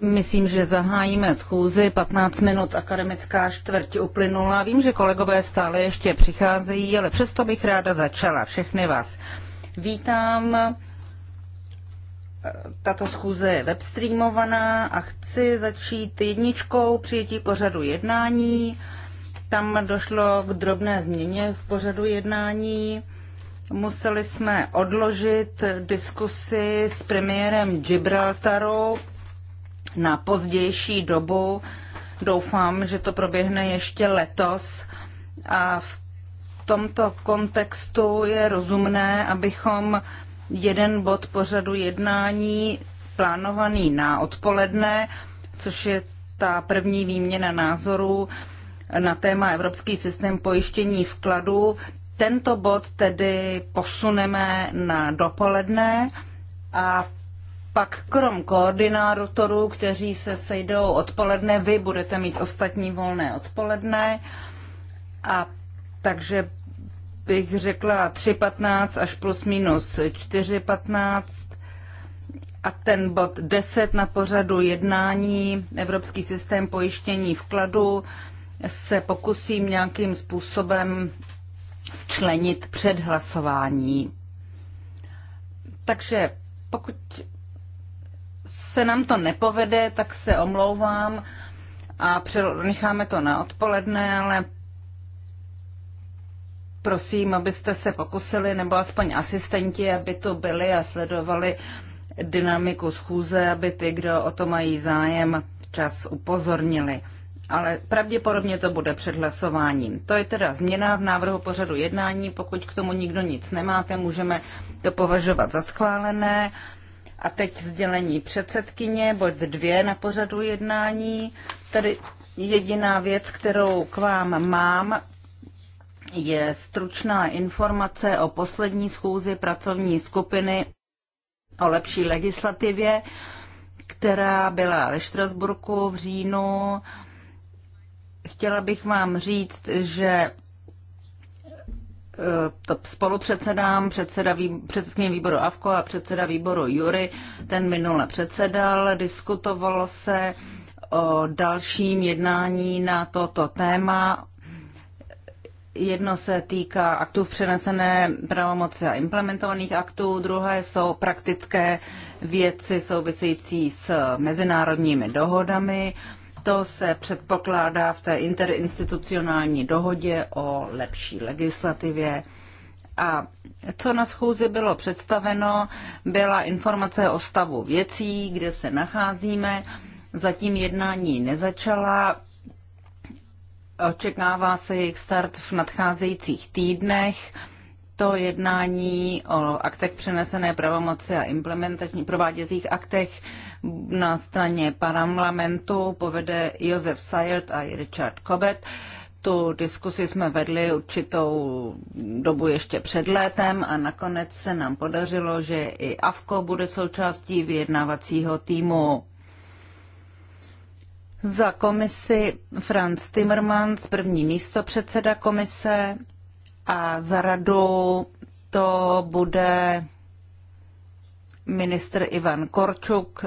Myslím, že zahájíme schůzi. 15 minut akademická čtvrť uplynula. Vím, že kolegové stále ještě přicházejí, ale přesto bych ráda začala. Všechny vás vítám. Tato schůze je webstreamovaná a chci začít jedničkou přijetí pořadu jednání. Tam došlo k drobné změně v pořadu jednání Museli jsme odložit diskusi s premiérem Gibraltaru na pozdější dobu. Doufám, že to proběhne ještě letos. A v tomto kontextu je rozumné, abychom jeden bod pořadu jednání plánovaný na odpoledne, což je ta první výměna názorů na téma Evropský systém pojištění vkladů tento bod tedy posuneme na dopoledne a pak krom koordinátorů, kteří se sejdou odpoledne, vy budete mít ostatní volné odpoledne. A takže bych řekla 3.15 až plus minus 4.15 a ten bod 10 na pořadu jednání Evropský systém pojištění vkladu se pokusím nějakým způsobem včlenit před hlasování. Takže pokud se nám to nepovede, tak se omlouvám a necháme to na odpoledne, ale prosím, abyste se pokusili, nebo aspoň asistenti, aby to byli a sledovali dynamiku schůze, aby ty, kdo o to mají zájem, včas upozornili ale pravděpodobně to bude před hlasováním. To je teda změna v návrhu pořadu jednání. Pokud k tomu nikdo nic nemáte, můžeme to považovat za schválené. A teď sdělení předsedkyně, bod dvě na pořadu jednání. Tady jediná věc, kterou k vám mám, je stručná informace o poslední schůzi pracovní skupiny o lepší legislativě, která byla ve Štrasburku v říjnu chtěla bych vám říct, že e, to spolupředsedám, předseda vý, předsedkyně výboru AVKO a předseda výboru Jury, ten minule předsedal, diskutovalo se o dalším jednání na toto téma. Jedno se týká aktů v přenesené pravomoci a implementovaných aktů, druhé jsou praktické věci související s mezinárodními dohodami to se předpokládá v té interinstitucionální dohodě o lepší legislativě. A co na schůzi bylo představeno, byla informace o stavu věcí, kde se nacházíme. Zatím jednání nezačala. Očekává se jejich start v nadcházejících týdnech. To jednání o aktech přenesené pravomoci a implementační prováděcích aktech na straně parlamentu povede Josef Sayert a Richard Kobet. Tu diskusi jsme vedli určitou dobu ještě před létem a nakonec se nám podařilo, že i AFKO bude součástí vyjednávacího týmu. Za komisi Franz Timmermans, první místo předseda komise a za radu to bude ministr Ivan Korčuk,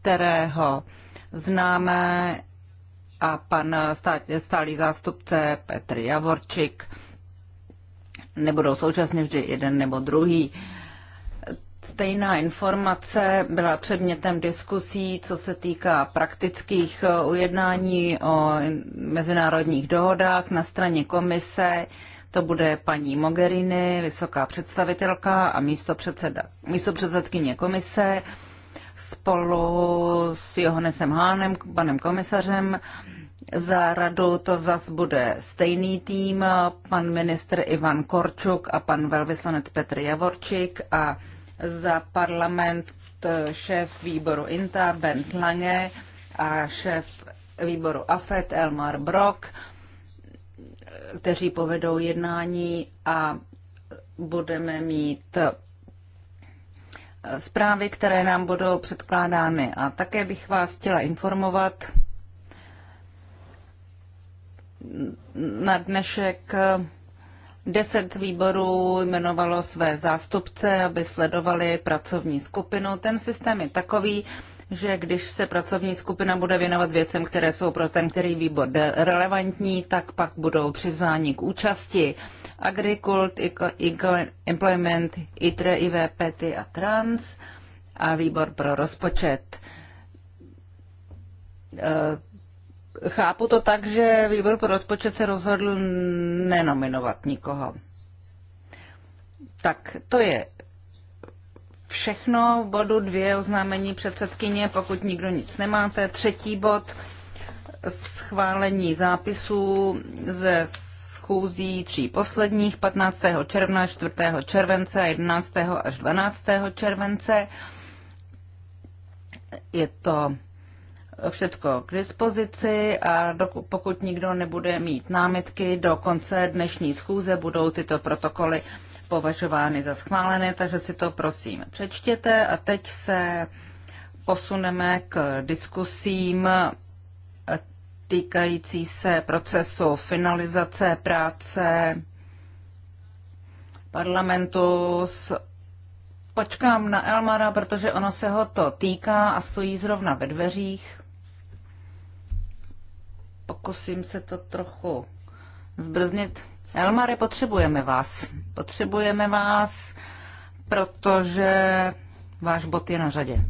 kterého známe, a pan stálý zástupce Petr Javorčik. Nebudou současně vždy jeden nebo druhý. Stejná informace byla předmětem diskusí, co se týká praktických eh, ujednání o mezinárodních dohodách na straně komise. To bude paní Mogherini, vysoká představitelka a místo, předseda, místo předsedkyně komise spolu s Johannesem Hánem, panem komisařem. Za radu to zas bude stejný tým, pan ministr Ivan Korčuk a pan velvyslanec Petr Javorčík a za parlament šéf výboru INTA Bent Lange a šéf výboru AFET Elmar Brock kteří povedou jednání a budeme mít eh, zprávy, které nám budou předkládány. A také bych vás chtěla informovat na dnešek Deset výborů jmenovalo své zástupce, aby sledovali pracovní skupinu. Ten systém je takový, že když se pracovní skupina bude věnovat věcem, které jsou pro ten, který výbor relevantní, tak pak budou přizváni k účasti. Agricult, Employment, ITRE, IV, PETI a TRANS a výbor pro rozpočet. Eh, chápu to tak, že výbor pro rozpočet se rozhodl nenominovat nikoho. Tak to je všechno v bodu dvě oznámení předsedkyně, pokud nikdo nic nemáte. Třetí bod schválení zápisů ze schůzí tří posledních 15. června, 4. července a 11. až 12. července. Je to všechno k dispozici a dokud, pokud nikdo nebude mít námitky, do konce dnešní schůze budou tyto protokoly považovány za schválené, takže si to prosím přečtěte. A teď se posuneme k diskusím týkající se procesu finalizace práce parlamentu s počkám na Elmara, protože ono se ho to týká a stojí zrovna ve dveřích. Pokusím se to trochu zbrznit. Elmare, potřebujeme vás. Potřebujeme vás, protože váš bod je na řadě.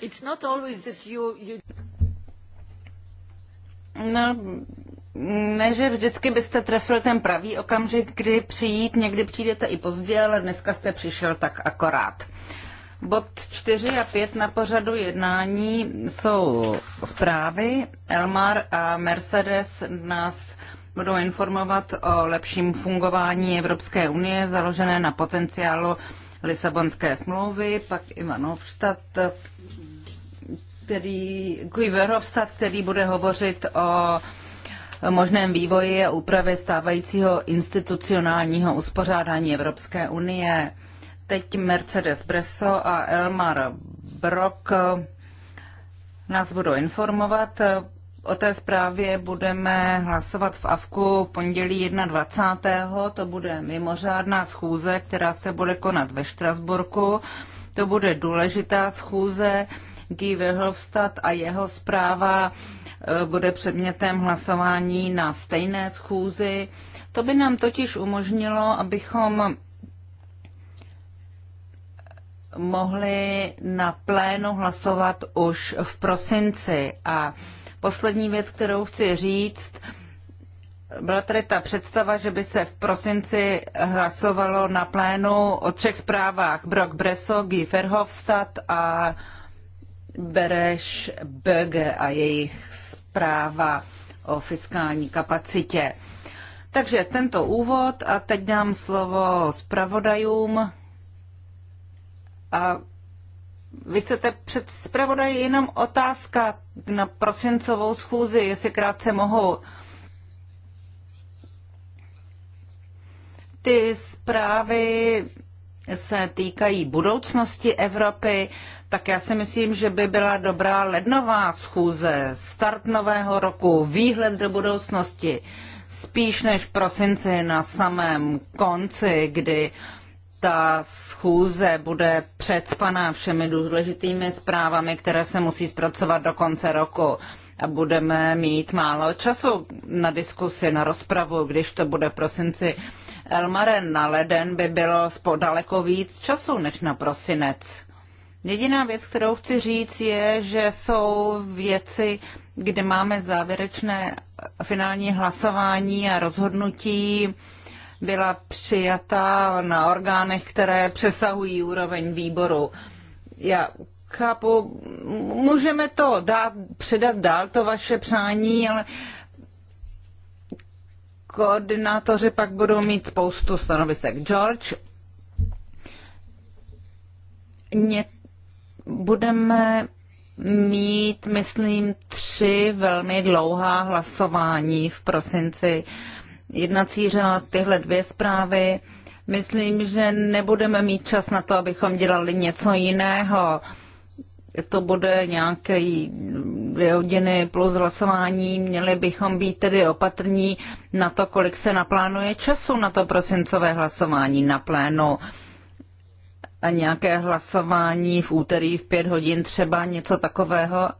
It's not always that you, you... No, ne, že vždycky byste trefil ten pravý okamžik, kdy přijít, někdy přijdete i pozdě, ale dneska jste přišel tak akorát. Uh, Bod 4 a 5 na pořadu jednání jsou zprávy. Elmar a Mercedes nás budou informovat o lepším fungování Evropské unie založené na potenciálu Lisabonské smlouvy, pak Ivan Hofstadt, který, Guy Verhofstadt, který bude hovořit o možném vývoji a úpravě stávajícího institucionálního uspořádání Evropské unie teď Mercedes Bresso a Elmar Brok nás budou informovat. O té zprávě budeme hlasovat v AVKu v pondělí 21. To bude mimořádná schůze, která se bude konat ve Štrasburku. To bude důležitá schůze. Guy Verhofstadt a jeho zpráva eh, bude předmětem hlasování na stejné schůzi. To by nám totiž umožnilo, abychom mohli na plénu hlasovat už v prosinci. A poslední věc, kterou chci říct, byla tady ta představa, že by se v prosinci hlasovalo na plénu o třech zprávách Brock Bresso, Guy Verhofstadt a Bereš Böge a jejich zpráva o fiskální kapacitě. Takže tento úvod a teď dám slovo zpravodajům vy chcete před zpravodaj jenom otázka na prosincovou schůzi, jestli krátce mohou. Ty zprávy se týkají budoucnosti Evropy, tak já si myslím, že by byla dobrá lednová schůze, start nového roku, výhled do budoucnosti, spíš než v prosinci na samém konci, kdy uh, ta schůze bude předspaná všemi důležitými zprávami, které se musí zpracovat do konce roku a budeme mít málo času na diskusi, na rozpravu, když to bude v prosinci. Elmare na leden by bylo daleko víc času než na prosinec. Jediná věc, kterou chci říct, je, že jsou věci, kde máme závěrečné finální hlasování a rozhodnutí byla přijata na orgánech, které přesahují úroveň výboru. Já chápu, můžeme to dát, předat dál, to vaše přání, ale koordinátoři pak budou mít spoustu stanovisek. George, mě budeme mít, myslím, tři velmi dlouhá hlasování v prosinci. Uh, jednací řád, tyhle dvě zprávy. Myslím, že nebudeme mít čas na to, abychom dělali něco jiného. To bude nějaké dvě hodiny plus hlasování. Měli bychom být tedy opatrní na to, kolik se naplánuje času na to prosincové hlasování na plénu. A nějaké hlasování v úterý v pět hodin třeba něco takového.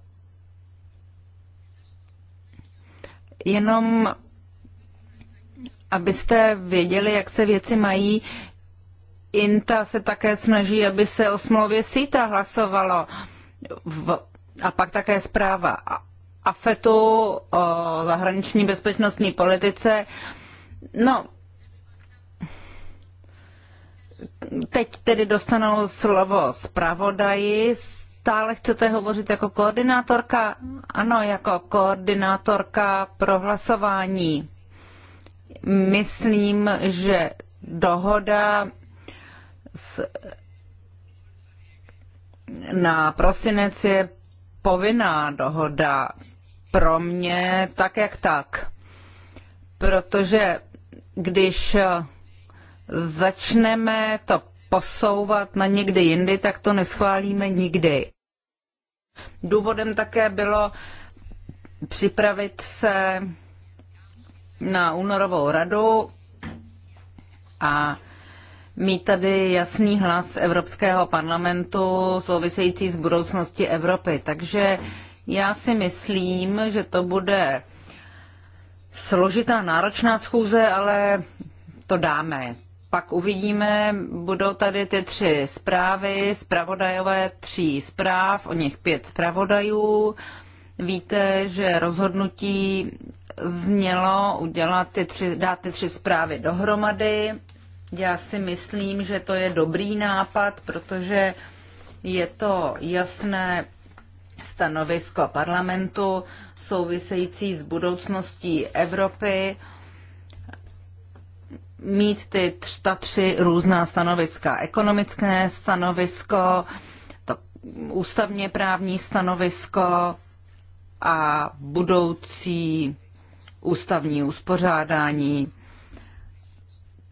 Jenom abyste věděli, jak se věci mají. INTA se také snaží, aby se o smlouvě síta hlasovalo. V, a pak také zpráva AFETu o zahraniční bezpečnostní politice. No, teď tedy dostanou slovo zpravodaji. Stále chcete hovořit jako koordinátorka? Ano, jako koordinátorka pro hlasování myslím, že dohoda s, na prosinec je povinná dohoda pro mě tak jak tak. Protože když začneme to posouvat na někdy jindy, tak to neschválíme nikdy. Důvodem také bylo připravit se na únorovou radu a mít tady jasný hlas Evropského parlamentu související s budoucností Evropy. Takže já si myslím, že to bude složitá, náročná schůze, ale to dáme. Pak uvidíme, budou tady ty tři zprávy, zpravodajové tří zpráv, o nich pět zpravodajů. Víte, že rozhodnutí znělo udělat ty tři, dát ty tři zprávy dohromady. Já si myslím, že to je dobrý nápad, protože je to jasné stanovisko parlamentu související s budoucností Evropy mít ty tř, ta tři různá stanoviska. Ekonomické stanovisko, to ústavně právní stanovisko a budoucí ústavní uspořádání.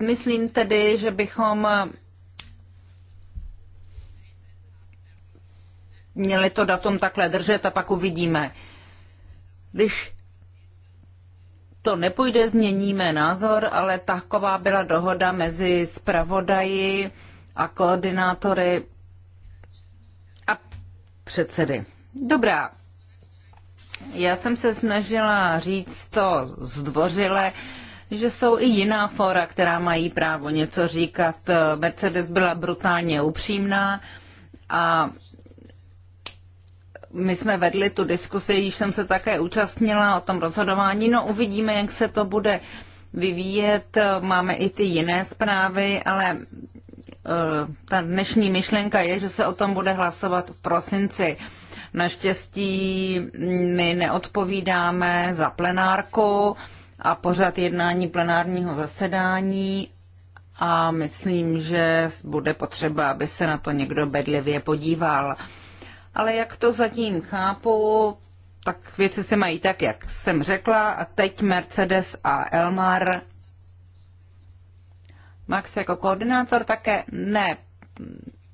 Myslím tedy, že bychom měli to datum takhle držet a pak uvidíme. Když to nepůjde, změníme názor, ale taková byla dohoda mezi zpravodaji a koordinátory a předsedy. Dobrá, já jsem se snažila říct to zdvořile, že jsou i jiná fora, která mají právo něco říkat. Mercedes byla brutálně upřímná a my jsme vedli tu diskusi, již jsem se také účastnila o tom rozhodování. No uvidíme, jak se to bude vyvíjet. Máme i ty jiné zprávy, ale uh, ta dnešní myšlenka je, že se o tom bude hlasovat v prosinci. Uh, Naštěstí my neodpovídáme za plenárku a pořád jednání plenárního zasedání a myslím, že bude potřeba, aby se na to někdo bedlivě podíval. Ale jak to zatím chápu, tak věci se mají tak, jak jsem řekla. A teď Mercedes a Elmar. Max jako koordinátor také ne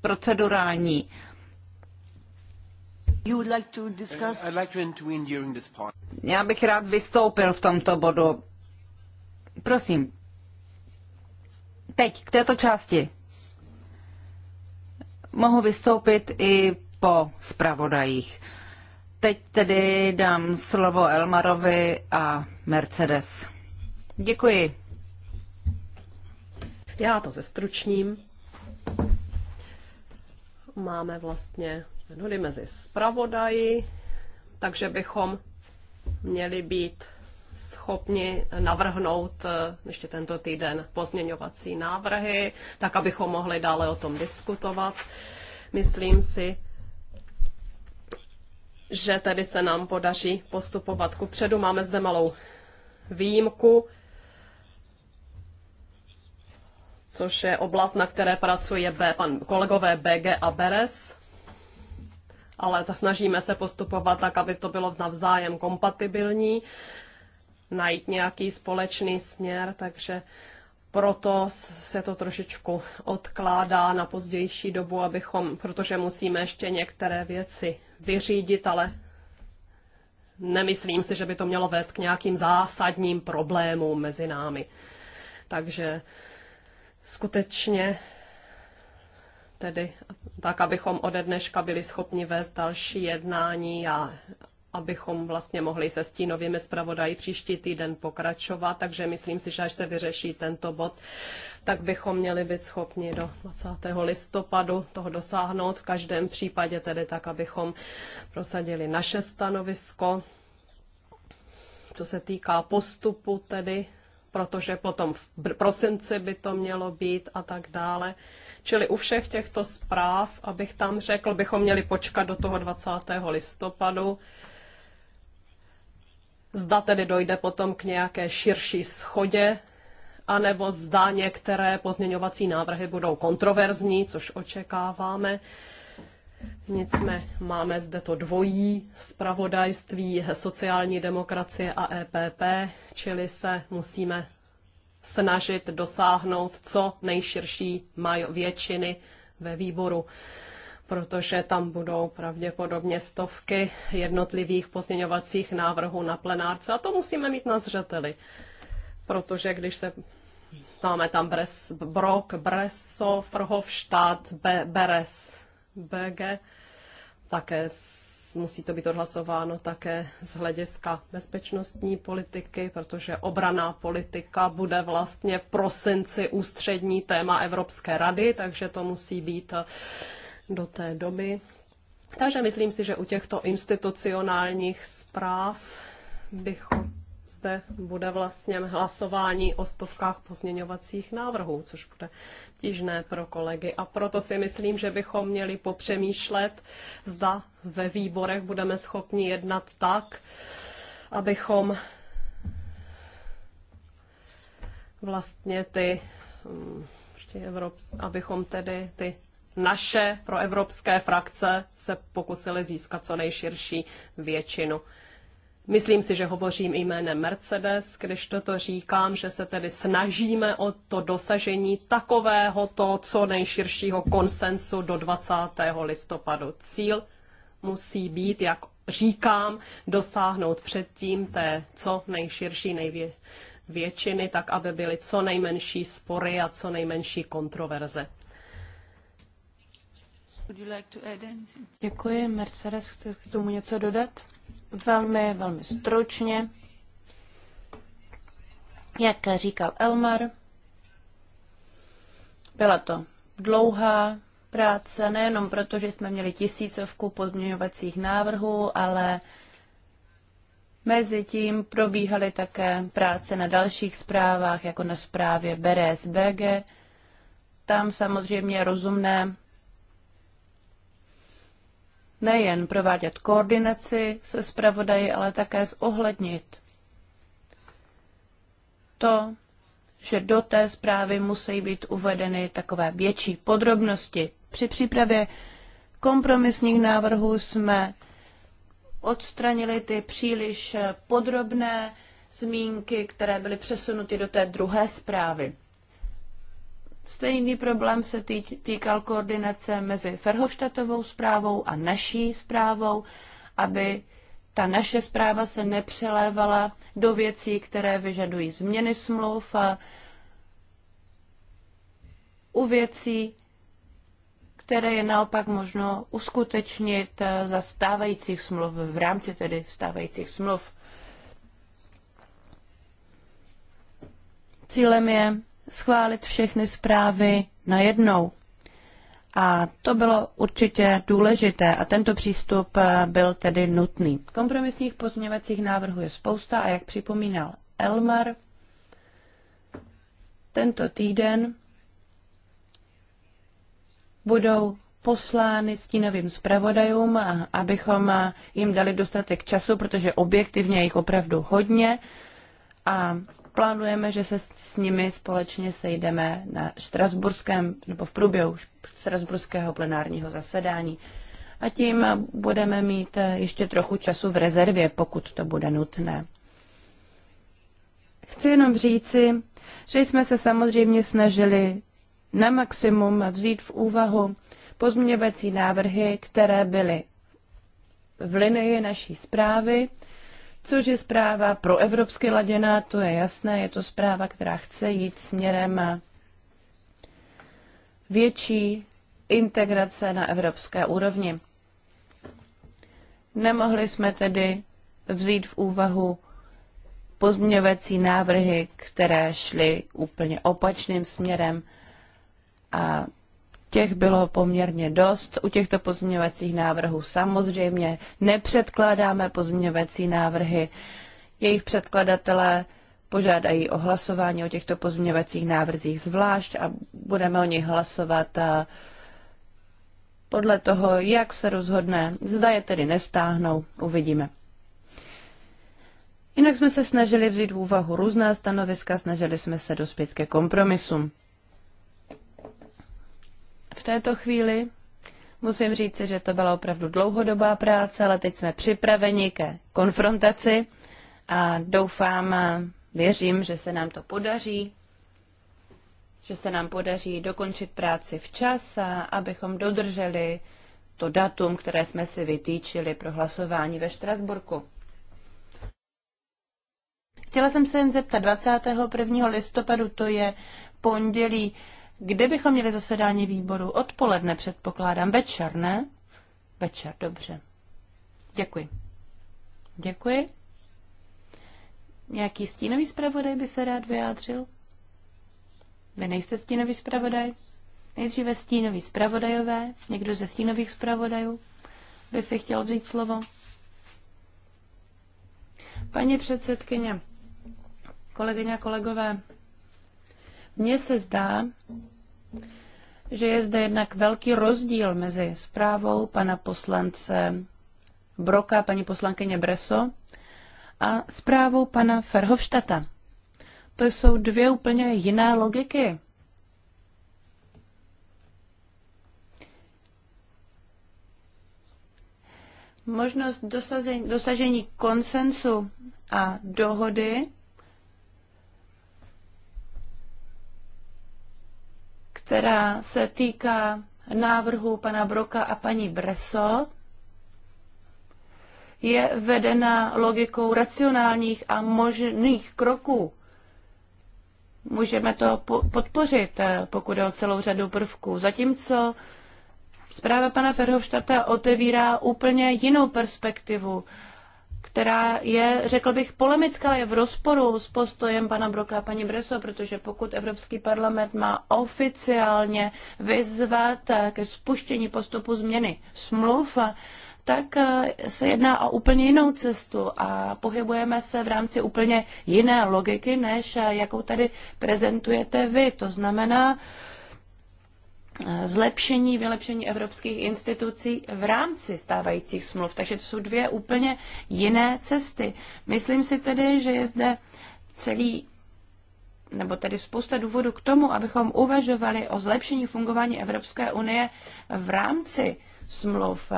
procedurální já bych rád vystoupil v tomto bodu. Prosím. Teď, k této části. Mohu vystoupit i po zpravodajích. Teď tedy dám slovo Elmarovi a Mercedes. Děkuji. Já to zestručním. Máme vlastně dohody mezi zpravodaji, takže bychom měli být schopni navrhnout eh, ještě tento týden pozměňovací návrhy, tak abychom mohli dále o tom diskutovat. Myslím si, že tedy se nám podaří postupovat ku předu. Máme zde malou výjimku, což je oblast, na které pracuje B, pan kolegové BG a Beres ale snažíme se postupovat tak, aby to bylo navzájem kompatibilní, najít nějaký společný směr, takže proto se to trošičku odkládá na pozdější dobu, abychom, protože musíme ještě některé věci vyřídit, ale nemyslím si, že by to mělo vést k nějakým zásadním problémům mezi námi. Takže skutečně tedy tak, abychom ode dneška byli schopni vést další jednání a abychom vlastně mohli se stínovými zpravodají příští týden pokračovat, takže myslím si, že až se vyřeší tento bod, tak bychom měli být schopni do 20. listopadu toho dosáhnout. V každém případě tedy tak, abychom prosadili naše stanovisko, co se týká postupu tedy protože potom v prosinci by to mělo být a tak dále. Čili u všech těchto zpráv, abych tam řekl, bychom měli počkat do toho 20. listopadu. Zda tedy dojde potom k nějaké širší schodě, anebo zda některé pozměňovací návrhy budou kontroverzní, což očekáváme. Nicméně máme zde to dvojí zpravodajství sociální demokracie a EPP, čili se musíme snažit dosáhnout co nejširší většiny ve výboru protože tam budou pravděpodobně stovky jednotlivých pozměňovacích návrhů na plenárce. A to musíme mít na zřeteli, protože když se máme tam Bres, Brok, Breso, Frhovštát, Be, Beres, BG. Také musí to být odhlasováno také z hlediska bezpečnostní politiky, protože obraná politika bude vlastně v prosinci ústřední téma Evropské rady, takže to musí být do té doby. Takže myslím si, že u těchto institucionálních zpráv bychom zde bude vlastně hlasování o stovkách pozměňovacích návrhů, což bude těžné pro kolegy. A proto si myslím, že bychom měli popřemýšlet, zda ve výborech budeme schopni jednat tak, abychom vlastně ty, mm, abychom tedy ty naše proevropské frakce se pokusili získat co nejširší většinu. Myslím si, že hovořím jménem Mercedes, když toto říkám, že se tedy snažíme o to dosažení takového to co nejširšího konsensu do 20. listopadu. Cíl musí být, jak říkám, dosáhnout předtím té co nejširší nejvě- většiny, tak aby byly co nejmenší spory a co nejmenší kontroverze. Děkuji. Mercedes, chci k tomu něco dodat? velmi, velmi stručně. Jak říkal Elmar, byla to dlouhá práce, nejenom proto, že jsme měli tisícovku pozměňovacích návrhů, ale mezi tím probíhaly také práce na dalších zprávách, jako na zprávě BRSBG. Tam samozřejmě rozumné nejen provádět koordinaci se zpravodaji, ale také zohlednit to, že do té zprávy musí být uvedeny takové větší podrobnosti. Při přípravě kompromisních návrhů jsme odstranili ty příliš podrobné zmínky, které byly přesunuty do té druhé zprávy. Stejný problém se tý, týkal koordinace mezi Ferhoštatovou zprávou a naší zprávou, aby ta naše zpráva se nepřelévala do věcí, které vyžadují změny smluv a u věcí, které je naopak možno uskutečnit za stávajících smluv, v rámci tedy stávajících smluv. Cílem je schválit všechny zprávy najednou. A to bylo určitě důležité a tento přístup eh, byl tedy nutný. Kompromisních pozměňovacích návrhů je spousta a jak připomínal Elmar, tento týden budou poslány stínovým zpravodajům, eh, abychom eh, jim dali dostatek času, protože objektivně je jich opravdu hodně. A plánujeme, že se s nimi společně sejdeme na Štrasburském nebo v průběhu Štrasburského plenárního zasedání. A tím budeme mít eh, ještě trochu času v rezervě, pokud to bude nutné. Chci jenom říci, že jsme se samozřejmě snažili na maximum vzít v úvahu pozměňovací návrhy, které byly v linii naší zprávy, což je zpráva pro evropsky laděná, to je jasné, je to zpráva, která chce jít směrem větší integrace na evropské úrovni. Nemohli jsme tedy vzít v úvahu pozměňovací návrhy, které šly úplně opačným směrem a těch bylo poměrně dost. U těchto pozměňovacích návrhů samozřejmě nepředkládáme pozměňovací návrhy. Jejich předkladatelé požádají o hlasování o těchto pozměňovacích návrzích zvlášť a budeme o nich hlasovat a podle toho, jak se rozhodne. Zda je tedy nestáhnou, uvidíme. Jinak jsme se snažili vzít v úvahu různá stanoviska, snažili jsme se dospět ke kompromisům v této chvíli. Musím říct, že to byla opravdu dlouhodobá práce, ale teď jsme připraveni ke konfrontaci a doufám a věřím, že se nám to podaří, že se nám podaří dokončit práci včas a abychom dodrželi to datum, které jsme si vytýčili pro hlasování ve Štrasburku. Chtěla jsem se jen zeptat, 21. listopadu to je pondělí. Kde bychom měli zasedání výboru? Odpoledne předpokládám. Večer, ne? Večer, dobře. Děkuji. Děkuji. Nějaký stínový zpravodaj by se rád vyjádřil? Vy nejste stínový zpravodaj? Nejdříve stínový zpravodajové, někdo ze stínových zpravodajů by si chtěl vzít slovo. Paní předsedkyně, kolegyně a kolegové, mně se zdá, že je zde jednak velký rozdíl mezi zprávou pana poslance Broka, paní poslankyně Breso a zprávou pana Ferhovštata. To jsou dvě úplně jiné logiky. Možnost dosažení, dosažení konsensu a dohody která se týká návrhu pana Broka a paní Breso, je vedena logikou racionálních a možných kroků. Můžeme to podpořit, eh, pokud je o celou řadu prvků. Zatímco zpráva pana Ferhovštata otevírá úplně jinou perspektivu která je, řekl bych, polemická, je v rozporu s postojem pana Broka a paní Breso, protože pokud Evropský parlament má oficiálně vyzvat ke spuštění postupu změny smluv, tak eh, se jedná o úplně jinou cestu a pohybujeme se v rámci úplně jiné logiky, než eh, jakou tady prezentujete vy. To znamená, zlepšení, vylepšení evropských institucí v rámci stávajících smluv. Takže to jsou dvě úplně jiné cesty. Myslím si tedy, že je zde celý nebo tedy spousta důvodů k tomu, abychom uvažovali o zlepšení fungování Evropské unie v rámci smluv,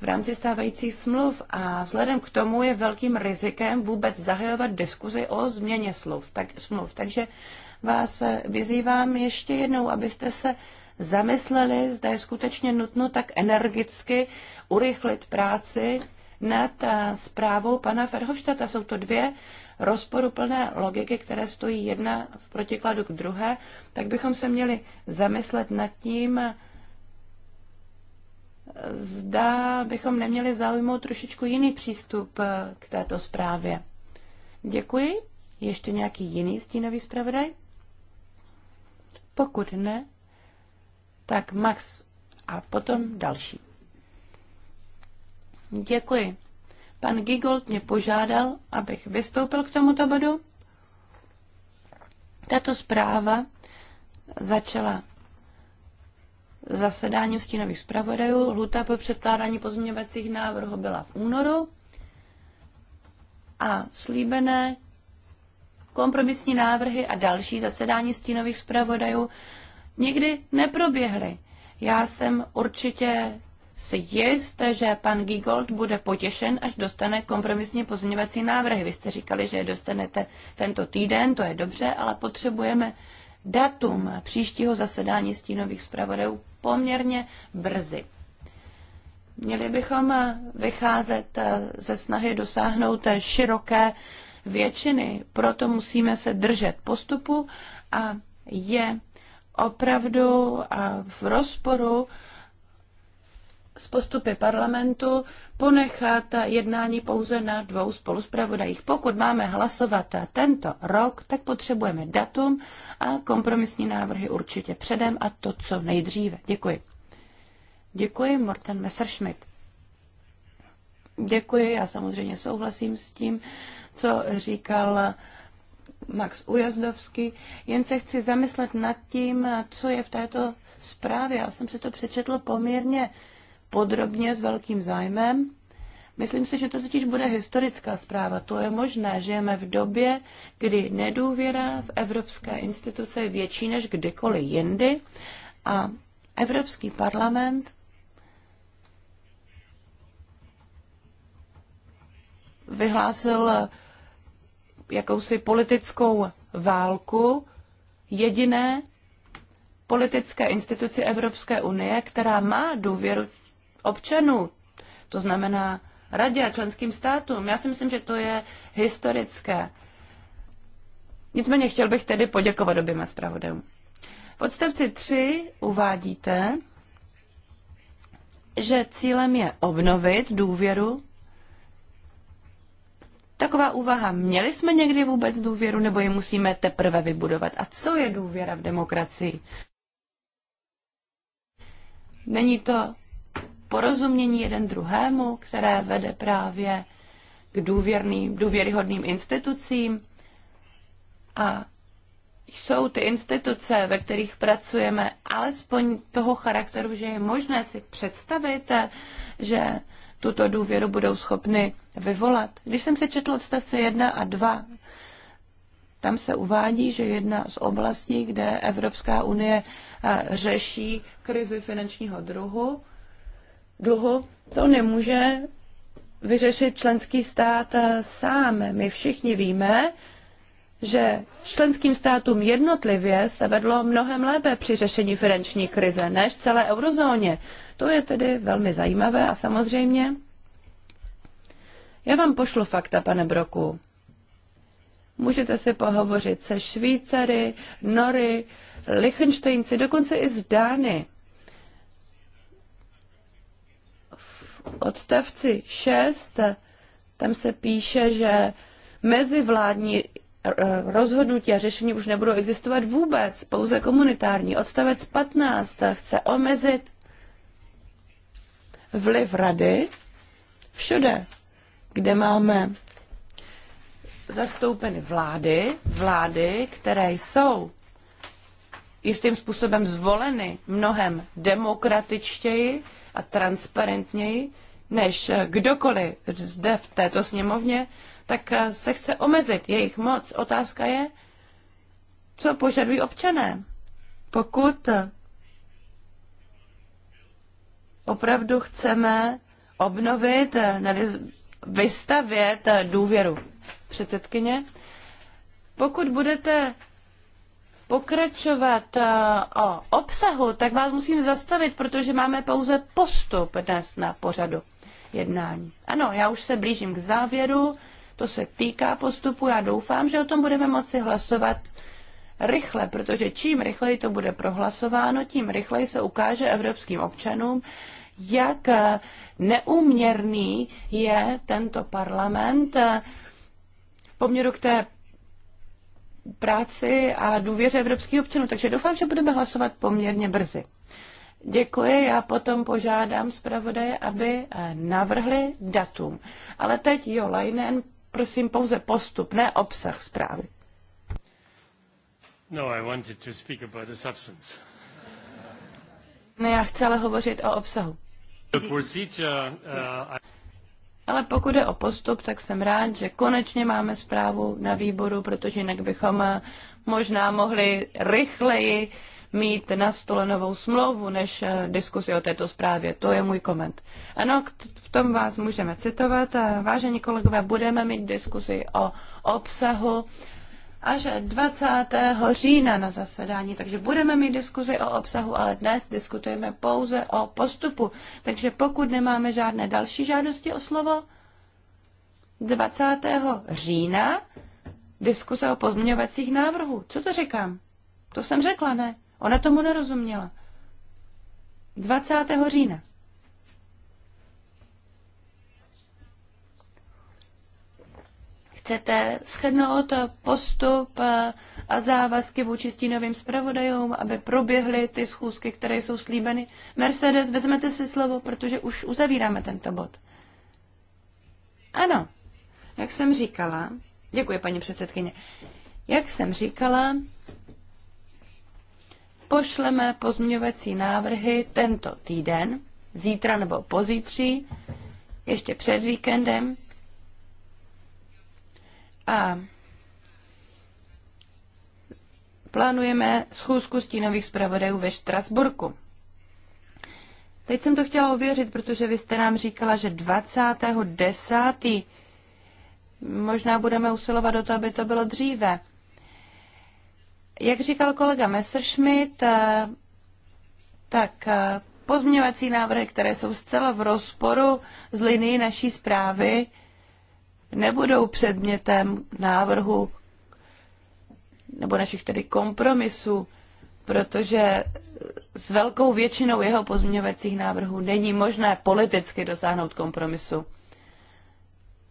v rámci stávajících smluv a vzhledem k tomu je velkým rizikem vůbec zahajovat diskuzi o změně tak, smluv. Takže vás vyzývám ještě jednou, abyste se zamysleli, zda je skutečně nutno tak energicky urychlit práci nad eh, zprávou pana Ferhoštata. Jsou to dvě rozporuplné logiky, které stojí jedna v protikladu k druhé, tak bychom se měli zamyslet nad tím, zda bychom neměli zaujmout trošičku jiný přístup eh, k této zprávě. Děkuji. Ještě nějaký jiný stínový zpravodaj? Pokud ne, tak Max a potom další. Děkuji. Pan Gigold mě požádal, abych vystoupil k tomuto bodu. Tato zpráva začala zasedání stínových zpravodajů. Lhuta po předkládání pozměňovacích návrhů byla v únoru a slíbené kompromisní návrhy a další zasedání stínových zpravodajů nikdy neproběhly. Já jsem určitě si jist, že pan Gigold bude potěšen, až dostane kompromisní pozměňovací návrhy. Vy jste říkali, že je dostanete tento týden, to je dobře, ale potřebujeme datum příštího zasedání stínových zpravodajů poměrně brzy. Měli bychom vycházet ze snahy dosáhnout široké většiny, proto musíme se držet postupu a je opravdu a v rozporu s postupy parlamentu ponechat jednání pouze na dvou spoluspravodajích. Pokud máme hlasovat tento rok, tak potřebujeme datum a kompromisní návrhy určitě předem a to, co nejdříve. Děkuji. Děkuji, Morten Messerschmidt. Děkuji, já samozřejmě souhlasím s tím, co říkal Max Ujazdovský. Jen se chci zamyslet nad tím, co je v této zprávě. Já jsem si to přečetl poměrně podrobně s velkým zájmem. Myslím si, že to totiž bude historická zpráva. To je možné. že Žijeme v době, kdy nedůvěra v evropské instituce je větší než kdykoliv jindy a Evropský parlament vyhlásil jakousi politickou válku jediné politické instituci Evropské unie, která má důvěru občanů, to znamená radě a členským státům. Já si myslím, že to je historické. Nicméně chtěl bych tedy poděkovat oběma zpravodajům. V odstavci 3 uvádíte, že cílem je obnovit důvěru Taková úvaha, měli jsme někdy vůbec důvěru, nebo ji musíme teprve vybudovat? A co je důvěra v demokracii? Není to porozumění jeden druhému, které vede právě k důvěrným, důvěryhodným institucím. A jsou ty instituce, ve kterých pracujeme, alespoň toho charakteru, že je možné si představit, že tuto důvěru budou schopny vyvolat. Když jsem se četl odstavce 1 a 2, tam se uvádí, že jedna z oblastí, kde Evropská unie eh, řeší krizi finančního druhu, dluhu, to nemůže vyřešit členský stát eh, sám. My všichni víme, že členským státům jednotlivě se vedlo mnohem lépe při řešení finanční krize než celé eurozóně. To je tedy velmi zajímavé a samozřejmě. Já vám pošlu fakta, pane Broku. Můžete si pohovořit se Švýcary, Nory, Lichtensteinci, dokonce i z Dány. V odstavci 6 tam se píše, že mezivládní Eh, rozhodnutí a řešení už nebudou existovat vůbec, pouze komunitární. Odstavec 15 chce omezit vliv rady všude, kde máme zastoupeny vlády, vlády, které jsou jistým způsobem zvoleny mnohem demokratičtěji a transparentněji než kdokoliv zde v této sněmovně, tak eh, se chce omezit jejich moc. Otázka je, co požadují občané. Pokud eh, opravdu chceme obnovit, eh, vystavět důvěru předsedkyně, pokud budete pokračovat o obsahu, tak vás musím zastavit, protože máme pouze postup dnes na pořadu jednání. Ano, já už se blížím k závěru. To se týká postupu. Já doufám, že o tom budeme moci hlasovat rychle, protože čím rychleji to bude prohlasováno, tím rychleji se ukáže evropským občanům, jak eh, neuměrný je tento parlament eh, v poměru k té práci a důvěře evropských občanů. Takže doufám, že budeme hlasovat poměrně brzy. Děkuji, já potom požádám zpravodaje, aby eh, navrhli datum. Ale teď Jo Leinen prosím pouze postup, ne obsah zprávy. No, I wanted to speak about the substance. Ne, já chci ale hovořit o obsahu. Uh, ale pokud je o postup, tak jsem rád, že konečně máme zprávu na výboru, protože jinak bychom eh, možná mohli rychleji uh, mít na stole novou smlouvu, než eh, diskusi o této zprávě. To je můj koment. Ano, v tom vás můžeme citovat. Eh, vážení kolegové, budeme mít diskusi o obsahu až 20. října na zasedání, takže budeme mít diskuzi o obsahu, ale dnes diskutujeme pouze o postupu. Takže pokud nemáme žádné další žádosti o slovo, 20. října diskuse o pozměňovacích návrhů. Co to říkám? To jsem řekla, ne? Ona tomu nerozuměla. 20. října. Chcete shrnout postup a závazky vůči stínovým zpravodajům, aby proběhly ty schůzky, které jsou slíbeny? Mercedes, vezmete si slovo, protože už uzavíráme tento bod. Ano, jak jsem říkala, děkuji paní předsedkyně, jak jsem říkala, pošleme pozměňovací návrhy tento týden, zítra nebo pozítří, ještě před víkendem. A plánujeme schůzku stínových zpravodajů ve Štrasburku. Teď jsem to chtěla ověřit, protože vy jste nám říkala, že 20.10. možná budeme usilovat o to, aby to bylo dříve. Jak říkal kolega Messerschmidt, eh, tak eh, pozměňovací návrhy, které jsou zcela v rozporu s linií naší zprávy, nebudou předmětem návrhu nebo našich tedy kompromisů, protože s velkou většinou jeho pozměňovacích návrhů není možné politicky dosáhnout kompromisu.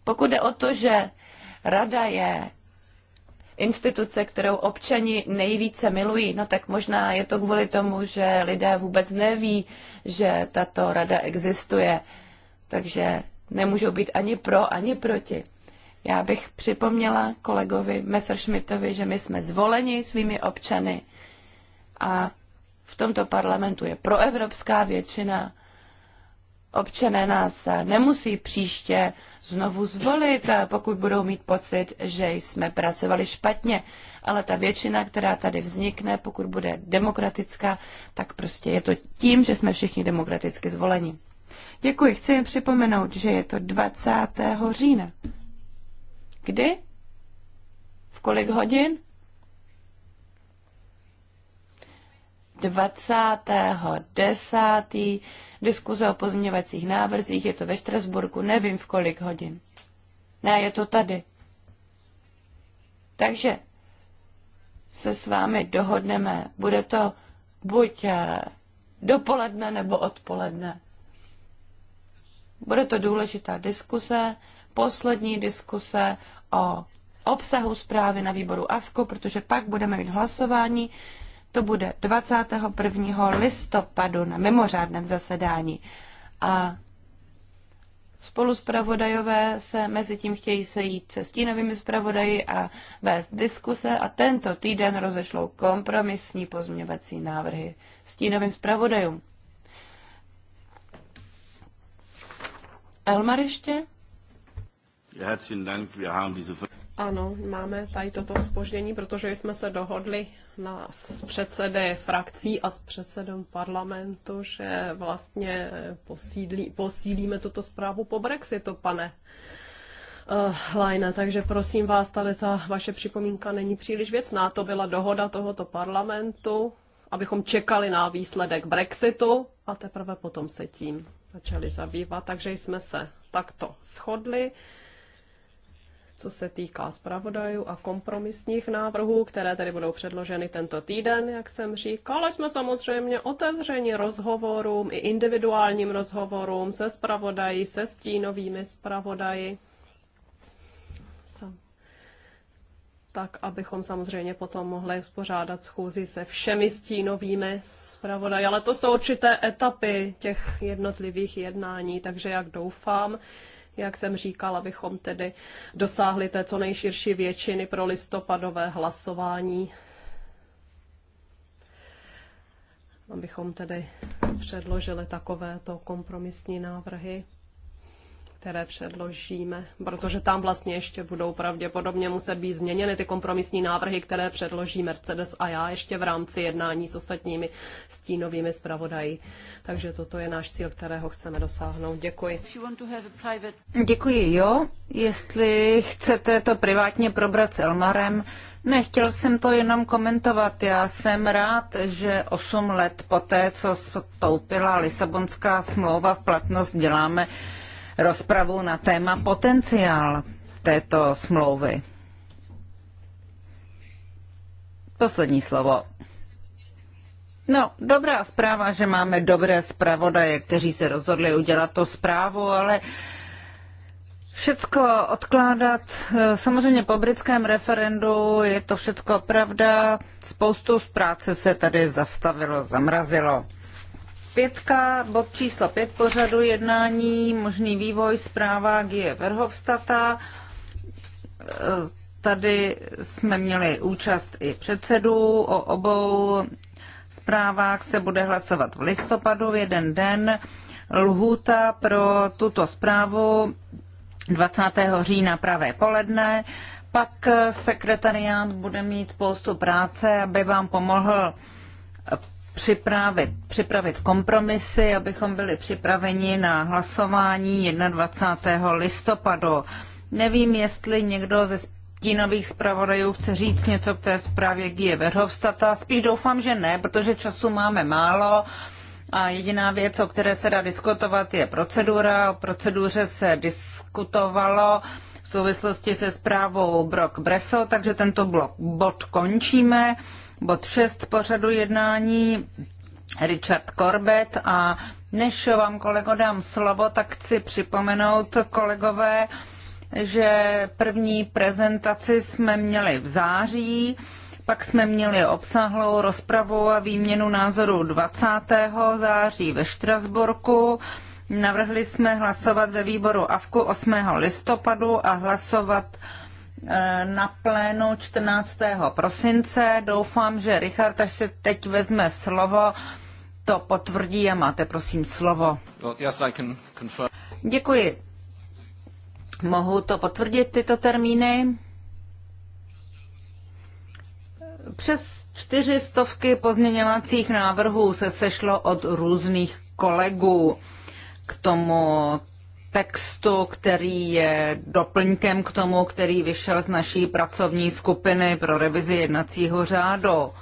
Pokud jde o to, že rada je instituce, kterou občani nejvíce milují, no tak možná je to kvůli tomu, že lidé vůbec neví, že tato rada existuje, takže nemůžou být ani pro, ani proti. Já bych připomněla kolegovi Messerschmittovi, že my jsme zvoleni svými občany a v tomto parlamentu je proevropská většina Občané nás nemusí příště znovu zvolit, pokud budou mít pocit, že jsme pracovali špatně. Ale ta většina, která tady vznikne, pokud bude demokratická, tak prostě je to tím, že jsme všichni demokraticky zvoleni. Děkuji. Chci jen připomenout, že je to 20. října. Kdy? V kolik hodin? 20.10. Diskuze o pozměňovacích návrzích, je to ve Štrasburku, nevím v kolik hodin. Ne, je to tady. Takže se s vámi dohodneme. Bude to buď eh, dopoledne nebo odpoledne. Bude to důležitá diskuse, poslední diskuse o obsahu zprávy na výboru AFKO, protože pak budeme mít hlasování. To bude 21. listopadu na mimořádném zasedání. A Spoluspravodajové se mezi tím chtějí sejít se stínovými zpravodaji a vést diskuse a tento týden rozešlou kompromisní pozměňovací návrhy stínovým zpravodajům. Elmar ještě? Ano, máme tady toto spoždění, protože jsme se dohodli na, s předsedy frakcí a s předsedem parlamentu, že vlastně posídlí, posílíme tuto zprávu po Brexitu, pane uh, Lajne. Takže prosím vás, tady ta vaše připomínka není příliš věcná. To byla dohoda tohoto parlamentu, abychom čekali na výsledek Brexitu a teprve potom se tím začali zabývat. Takže jsme se takto shodli. Uh, co se týká zpravodajů a kompromisních návrhů, které tedy budou předloženy tento týden, jak jsem říkal, ale jsme samozřejmě otevřeni rozhovorům i individuálním rozhovorům se zpravodají, se stínovými zpravodaji. tak abychom samozřejmě potom mohli uspořádat schůzi se všemi stínovými zpravodaji. Ale to jsou určité etapy těch jednotlivých jednání, takže jak doufám, jak jsem říkal, abychom tedy dosáhli té co nejširší většiny pro listopadové hlasování. Abychom tedy předložili takovéto kompromisní návrhy které předložíme, protože tam vlastně ještě budou pravděpodobně muset být změněny ty kompromisní návrhy, které předloží Mercedes a já ještě v rámci jednání s ostatními stínovými zpravodají. Takže toto je náš cíl, kterého chceme dosáhnout. Děkuji. Děkuji, jo. Jestli chcete to privátně probrat s Elmarem, nechtěl jsem to jenom komentovat. Já jsem rád, že 8 let poté, co stoupila Lisabonská smlouva v platnost, děláme rozpravu na téma potenciál této smlouvy. Poslední slovo. No, dobrá zpráva, že máme dobré zpravodaje, kteří se rozhodli udělat to zprávu, ale všecko odkládat, e, samozřejmě po britském referendu je to všecko pravda, spoustu z práce se tady zastavilo, zamrazilo pětka, bod číslo pět pořadu jednání, možný vývoj, zpráva Gie Verhofstata. Tady jsme měli účast i předsedů. O obou zprávách se bude hlasovat v listopadu, jeden den. Lhůta pro tuto zprávu 20. října pravé poledne. Pak sekretariát bude mít spoustu práce, aby vám pomohl připravit, připravit kompromisy, abychom byli připraveni na hlasování 21. listopadu. Nevím, jestli někdo ze stínových zpravodajů chce říct něco k té zprávě Gie Verhofstata. Spíš doufám, že ne, protože času máme málo. A jediná věc, o které se dá diskutovat, je procedura. O proceduře se diskutovalo v souvislosti se zprávou Brok Breso, takže tento blok, bod končíme bod 6 pořadu jednání Richard Corbett a než vám kolego dám slovo, tak chci připomenout kolegové, že první prezentaci jsme měli v září, pak jsme měli obsáhlou rozpravu a výměnu názorů 20. září ve Štrasburku. Navrhli jsme hlasovat ve výboru AVKu 8. listopadu a hlasovat Eh, na plénu 14. prosince. Doufám, že Richard, až se teď vezme slovo, to potvrdí a máte prosím slovo. Well, yes, Děkuji. Mohu to potvrdit, tyto termíny? Přes čtyři stovky pozměňovacích návrhů se sešlo od různých kolegů k tomu textu, který je doplňkem k tomu, který vyšel z naší pracovní skupiny pro revizi jednacího řádu.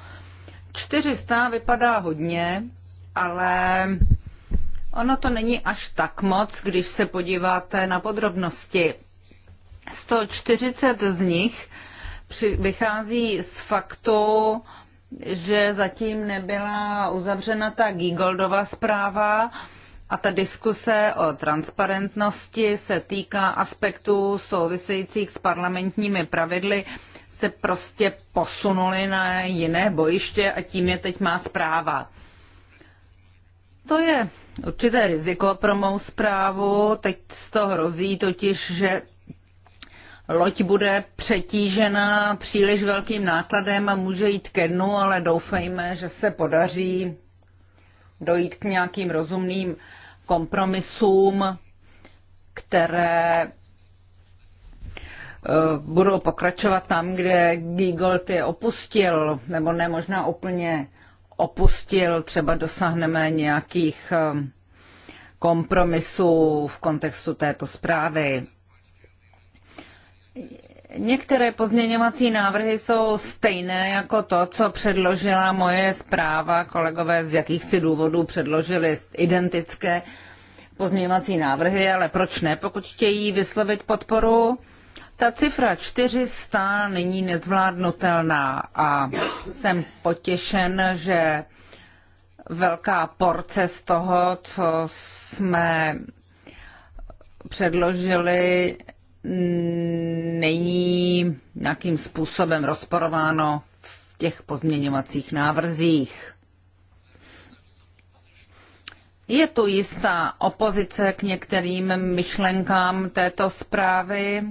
400 vypadá hodně, ale ono to není až tak moc, když se podíváte na podrobnosti. 140 z nich vychází z faktu, že zatím nebyla uzavřena ta Gigoldova zpráva, a ta diskuse o transparentnosti se týká aspektů souvisejících s parlamentními pravidly, se prostě posunuly na jiné bojiště a tím je teď má zpráva. To je určité riziko pro mou zprávu. Teď z toho hrozí totiž, že loď bude přetížena příliš velkým nákladem a může jít ke dnu, ale doufejme, že se podaří dojít k nějakým rozumným kompromisům, které eh, budou pokračovat tam, kde Giegold je opustil, nebo ne možná úplně opustil, třeba dosáhneme nějakých eh, kompromisů v kontextu této zprávy. Některé pozměňovací návrhy jsou stejné jako to, co předložila moje zpráva. Kolegové z jakýchsi důvodů předložili identické pozměňovací návrhy, ale proč ne, pokud chtějí vyslovit podporu? Ta cifra 400 není nezvládnutelná a jsem potěšen, že velká porce z toho, co jsme předložili, není nějakým způsobem rozporováno v těch pozměňovacích návrzích. Je tu jistá opozice k některým myšlenkám této zprávy.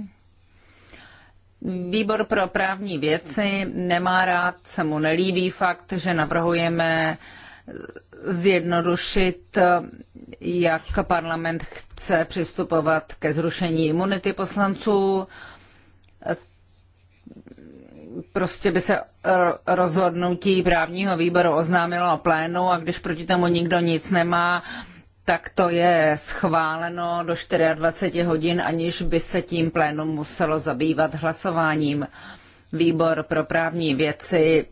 Výbor pro právní věci nemá rád, se mu nelíbí fakt, že navrhujeme uh, zjednodušit, jak parlament chce přistupovat ke zrušení imunity poslanců. Prostě by se rozhodnutí právního výboru oznámilo plénu a když proti tomu nikdo nic nemá, tak to je schváleno do 24 hodin, aniž by se tím plénum muselo zabývat hlasováním. Výbor pro právní věci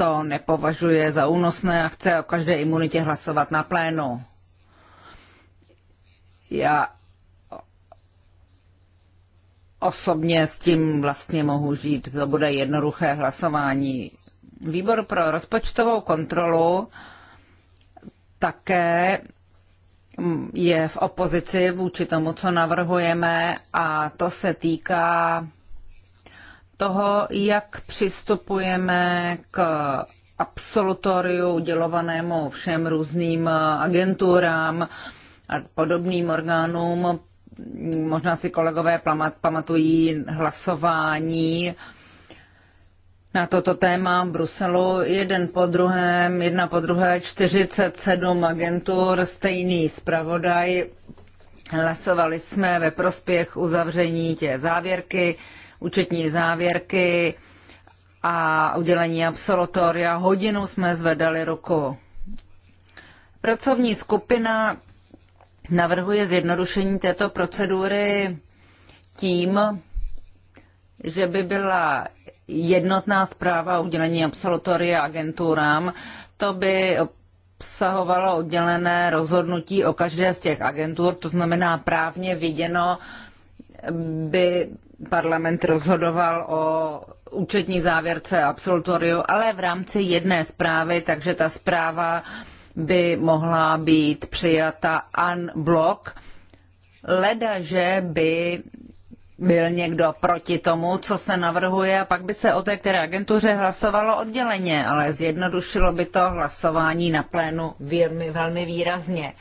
to nepovažuje za únosné a chce o každé imunitě hlasovat na plénu. Já osobně s tím vlastně mohu žít. To bude jednoduché hlasování. Výbor pro rozpočtovou kontrolu také je v opozici vůči tomu, co navrhujeme a to se týká toho, jak přistupujeme k absolutoriu udělovanému všem různým agenturám a podobným orgánům. Možná si kolegové pamatují hlasování na toto téma v Bruselu jeden po druhém, jedna po druhé 47 agentur, stejný zpravodaj. Hlasovali jsme ve prospěch uzavření té závěrky účetní závěrky a udělení absolutoria. Hodinu jsme zvedali ruku. Pracovní skupina navrhuje zjednodušení této procedury tím, že by byla jednotná zpráva o udělení absolutoria agenturám. To by obsahovalo oddělené rozhodnutí o každé z těch agentur, to znamená právně viděno by parlament rozhodoval o účetní závěrce absolutoriu, ale v rámci jedné zprávy, takže ta zpráva by mohla být přijata an Leda, ledaže by byl někdo proti tomu, co se navrhuje a pak by se o té které agentuře hlasovalo odděleně, ale zjednodušilo by to hlasování na plénu velmi, velmi výrazně.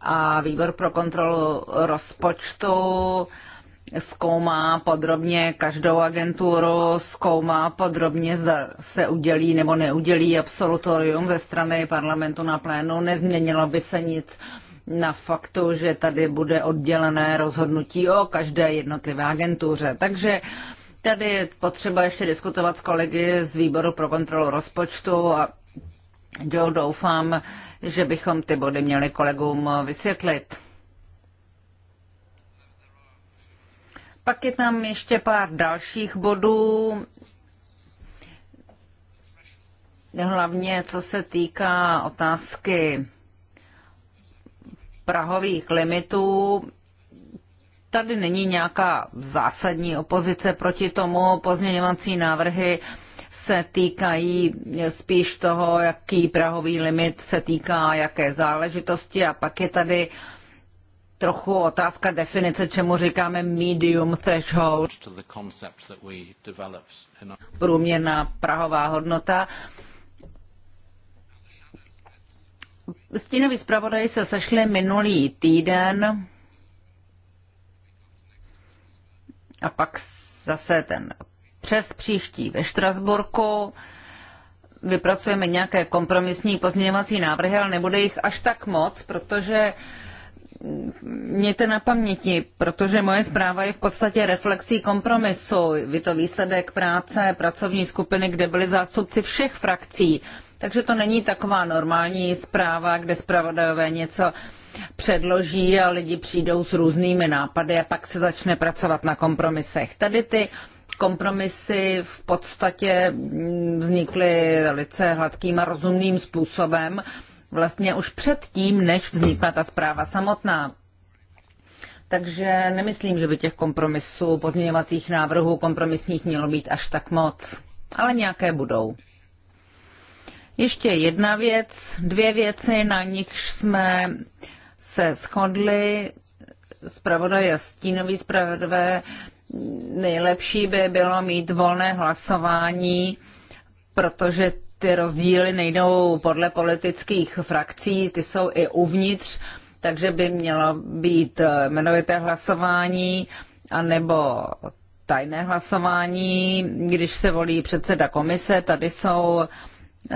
A výbor pro kontrolu rozpočtu zkoumá podrobně každou agenturu, zkoumá podrobně, zda se udělí nebo neudělí absolutorium ze strany parlamentu na plénu. Nezměnilo by se nic na faktu, že tady bude oddělené rozhodnutí o každé jednotlivé agentuře. Takže tady je potřeba ještě diskutovat s kolegy z výboru pro kontrolu rozpočtu a doufám, že bychom ty body měli kolegům vysvětlit. Pak je tam ještě pár dalších bodů, hlavně co se týká otázky prahových limitů. Tady není nějaká zásadní opozice proti tomu. Pozměňovací návrhy se týkají spíš toho, jaký prahový limit se týká jaké záležitosti a pak je tady uh, trochu otázka definice, čemu říkáme medium threshold, průměrná prahová hodnota. Stínoví zpravodaj se sešli minulý týden a pak zase ten přes příští ve Štrasburku vypracujeme nějaké kompromisní pozměňovací návrhy, ale nebude jich až tak moc, protože uh, mějte na paměti, protože moje zpráva je v podstatě reflexí kompromisu. Je to výsledek práce pracovní skupiny, kde byli zástupci všech frakcí. Takže to není taková normální zpráva, kde zpravodajové něco předloží a lidi přijdou s různými nápady a pak se začne pracovat na kompromisech. Tady ty kompromisy v podstatě mm, vznikly velice hladkým a rozumným způsobem vlastně už předtím, než vznikla ta zpráva samotná. Takže nemyslím, že by těch kompromisů, pozměňovacích návrhů kompromisních mělo být až tak moc. Ale nějaké budou. Ještě jedna věc, dvě věci, na nichž jsme se shodli. zpravodaj a stínový spravodaj nejlepší by bylo mít volné hlasování, protože ty rozdíly nejdou podle politických frakcí, ty jsou i uvnitř, takže by mělo být eh, jmenovité hlasování anebo tajné hlasování, když se volí předseda komise, tady jsou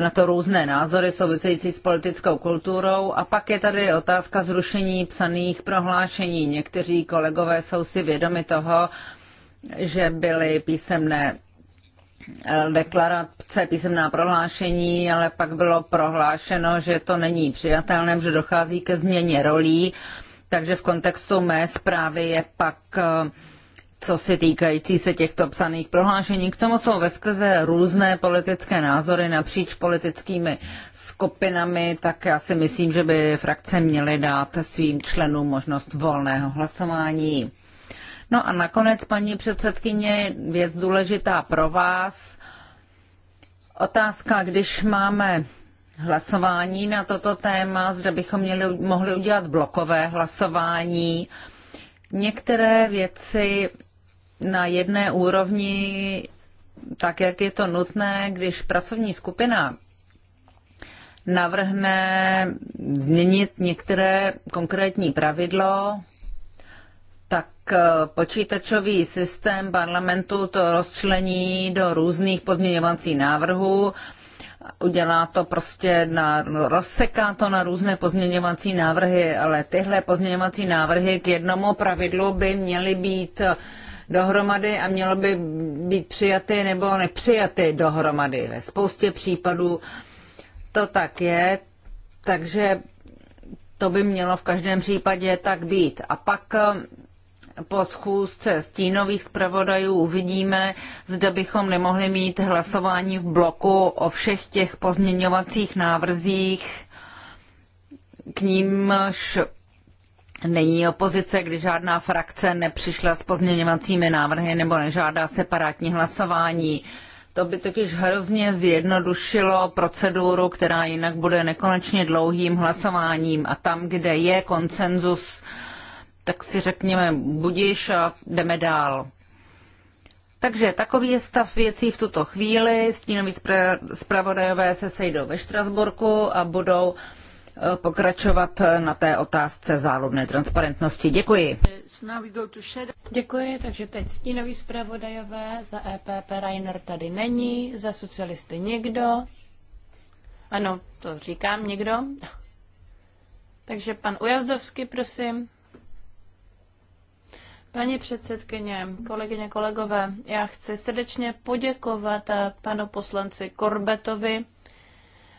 na to různé názory související s politickou kulturou. A pak je tady otázka zrušení psaných prohlášení. Někteří kolegové jsou si vědomi toho, že byly písemné deklarace, písemná prohlášení, ale pak bylo prohlášeno, že to není přijatelné, že dochází ke změně rolí, takže v kontextu mé zprávy je pak eh, co se týkající se těchto psaných prohlášení. K tomu jsou ve skrze různé politické názory napříč politickými skupinami, tak já si myslím, že by frakce měly dát svým členům možnost volného hlasování. No a nakonec, paní předsedkyně, věc důležitá pro vás. Otázka, když máme hlasování na toto téma, zda bychom měli, mohli udělat blokové hlasování. Některé věci na jedné úrovni, tak jak je to nutné, když pracovní skupina navrhne změnit některé konkrétní pravidlo, počítačový systém parlamentu to rozčlení do různých pozměňovacích návrhů, udělá to prostě, na, rozseká to na různé pozměňovací návrhy, ale tyhle pozměňovací návrhy k jednomu pravidlu by měly být dohromady a mělo by být přijaty nebo nepřijaty dohromady. Ve spoustě případů to tak je, takže to by mělo v každém případě tak být. A pak po schůzce stínových zpravodajů uvidíme, zda bychom nemohli mít hlasování v bloku o všech těch pozměňovacích návrzích, k nímž není opozice, když žádná frakce nepřišla s pozměňovacími návrhy nebo nežádá separátní hlasování. To by totiž hrozně zjednodušilo proceduru, která jinak bude nekonečně dlouhým hlasováním a tam, kde je konsenzus, tak si řekněme budíš a jdeme dál. Takže takový je stav věcí v tuto chvíli. Stínoví zpravodajové se sejdou ve Štrasburku a budou e, pokračovat na té otázce záludné transparentnosti. Děkuji. Děkuji, takže teď stínoví zpravodajové za EPP Rainer tady není, za socialisty někdo. Ano, to říkám někdo. Takže pan Ujazdovský, prosím. Paní předsedkyně, kolegyně, kolegové, já chci srdečně poděkovat eh, panu poslanci Korbetovi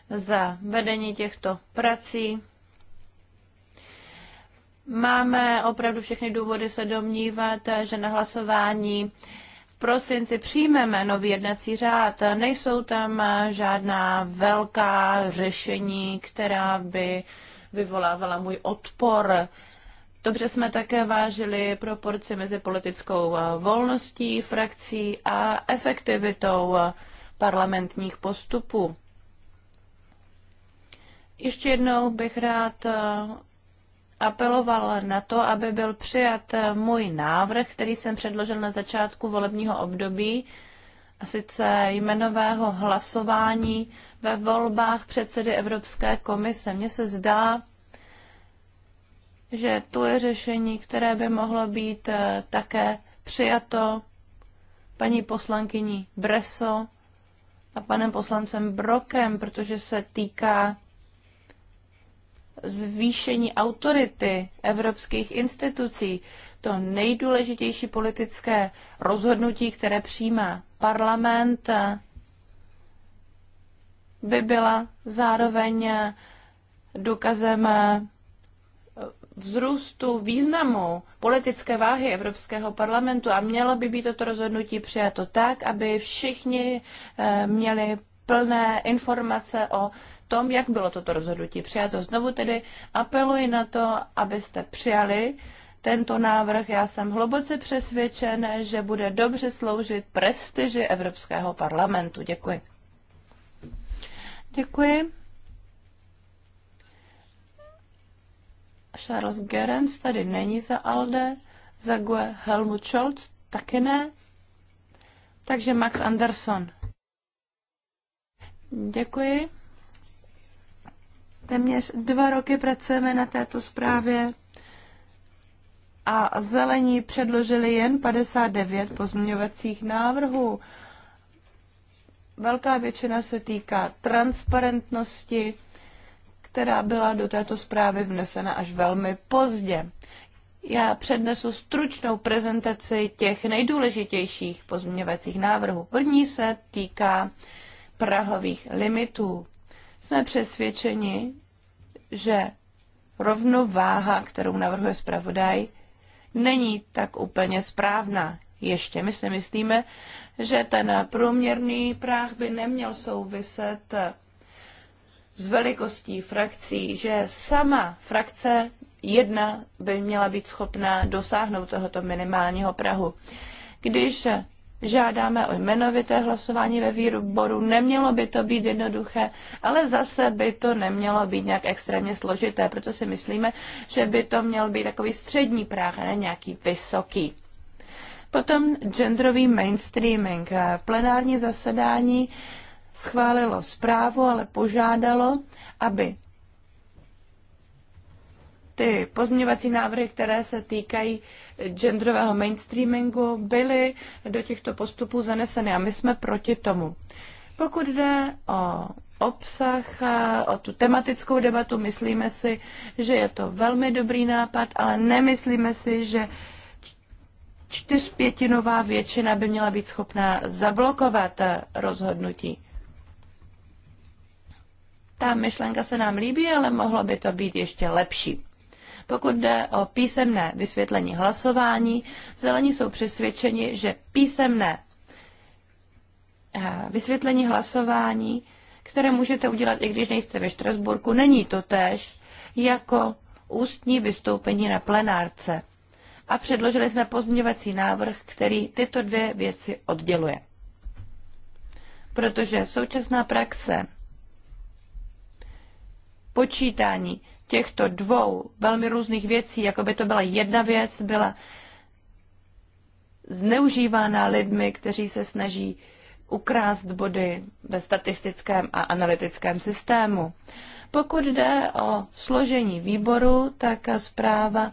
za vedení těchto prací. Máme opravdu všechny důvody se domnívat, eh, že na hlasování v prosinci přijmeme nový jednací řád. Nejsou tam eh, žádná velká řešení, která by vyvolávala můj odpor. Dobře jsme také vážili proporci mezi politickou eh, volností frakcí a efektivitou eh, parlamentních postupů. Ještě jednou bych rád eh, apeloval na to, aby byl přijat můj návrh, který jsem předložil na začátku volebního období, a sice jmenového hlasování ve volbách předsedy Evropské komise. Mně se zdá, že to je řešení, které by mohlo být eh, také přijato paní poslankyní Breso a panem poslancem Brokem, protože se týká zvýšení autority evropských institucí, to nejdůležitější politické rozhodnutí, které přijímá parlament, eh, by byla zároveň eh, důkazem vzrůstu významu politické váhy Evropského parlamentu a mělo by být toto rozhodnutí přijato tak, aby všichni eh, měli plné informace o tom, jak bylo toto rozhodnutí přijato. Znovu tedy apeluji na to, abyste přijali tento návrh. Já jsem hluboce přesvědčen, že bude dobře sloužit prestiži Evropského parlamentu. Děkuji. Děkuji. Charles Gerens tady není za ALDE, za GUE Helmut Scholz taky ne, takže Max Anderson. Děkuji. Téměř dva roky pracujeme na této zprávě a zelení předložili jen 59 pozměňovacích návrhů. Velká většina se týká transparentnosti, která byla do této zprávy vnesena až velmi pozdě. Já přednesu stručnou prezentaci těch nejdůležitějších pozměňovacích návrhů. První se týká prahových limitů. Jsme přesvědčeni, že rovnováha, kterou navrhuje zpravodaj, není tak úplně správná. Ještě my si myslíme, že ten průměrný práh by neměl souviset s velikostí frakcí, že sama frakce jedna by měla být schopná dosáhnout tohoto minimálního Prahu. Když žádáme o jmenovité hlasování ve výboru. Nemělo by to být jednoduché, ale zase by to nemělo být nějak extrémně složité, proto si myslíme, že by to měl být takový střední práh ne nějaký vysoký. Potom genderový mainstreaming, plenární zasedání schválilo zprávu, ale požádalo, aby ty pozměňovací návrhy, které se týkají genderového mainstreamingu, byly do těchto postupů zaneseny a my jsme proti tomu. Pokud jde o obsah, o tu tematickou debatu, myslíme si, že je to velmi dobrý nápad, ale nemyslíme si, že čtyřpětinová většina by měla být schopná zablokovat rozhodnutí. Ta myšlenka se nám líbí, ale mohlo by to být ještě lepší. Pokud jde o písemné vysvětlení hlasování, zelení jsou přesvědčeni, že písemné eh, vysvětlení hlasování, které můžete udělat, i když nejste ve Štrasburku, není to též jako ústní vystoupení na plenárce. A předložili jsme pozměňovací návrh, který tyto dvě věci odděluje. Protože současná praxe počítání těchto dvou velmi různých věcí, jako by to byla jedna věc, byla zneužívána lidmi, kteří se snaží ukrást body ve statistickém a analytickém systému. Pokud jde o složení výboru, tak zpráva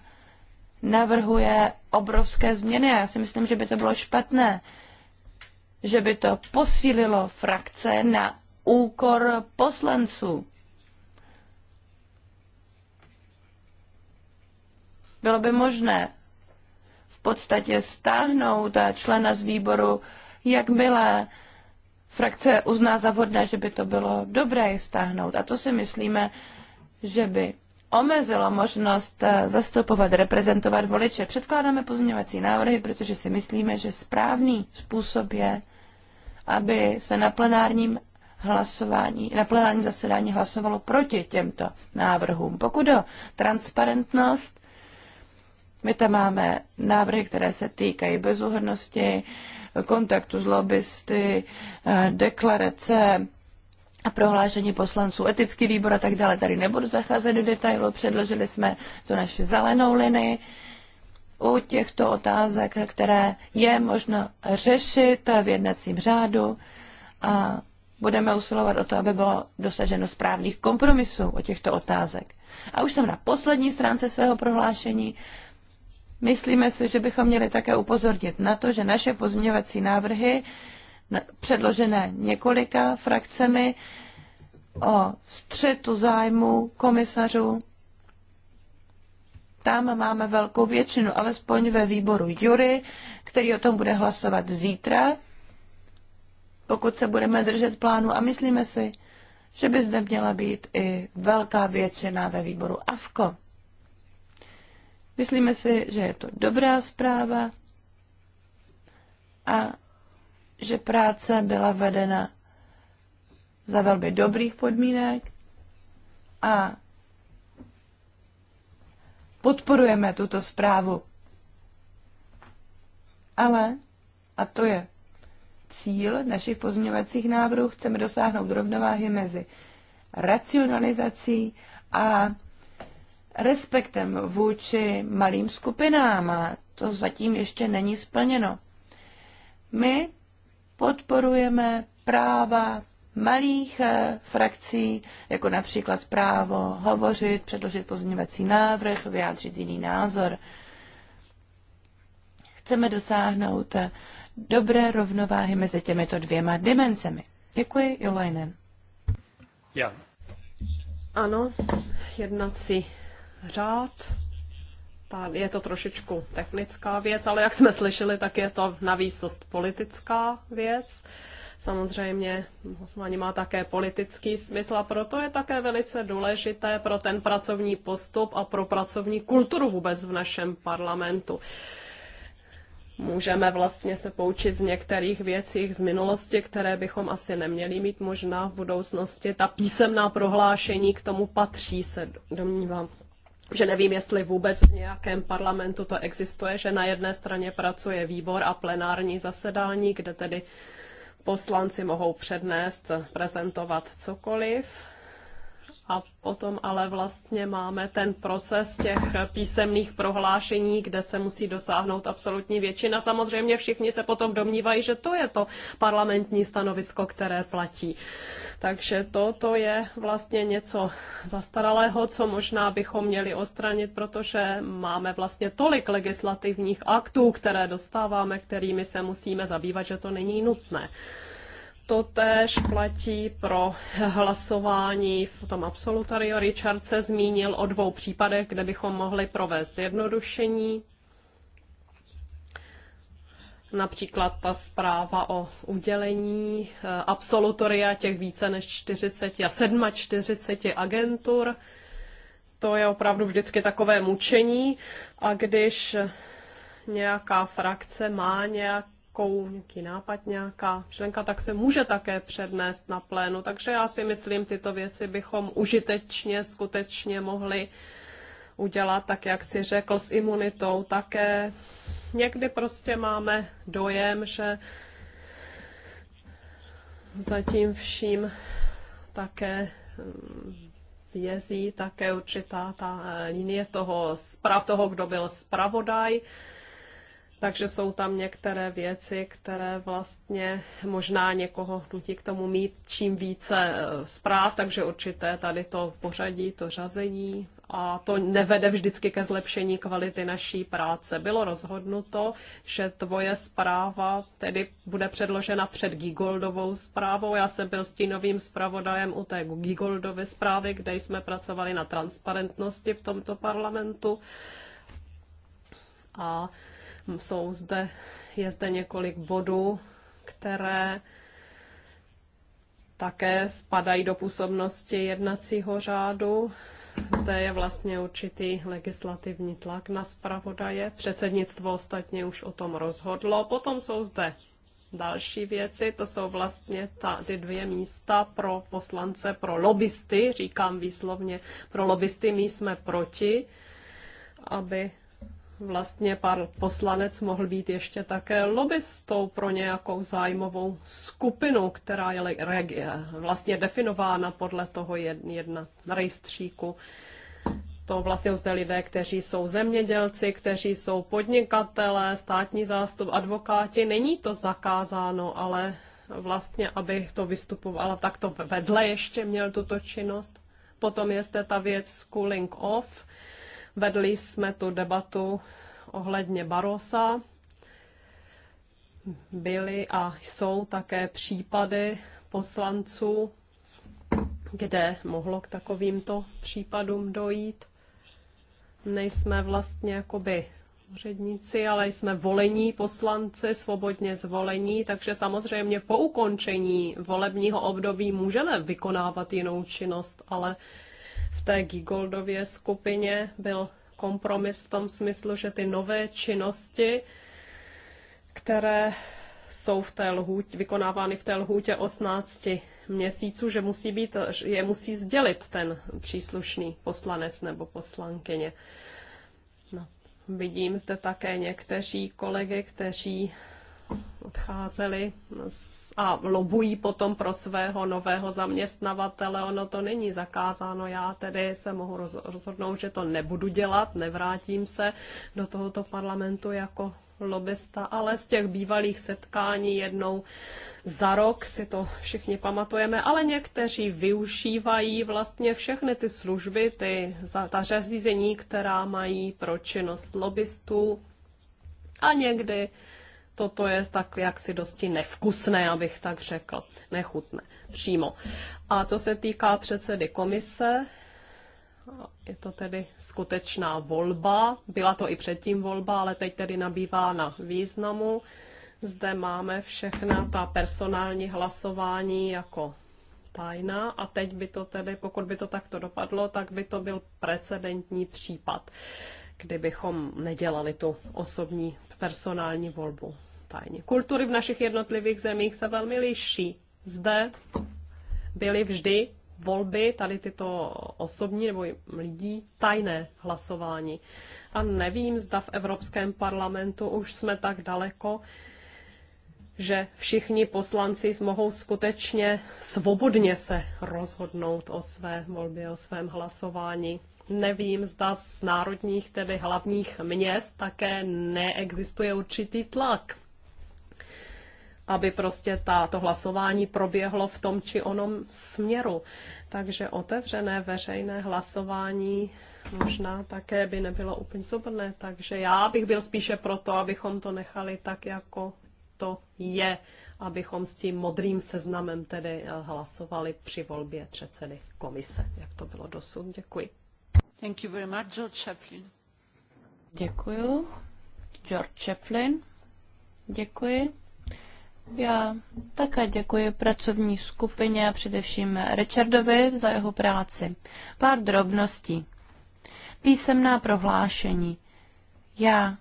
navrhuje obrovské změny. Já si myslím, že by to bylo špatné, že by to posílilo frakce na úkor poslanců. Bylo by možné v podstatě stáhnout člena z výboru, jakmile frakce uzná za vhodné, že by to bylo dobré stáhnout. A to si myslíme, že by omezilo možnost eh, zastupovat, reprezentovat voliče. Předkládáme pozměňovací návrhy, protože si myslíme, že správný způsob je, aby se na plenárním hlasování, na plenárním zasedání hlasovalo proti těmto návrhům. Pokud o transparentnost, my tam máme návrhy, které se týkají bezúhodnosti, kontaktu s lobbysty, eh, deklarace a prohlášení poslanců, etický výbor a tak dále. Tady nebudu zacházet do detailu, předložili jsme to naši zelenou linii u těchto otázek, které je možno řešit v jednacím řádu a budeme usilovat o to, aby bylo dosaženo správných kompromisů o těchto otázek. A už jsem na poslední stránce svého prohlášení Myslíme si, že bychom měli také upozornit na to, že naše pozměňovací návrhy, předložené několika frakcemi o střetu zájmu komisařů, tam máme velkou většinu, alespoň ve výboru Jury, který o tom bude hlasovat zítra, pokud se budeme držet plánu a myslíme si, že by zde měla být i velká většina ve výboru AFKO. Myslíme si, že je to dobrá zpráva a že práce byla vedena za velmi dobrých podmínek a podporujeme tuto zprávu. Ale, a to je cíl našich pozměňovacích návrhů, chceme dosáhnout rovnováhy mezi racionalizací a respektem vůči malým skupinám a to zatím ještě není splněno. My podporujeme práva malých eh, frakcí, jako například právo hovořit, předložit pozměňovací návrh, vyjádřit jiný názor. Chceme dosáhnout eh, dobré rovnováhy mezi těmito dvěma dimenzemi. Děkuji, Jolajnen. Já. Ano, jednací řád. je to trošičku technická věc, ale jak jsme slyšeli, tak je to navýsost politická věc. Samozřejmě hlasování má také politický smysl a proto je také velice důležité pro ten pracovní postup a pro pracovní kulturu vůbec v našem parlamentu můžeme vlastně se poučit z některých věcí z minulosti, které bychom asi neměli mít možná v budoucnosti. Ta písemná prohlášení k tomu patří, se domnívám že nevím, jestli vůbec v nějakém parlamentu to existuje, že na jedné straně pracuje výbor a plenární zasedání, kde tedy poslanci mohou přednést, prezentovat cokoliv a potom ale vlastně máme ten proces těch písemných prohlášení, kde se musí dosáhnout absolutní většina. Samozřejmě všichni se potom domnívají, že to je to parlamentní stanovisko, které platí. Takže toto je vlastně něco zastaralého, co možná bychom měli odstranit, protože máme vlastně tolik legislativních aktů, které dostáváme, kterými se musíme zabývat, že to není nutné. To též platí pro hlasování v tom absolutariu. Richard se zmínil o dvou případech, kde bychom mohli provést zjednodušení. Například ta zpráva o udělení eh, absolutoria těch více než 40 a 47 agentur. To je opravdu vždycky takové mučení. A když nějaká frakce má nějak nějakou, nějaký nápad, nějaká členka, tak se může také přednést na plénu. Takže já si myslím, tyto věci bychom užitečně skutečně mohli udělat, tak jak si řekl, s imunitou také. Někdy prostě máme dojem, že zatím vším také mm, vězí také určitá ta eh, linie toho, sprav, toho, kdo byl spravodaj. Takže jsou tam některé věci, které vlastně možná někoho nutí k tomu mít čím více eh, zpráv, takže určité tady to pořadí, to řazení a to nevede vždycky ke zlepšení kvality naší práce. Bylo rozhodnuto, že tvoje zpráva tedy bude předložena před Gigoldovou zprávou. Já jsem byl stínovým zpravodajem u té Gigoldovy zprávy, kde jsme pracovali na transparentnosti v tomto parlamentu. A jsou zde, je zde několik bodů, které také spadají do působnosti jednacího řádu. Zde je vlastně určitý legislativní tlak na zpravodaje. Předsednictvo ostatně už o tom rozhodlo. Potom jsou zde další věci, to jsou vlastně ta, ty dvě místa pro poslance, pro lobbysty, říkám výslovně, pro lobbysty my jsme proti, aby vlastně pan poslanec mohl být ještě také lobbystou pro nějakou zájmovou skupinu, která je vlastně definována podle toho jedna rejstříku. To vlastně zde lidé, kteří jsou zemědělci, kteří jsou podnikatelé, státní zástup, advokáti. Není to zakázáno, ale vlastně, aby to tak to vedle ještě měl tuto činnost. Potom je zde ta věc schooling off, Vedli jsme tu debatu ohledně Barosa. Byly a jsou také případy poslanců, kde mohlo k takovýmto případům dojít. Nejsme vlastně jakoby úředníci, ale jsme volení poslanci, svobodně zvolení, takže samozřejmě po ukončení volebního období můžeme vykonávat jinou činnost, ale v té Gigoldově skupině byl kompromis v tom smyslu, že ty nové činnosti, které jsou v té lhůtě, vykonávány v té lhůtě 18 měsíců, že musí být, je musí sdělit ten příslušný poslanec nebo poslankyně. No, vidím zde také někteří kolegy, kteří odcházeli a lobují potom pro svého nového zaměstnavatele. Ono to není zakázáno. Já tedy se mohu rozhodnout, že to nebudu dělat, nevrátím se do tohoto parlamentu jako lobista, ale z těch bývalých setkání jednou za rok si to všichni pamatujeme, ale někteří využívají vlastně všechny ty služby, ty, ta zařízení, která mají pro činnost lobbystů a někdy toto je tak jaksi dosti nevkusné, abych tak řekl, nechutné přímo. A co se týká předsedy komise, je to tedy skutečná volba. Byla to i předtím volba, ale teď tedy nabývá na významu. Zde máme všechna ta personální hlasování jako tajná a teď by to tedy, pokud by to takto dopadlo, tak by to byl precedentní případ, kdybychom nedělali tu osobní personální volbu tajně. Kultury v našich jednotlivých zemích se velmi liší. Zde byly vždy volby, tady tyto osobní nebo lidí, tajné hlasování. A nevím, zda v Evropském parlamentu už jsme tak daleko, že všichni poslanci mohou skutečně svobodně se rozhodnout o své volbě, o svém hlasování. Nevím, zda z národních, tedy hlavních měst, také neexistuje určitý tlak aby prostě ta, to hlasování proběhlo v tom či onom směru. Takže otevřené veřejné hlasování možná také by nebylo úplně svobodné, takže já bych byl spíše proto, abychom to nechali tak, jako to je, abychom s tím modrým seznamem tedy eh, hlasovali při volbě předsedy komise, jak to bylo dosud. Děkuji. Thank you very much, George Chaplin. Děkuji. George Chaplin. Děkuji. Já také děkuji pracovní skupině a především Richardovi za jeho práci. Pár drobností. Písemná prohlášení. Já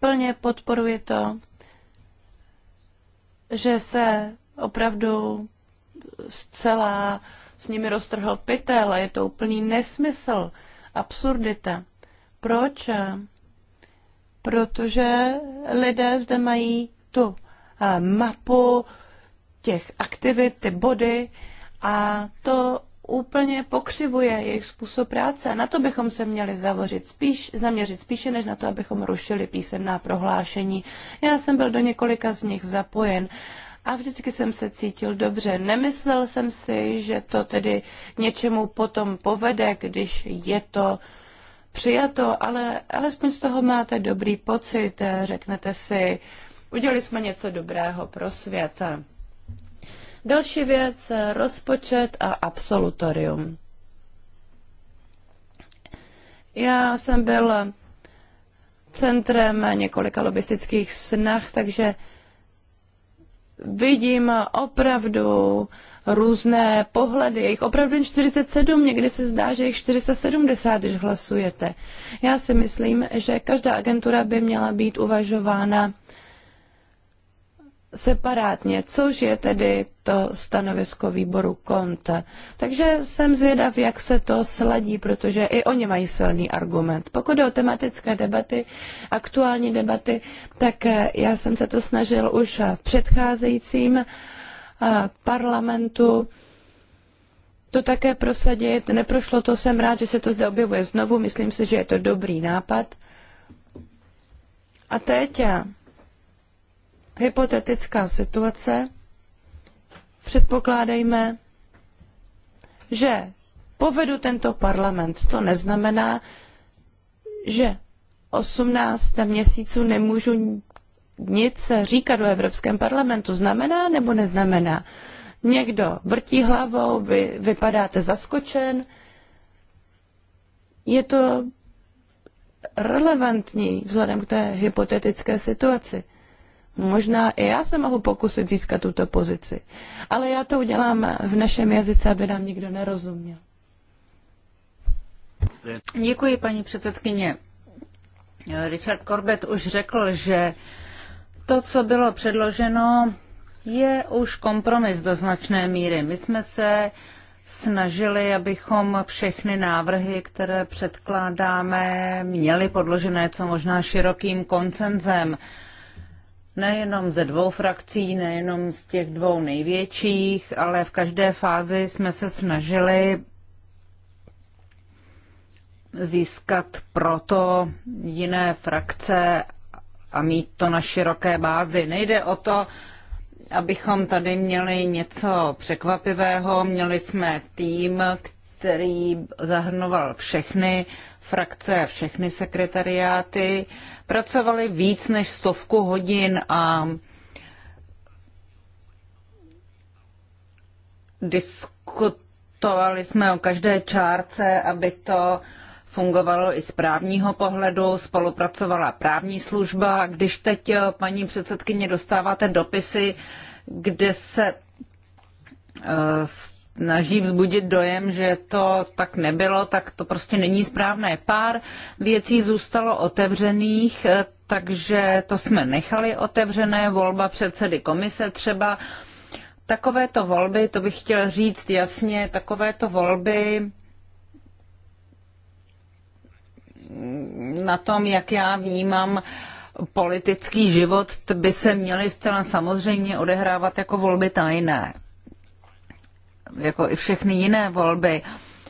plně podporuji to, že se opravdu zcela s nimi roztrhl pytel a je to úplný nesmysl, absurdita. Proč? Protože lidé zde mají tu mapu těch aktivit, ty body a to úplně pokřivuje jejich způsob práce. A na to bychom se měli zavořit spíš, zaměřit spíše, než na to, abychom rušili písemná prohlášení. Já jsem byl do několika z nich zapojen a vždycky jsem se cítil dobře. Nemyslel jsem si, že to tedy k něčemu potom povede, když je to přijato, ale alespoň z toho máte dobrý pocit. Řeknete si, Udělali jsme něco dobrého pro svět. Další věc, rozpočet a absolutorium. Já jsem byl centrem několika lobistických snah, takže vidím opravdu různé pohledy. Je opravdu 47, někdy se zdá, že jich 470, když hlasujete. Já si myslím, že každá agentura by měla být uvažována separátně, což je tedy to stanovisko výboru KONT. Takže jsem zvědav, jak se to sladí, protože i oni mají silný argument. Pokud jde o tematické debaty, aktuální debaty, tak já jsem se to snažil už v předcházejícím parlamentu to také prosadit. Neprošlo to, jsem rád, že se to zde objevuje znovu. Myslím si, že je to dobrý nápad. A teď hypotetická situace. Předpokládejme, že povedu tento parlament. To neznamená, že 18 měsíců nemůžu nic říkat o Evropském parlamentu. Znamená nebo neznamená? Někdo vrtí hlavou, vy vypadáte zaskočen. Je to relevantní vzhledem k té hypotetické situaci. Možná i já se mohu pokusit získat tuto pozici, ale já to udělám v našem jazyce, aby nám nikdo nerozuměl. Děkuji, paní předsedkyně. Richard Corbett už řekl, že to, co bylo předloženo, je už kompromis do značné míry. My jsme se snažili, abychom všechny návrhy, které předkládáme, měli podložené co možná širokým koncenzem nejenom ze dvou frakcí, nejenom z těch dvou největších, ale v každé fázi jsme se snažili získat proto jiné frakce a mít to na široké bázi. Nejde o to, abychom tady měli něco překvapivého. Měli jsme tým, který zahrnoval všechny frakce a všechny sekretariáty pracovali víc než stovku hodin a diskutovali jsme o každé čárce, aby to fungovalo i z právního pohledu, spolupracovala právní služba. Když teď, eh, paní předsedkyně, dostáváte dopisy, kde se eh, snaží vzbudit dojem, že to tak nebylo, tak to prostě není správné. Pár věcí zůstalo otevřených, eh, takže to jsme nechali otevřené, volba předsedy komise třeba. Takovéto volby, to bych chtěl říct jasně, takovéto volby na tom, jak já vnímám politický život, by se měly zcela samozřejmě odehrávat jako volby tajné jako i všechny jiné volby.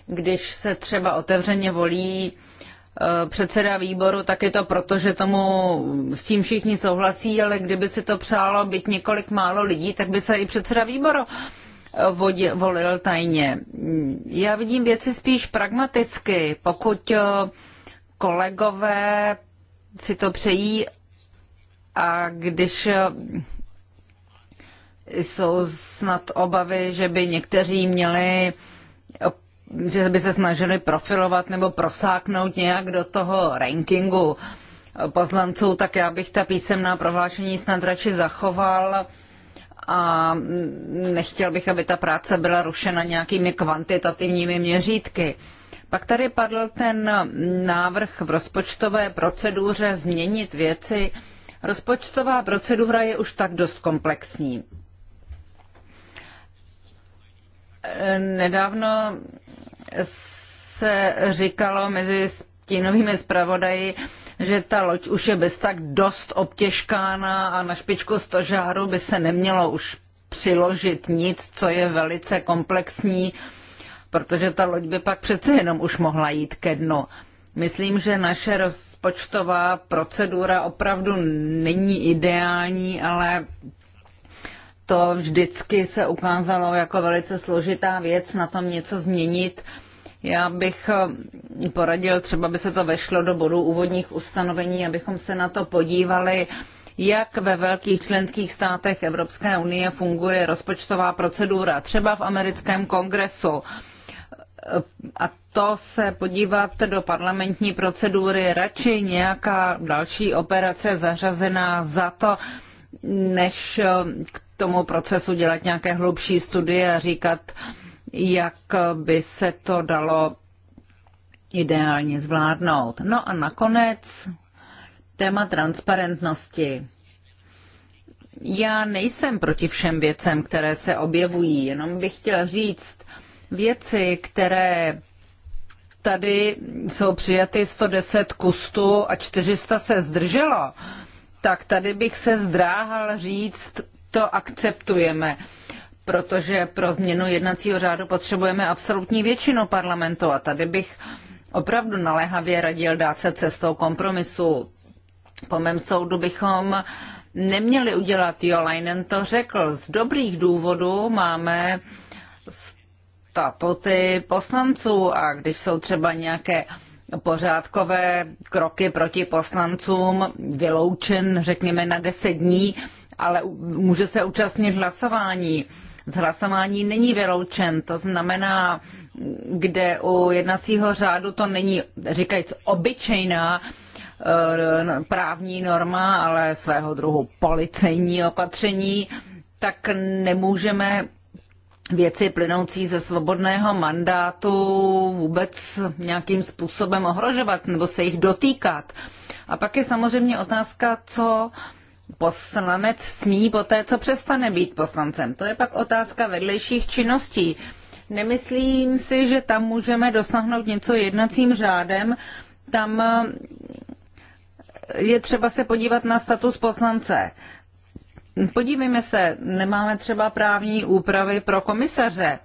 Když se třeba otevřeně volí e, předseda výboru, tak je to proto, že tomu s tím všichni souhlasí, ale kdyby si to přálo být několik málo lidí, tak by se i předseda výboru e, volil tajně. Já vidím věci spíš pragmaticky. Pokud e, kolegové si to přejí a když jsou snad obavy, že by někteří měli že by se snažili profilovat nebo prosáknout nějak do toho rankingu poslanců, tak já bych ta písemná prohlášení snad radši zachoval a nechtěl bych, aby ta práce byla rušena nějakými kvantitativními měřítky. Pak tady padl ten návrh v rozpočtové proceduře změnit věci. Rozpočtová procedura je už tak dost komplexní. Nedávno se říkalo mezi stínovými zpravodaji, že ta loď už je bez tak dost obtěžkána a na špičku stožáru by se nemělo už přiložit nic, co je velice komplexní, protože ta loď by pak přece jenom už mohla jít ke dnu. Myslím, že naše rozpočtová procedura opravdu není ideální, ale to vždycky se ukázalo jako velice složitá věc, na tom něco změnit. Já bych eh, poradil, třeba by se to vešlo do bodu úvodních ustanovení, abychom se na to podívali, jak ve velkých členských státech Evropské unie funguje rozpočtová procedura, třeba v americkém kongresu. A to se podívat do parlamentní procedury, radši nějaká další operace zařazená za to, než eh, k tomu procesu dělat nějaké hlubší studie a říkat, jak by se to dalo ideálně zvládnout. No a nakonec téma transparentnosti. Já nejsem proti všem věcem, které se objevují, jenom bych chtěla říct, věci, které tady jsou přijaty 110 kustů a 400 se zdrželo, tak tady bych se zdráhal říct, to akceptujeme, protože pro změnu jednacího řádu potřebujeme absolutní většinu parlamentu a tady bych opravdu naléhavě radil dát se cestou kompromisu. Po mém soudu bychom neměli udělat, jo, Leinen to řekl, z dobrých důvodů máme stapoty poslanců a když jsou třeba nějaké pořádkové kroky proti poslancům vyloučen, řekněme, na deset dní, ale může se účastnit hlasování. Z hlasování není vyloučen, to znamená, kde u jednacího řádu to není, říkajíc, obyčejná eh, právní norma, ale svého druhu policejní opatření, tak nemůžeme věci plynoucí ze svobodného mandátu vůbec nějakým způsobem ohrožovat nebo se jich dotýkat. A pak je samozřejmě otázka, co poslanec smí po té, co přestane být poslancem. To je pak otázka vedlejších činností. Nemyslím si, že tam můžeme dosáhnout něco jednacím řádem. Tam je třeba se podívat na status poslance. Podívejme se, nemáme třeba právní úpravy pro komisaře.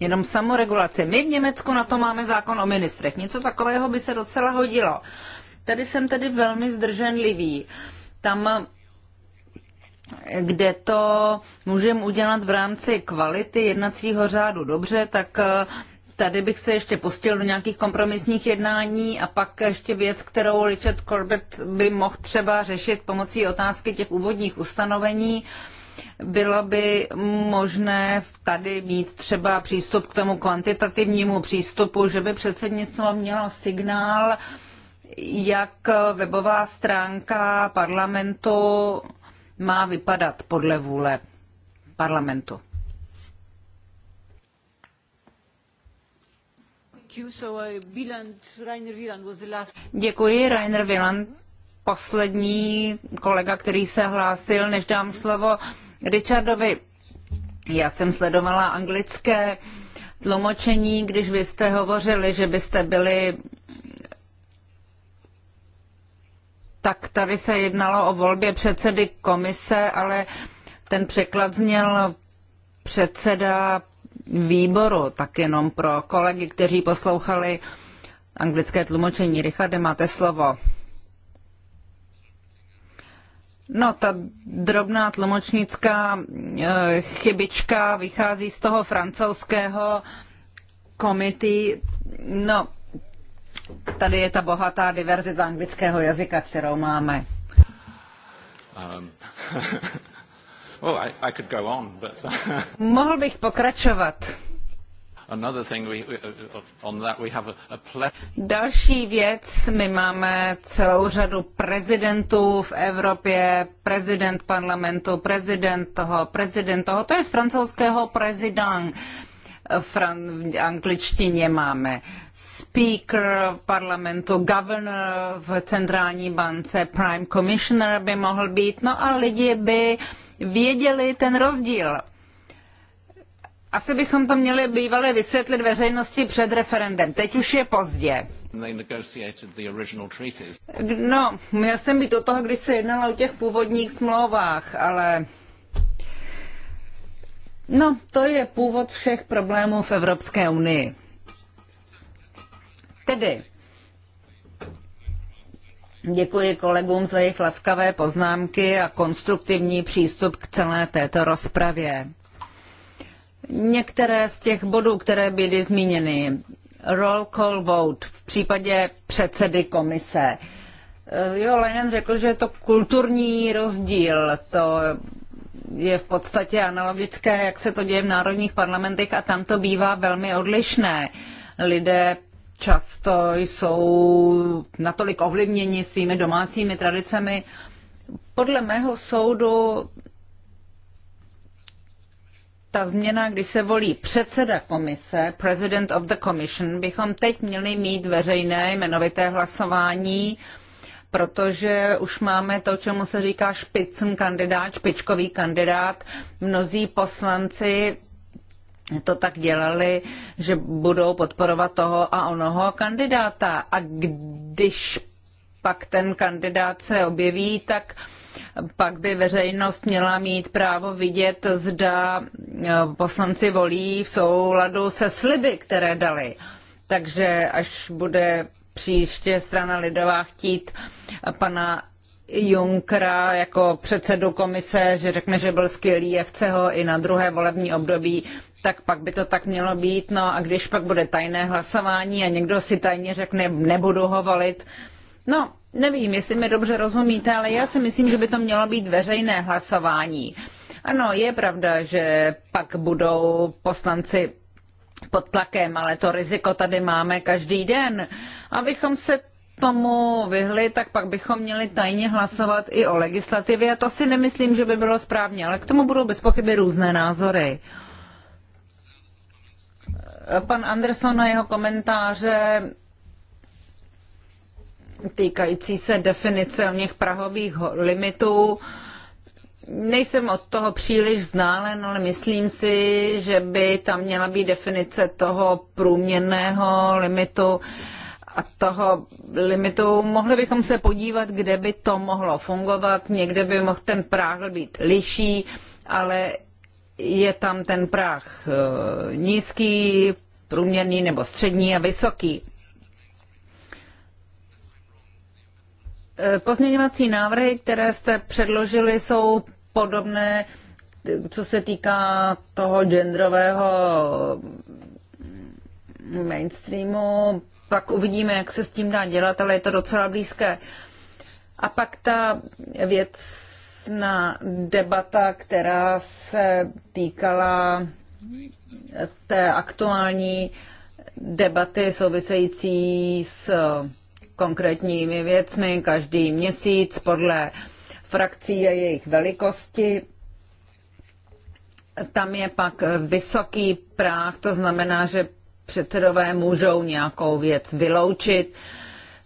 Jenom samoregulace. My v Německu na to máme zákon o ministrech. Něco takového by se docela hodilo. Tady jsem tedy velmi zdrženlivý. Tam, kde to můžeme udělat v rámci kvality jednacího řádu dobře, tak Tady bych se ještě pustil do nějakých kompromisních jednání a pak ještě věc, kterou Richard Corbett by mohl třeba řešit pomocí otázky těch úvodních ustanovení. Bylo by možné tady mít třeba přístup k tomu kvantitativnímu přístupu, že by předsednictvo mělo signál, jak webová stránka parlamentu má vypadat podle vůle parlamentu. Uh, Děkuji, Rainer Wieland, poslední kolega, který se hlásil, než dám slovo Richardovi. Já jsem sledovala anglické tlumočení, když vy jste hovořili, že byste byli tak tady se jednalo o volbě předsedy komise, ale ten překlad zněl předseda výboru, tak jenom pro kolegy, kteří poslouchali anglické tlumočení. Richarde, máte slovo. No, ta drobná tlumočnická eh, chybička vychází z toho francouzského komity. No, tady je ta bohatá diverzita anglického jazyka, kterou máme. Um. Well, I, I could go on, but... Mohl bych pokračovat. Další věc, my máme celou řadu prezidentů v Evropě, prezident parlamentu, prezident toho, prezident toho, to je z francouzského prezident. Fran- v angličtině máme speaker v parlamentu, governor v centrální bance, prime commissioner by mohl být, no a lidi by věděli ten rozdíl. Asi bychom to měli bývalé vysvětlit veřejnosti před referendem. Teď už je pozdě. No, měl jsem být o toho, když se jednalo o těch původních smlouvách, ale... No, to je původ všech problémů v Evropské unii. Tedy, Děkuji kolegům za jejich laskavé poznámky a konstruktivní přístup k celé této rozpravě. Některé z těch bodů, které byly zmíněny, roll call vote v případě předsedy komise. Eh, jo, Lenin řekl, že je to kulturní rozdíl, to je v podstatě analogické, jak se to děje v národních parlamentech a tam to bývá velmi odlišné. Lidé často jsou natolik ovlivněni svými domácími tradicemi. Podle mého soudu ta změna, kdy se volí předseda komise, president of the commission, bychom teď měli mít veřejné jmenovité hlasování, protože už máme to, čemu se říká špicn kandidát, špičkový kandidát. Mnozí poslanci to tak dělali, že budou podporovat toho a onoho kandidáta. A když pak ten kandidát se objeví, tak pak by veřejnost měla mít právo vidět, zda e, poslanci volí v souladu se sliby, které dali. Takže až bude příště strana Lidová chtít pana Junkra jako předsedu komise, že řekne, že byl skvělý a chce ho i na druhé volební období, tak pak by to tak mělo být. No a když pak bude tajné hlasování a někdo si tajně řekne, nebudu ho volit, no nevím, jestli mi dobře rozumíte, ale já si myslím, že by to mělo být veřejné hlasování. Ano, je pravda, že pak budou poslanci pod tlakem, ale to riziko tady máme každý den. Abychom se tomu vyhli, tak pak bychom měli tajně hlasovat i o legislativě. To si nemyslím, že by bylo správně, ale k tomu budou bezpochyby různé názory pan Anderson a jeho komentáře týkající se definice o něch prahových limitů. Nejsem od toho příliš vzdálen, ale myslím si, že by tam měla být definice toho průměrného limitu a toho limitu. Mohli bychom se podívat, kde by to mohlo fungovat. Někde by mohl ten práh být liší, ale je tam ten práh eh, nízký, průměrný nebo střední a vysoký. Eh, pozměňovací návrhy, které jste předložili, jsou podobné, co se týká toho genderového mainstreamu. Pak uvidíme, jak se s tím dá dělat, ale je to docela blízké. A pak ta věc věcná debata, která se týkala té aktuální debaty související s konkrétními věcmi každý měsíc podle frakcí a jejich velikosti. Tam je pak vysoký práh, to znamená, že předsedové můžou nějakou věc vyloučit. Uh,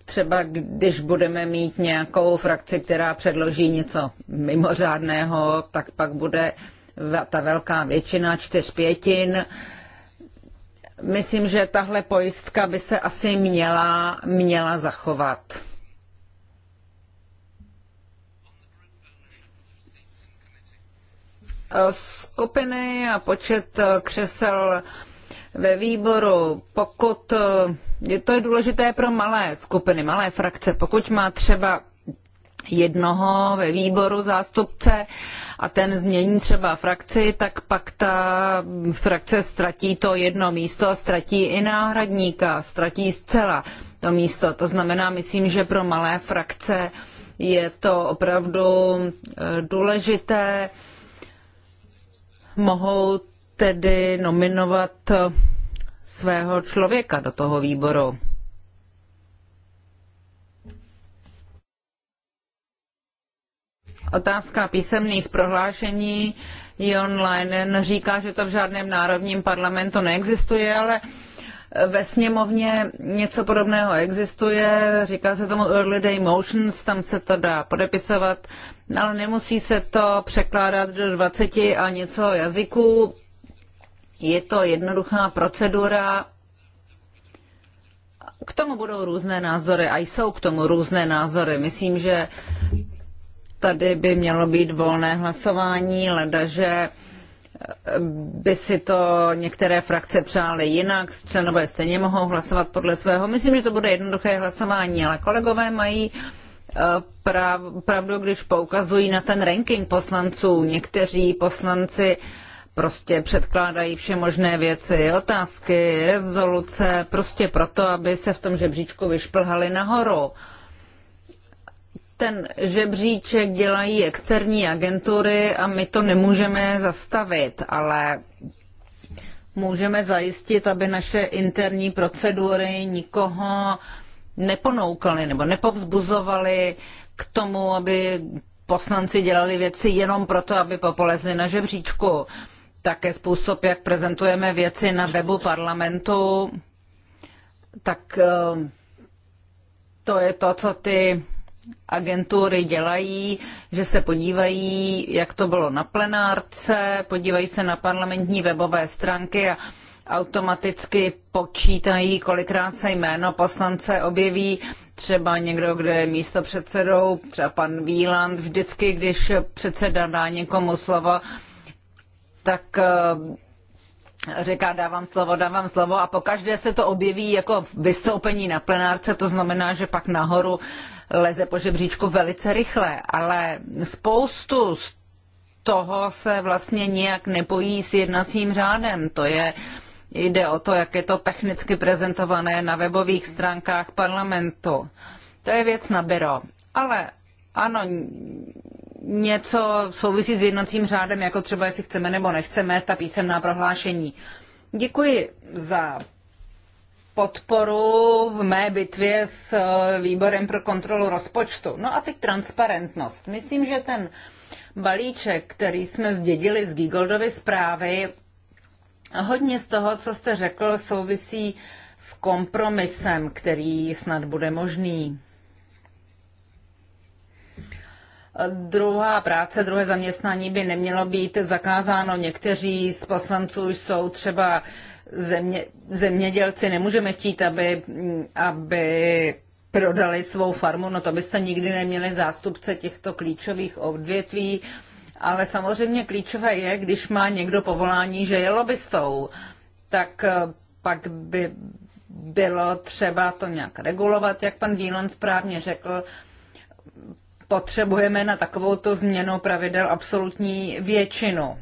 třeba když budeme mít nějakou frakci, která předloží něco mimořádného, tak pak bude ta velká většina čtyř pětin. Myslím, že tahle pojistka by se asi měla, měla zachovat. Skupiny a počet křesel ve výboru, pokud je to důležité pro malé skupiny, malé frakce. Pokud má třeba jednoho ve výboru zástupce a ten změní třeba frakci, tak pak ta frakce ztratí to jedno místo, a ztratí i náhradníka, ztratí zcela to místo. To znamená, myslím, že pro malé frakce je to opravdu eh, důležité. Mohou tedy nominovat eh, svého člověka do toho výboru. Otázka písemných prohlášení. Jon Leinen říká, že to v žádném národním parlamentu neexistuje, ale ve sněmovně něco podobného existuje, říká se tomu Early Day Motions, tam se to dá podepisovat, ale nemusí se to překládat do 20 a něco jazyků. Je to jednoduchá procedura. K tomu budou různé názory a jsou k tomu různé názory. Myslím, že tady by mělo být volné hlasování, ledaže eh, by si to některé frakce přály jinak, členové stejně mohou hlasovat podle svého. Myslím, že to bude jednoduché hlasování, ale kolegové mají eh, pravdu, když poukazují na ten ranking poslanců. Někteří poslanci uh, prostě předkládají vše možné věci, otázky, rezoluce, prostě proto, aby se v tom žebříčku vyšplhali nahoru. Ten žebříček dělají externí agentury a my to nemůžeme zastavit, ale můžeme zajistit, aby naše interní procedury nikoho neponoukali nebo nepovzbuzovali k tomu, aby poslanci dělali věci jenom proto, aby popolezli na žebříčku také způsob, jak prezentujeme věci na webu parlamentu, tak eh, to je to, co ty agentury dělají, že se podívají, jak to bylo na plenárce, podívají se na parlamentní webové stránky a automaticky počítají, kolikrát se jméno poslance objeví. Třeba někdo, kdo je místo předsedou, třeba pan Víland, vždycky, když předseda dá někomu slovo, tak eh, říká dávám slovo, dávám slovo a pokaždé se to objeví jako vystoupení na plenárce, to znamená, že pak nahoru leze po žebříčku velice rychle, ale spoustu z toho se vlastně nijak nepojí s jednacím řádem. To je, jde o to, jak je to technicky prezentované na webových stránkách parlamentu. To je věc na byro. Ale ano, něco souvisí s jednacím řádem, jako třeba jestli chceme nebo nechceme, ta písemná prohlášení. Děkuji za podporu v mé bitvě s eh, výborem pro kontrolu rozpočtu. No a teď transparentnost. Myslím, že ten balíček, který jsme zdědili z Gigoldovy zprávy, hodně z toho, co jste řekl, souvisí s kompromisem, který snad bude možný. Druhá práce, druhé zaměstnání by nemělo být zakázáno. Někteří z poslanců jsou třeba země, zemědělci, nemůžeme chtít, aby, aby prodali svou farmu, no to byste nikdy neměli zástupce těchto klíčových odvětví, ale samozřejmě klíčové je, když má někdo povolání, že je lobbystou, tak eh, pak by bylo třeba to nějak regulovat, jak pan Vílon správně řekl, potřebujeme na takovouto změnu pravidel absolutní většinu.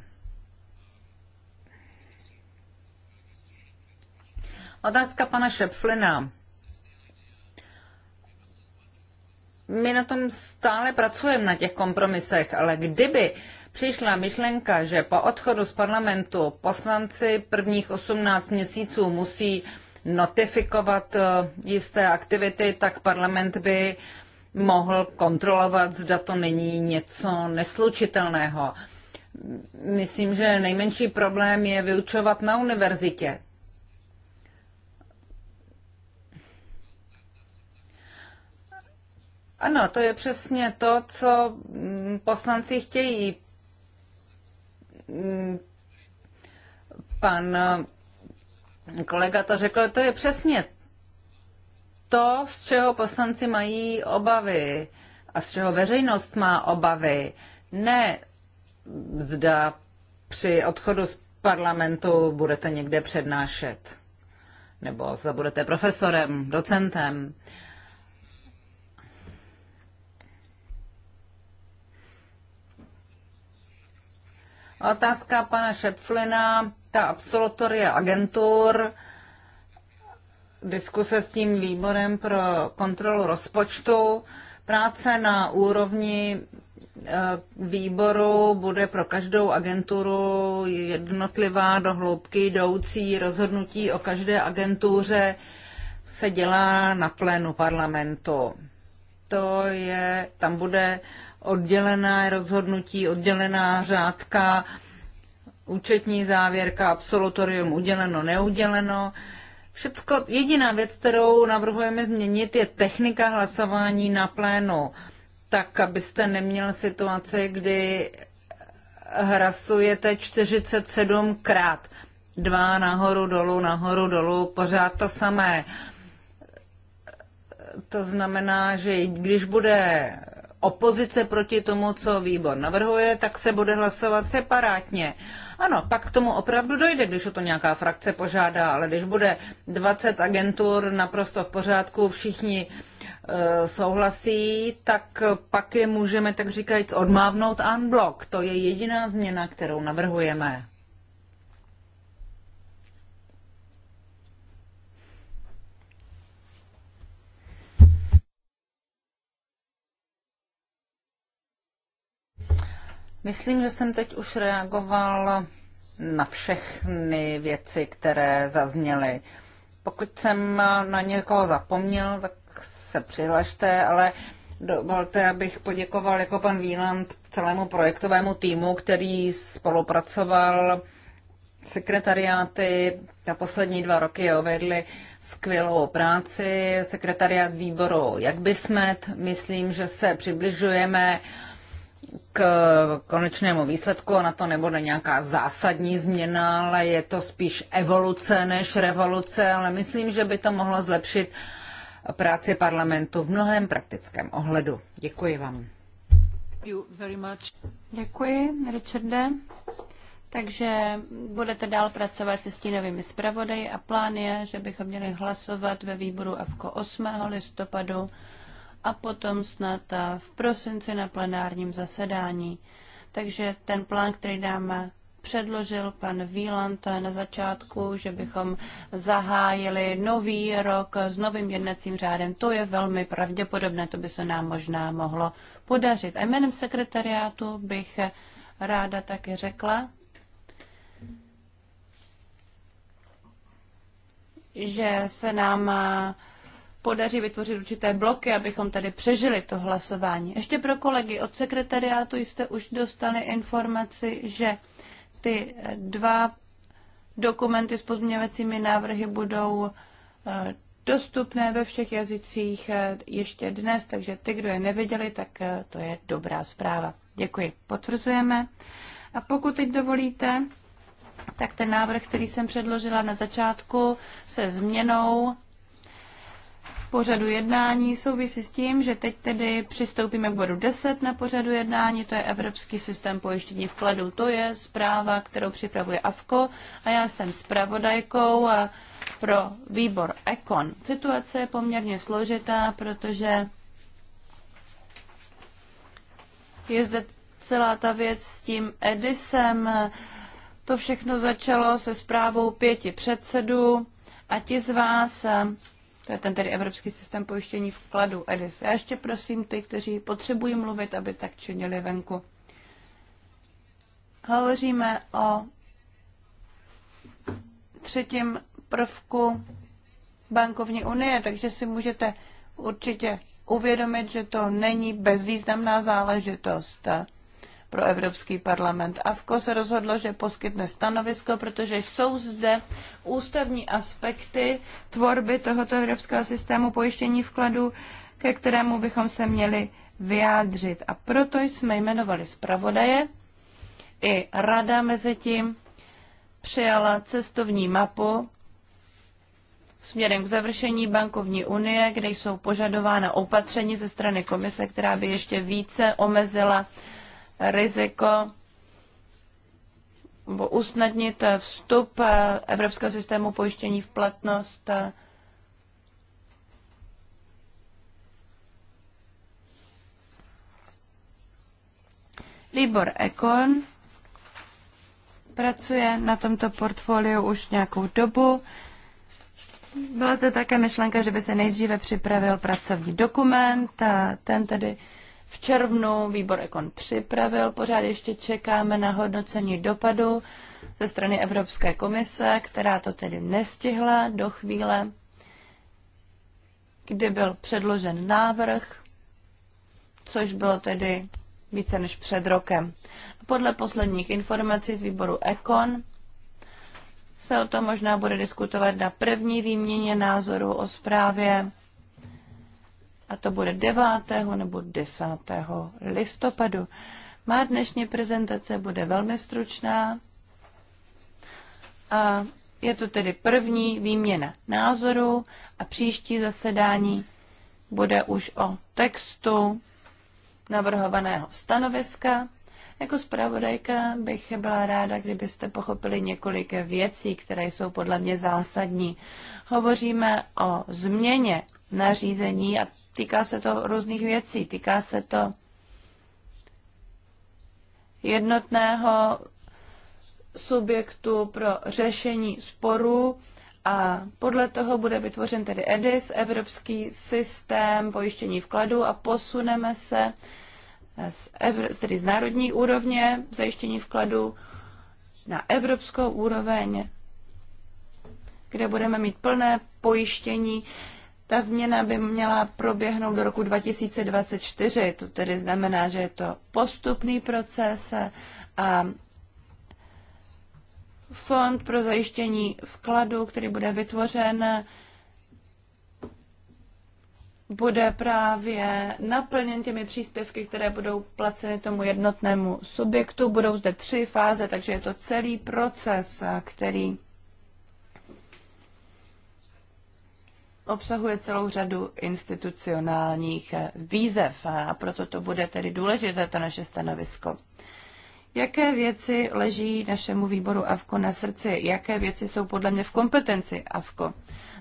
Otázka pana Šepflina. My na tom stále pracujeme na těch kompromisech, ale kdyby přišla myšlenka, že po odchodu z parlamentu poslanci prvních 18 měsíců musí notifikovat eh, jisté aktivity, tak parlament by uh, mohl kontrolovat, zda to není něco neslučitelného. Myslím, že nejmenší problém je vyučovat na univerzitě. Ano, to je přesně to, co mm, poslanci chtějí. Mm, pan mm, kolega to řekl, to je přesně to, z čeho poslanci mají obavy a z čeho veřejnost má obavy. Ne zda při odchodu z parlamentu budete někde přednášet, nebo zda budete profesorem, docentem. Otázka pana Šepflina, ta absolutoria agentur, diskuse s tím výborem pro kontrolu rozpočtu. Práce na úrovni eh, výboru bude pro každou agenturu jednotlivá do hloubky jdoucí rozhodnutí o každé agentuře se dělá na plénu parlamentu. To je, tam bude oddělená rozhodnutí, oddělená řádka, účetní závěrka, absolutorium uděleno, neuděleno. Všecko, jediná věc, kterou navrhujeme změnit, je technika hlasování na plénu, tak abyste neměl situaci, kdy hlasujete 47krát. Dva nahoru, dolů, nahoru, dolů, pořád to samé. To znamená, že když bude opozice proti tomu, co výbor navrhuje, tak se bude hlasovat separátně. Ano, pak k tomu opravdu dojde, když o to nějaká frakce požádá, ale když bude 20 agentur naprosto v pořádku, všichni e, souhlasí, tak pak je můžeme, tak říkajíc, odmávnout unblock. To je jediná změna, kterou navrhujeme. Myslím, že jsem teď už reagoval na všechny věci, které zazněly. Pokud jsem na někoho zapomněl, tak se přihlašte, ale dovolte, abych poděkoval jako pan Výland celému projektovému týmu, který spolupracoval sekretariáty na poslední dva roky ovedli skvělou práci. Sekretariát výboru Jak by smet, myslím, že se přibližujeme uh, k konečnému výsledku, ona to nebude nějaká zásadní změna, ale je to spíš evoluce než revoluce, ale myslím, že by to mohlo zlepšit práci parlamentu v mnohem praktickém ohledu. Děkuji vám. Děkuji, Richarde. Takže budete dál pracovat se stínovými zpravodaji a plán je, že bychom měli hlasovat ve výboru AVKO 8. listopadu a potom snad v prosinci na plenárním zasedání. Takže ten plán, který dáme, předložil pan Víland na začátku, že bychom zahájili nový rok s novým jednacím řádem. To je velmi pravděpodobné, to by se nám možná mohlo podařit. A jménem sekretariátu bych ráda taky řekla, že se nám podaří vytvořit určité bloky, abychom tady přežili to hlasování. Ještě pro kolegy od sekretariátu jste už dostali informaci, že ty dva dokumenty s pozměňovacími návrhy budou eh, dostupné ve všech jazycích eh, ještě dnes, takže ty, kdo je neviděli, tak eh, to je dobrá zpráva. Děkuji. Potvrzujeme. A pokud teď dovolíte, tak ten návrh, který jsem předložila na začátku se změnou pořadu jednání souvisí s tím, že teď tedy přistoupíme k bodu 10 na pořadu jednání, to je Evropský systém pojištění vkladů. To je zpráva, kterou připravuje AFKO a já jsem zpravodajkou pro výbor EKON. Situace je poměrně složitá, protože je zde celá ta věc s tím Edisem. To všechno začalo se zprávou pěti předsedů a ti z vás, to je ten tedy Evropský systém pojištění vkladu EDIS. Já ještě prosím ty, kteří potřebují mluvit, aby tak činili venku. Hovoříme o třetím prvku bankovní unie, takže si můžete určitě uvědomit, že to není bezvýznamná záležitost pro Evropský parlament. AVKO se rozhodlo, že poskytne stanovisko, protože jsou zde ústavní aspekty tvorby tohoto evropského systému pojištění vkladů, ke kterému bychom se měli vyjádřit. A proto jsme jmenovali zpravodaje. I rada mezi tím přijala cestovní mapu směrem k završení bankovní unie, kde jsou požadována opatření ze strany komise, která by ještě více omezila riziko nebo usnadnit vstup eh, Evropského systému pojištění v platnost Libor Ekon pracuje na tomto portfoliu už nějakou dobu. Byla zde také myšlenka, že by se nejdříve připravil pracovní dokument a ten tedy v červnu. Výbor Ekon připravil, pořád ještě čekáme na hodnocení dopadu ze strany Evropské komise, která to tedy nestihla do chvíle, kdy byl předložen návrh, což bylo tedy více než před rokem. Podle posledních informací z výboru Ekon se o tom možná bude diskutovat na první výměně názoru o zprávě a to bude 9. nebo 10. listopadu. Má dnešní prezentace bude velmi stručná a je to tedy první výměna názorů a příští zasedání bude už o textu navrhovaného stanoviska. Jako zpravodajka bych byla ráda, kdybyste pochopili několik věcí, které jsou podle mě zásadní. Hovoříme o změně nařízení a týká se to různých věcí. Týká se to jednotného subjektu pro řešení sporů a podle toho bude vytvořen tedy EDIS, Evropský systém pojištění vkladů a posuneme se z, evr, tedy z národní úrovně zajištění vkladů na evropskou úroveň, kde budeme mít plné pojištění ta změna by měla proběhnout do roku 2024, to tedy znamená, že je to postupný proces a fond pro zajištění vkladu, který bude vytvořen, bude právě naplněn těmi příspěvky, které budou placeny tomu jednotnému subjektu. Budou zde tři fáze, takže je to celý proces, který obsahuje celou řadu institucionálních eh, výzev eh, a proto to bude tedy důležité, to naše stanovisko. Jaké věci leží našemu výboru AVKO na srdci? Jaké věci jsou podle mě v kompetenci AVKO?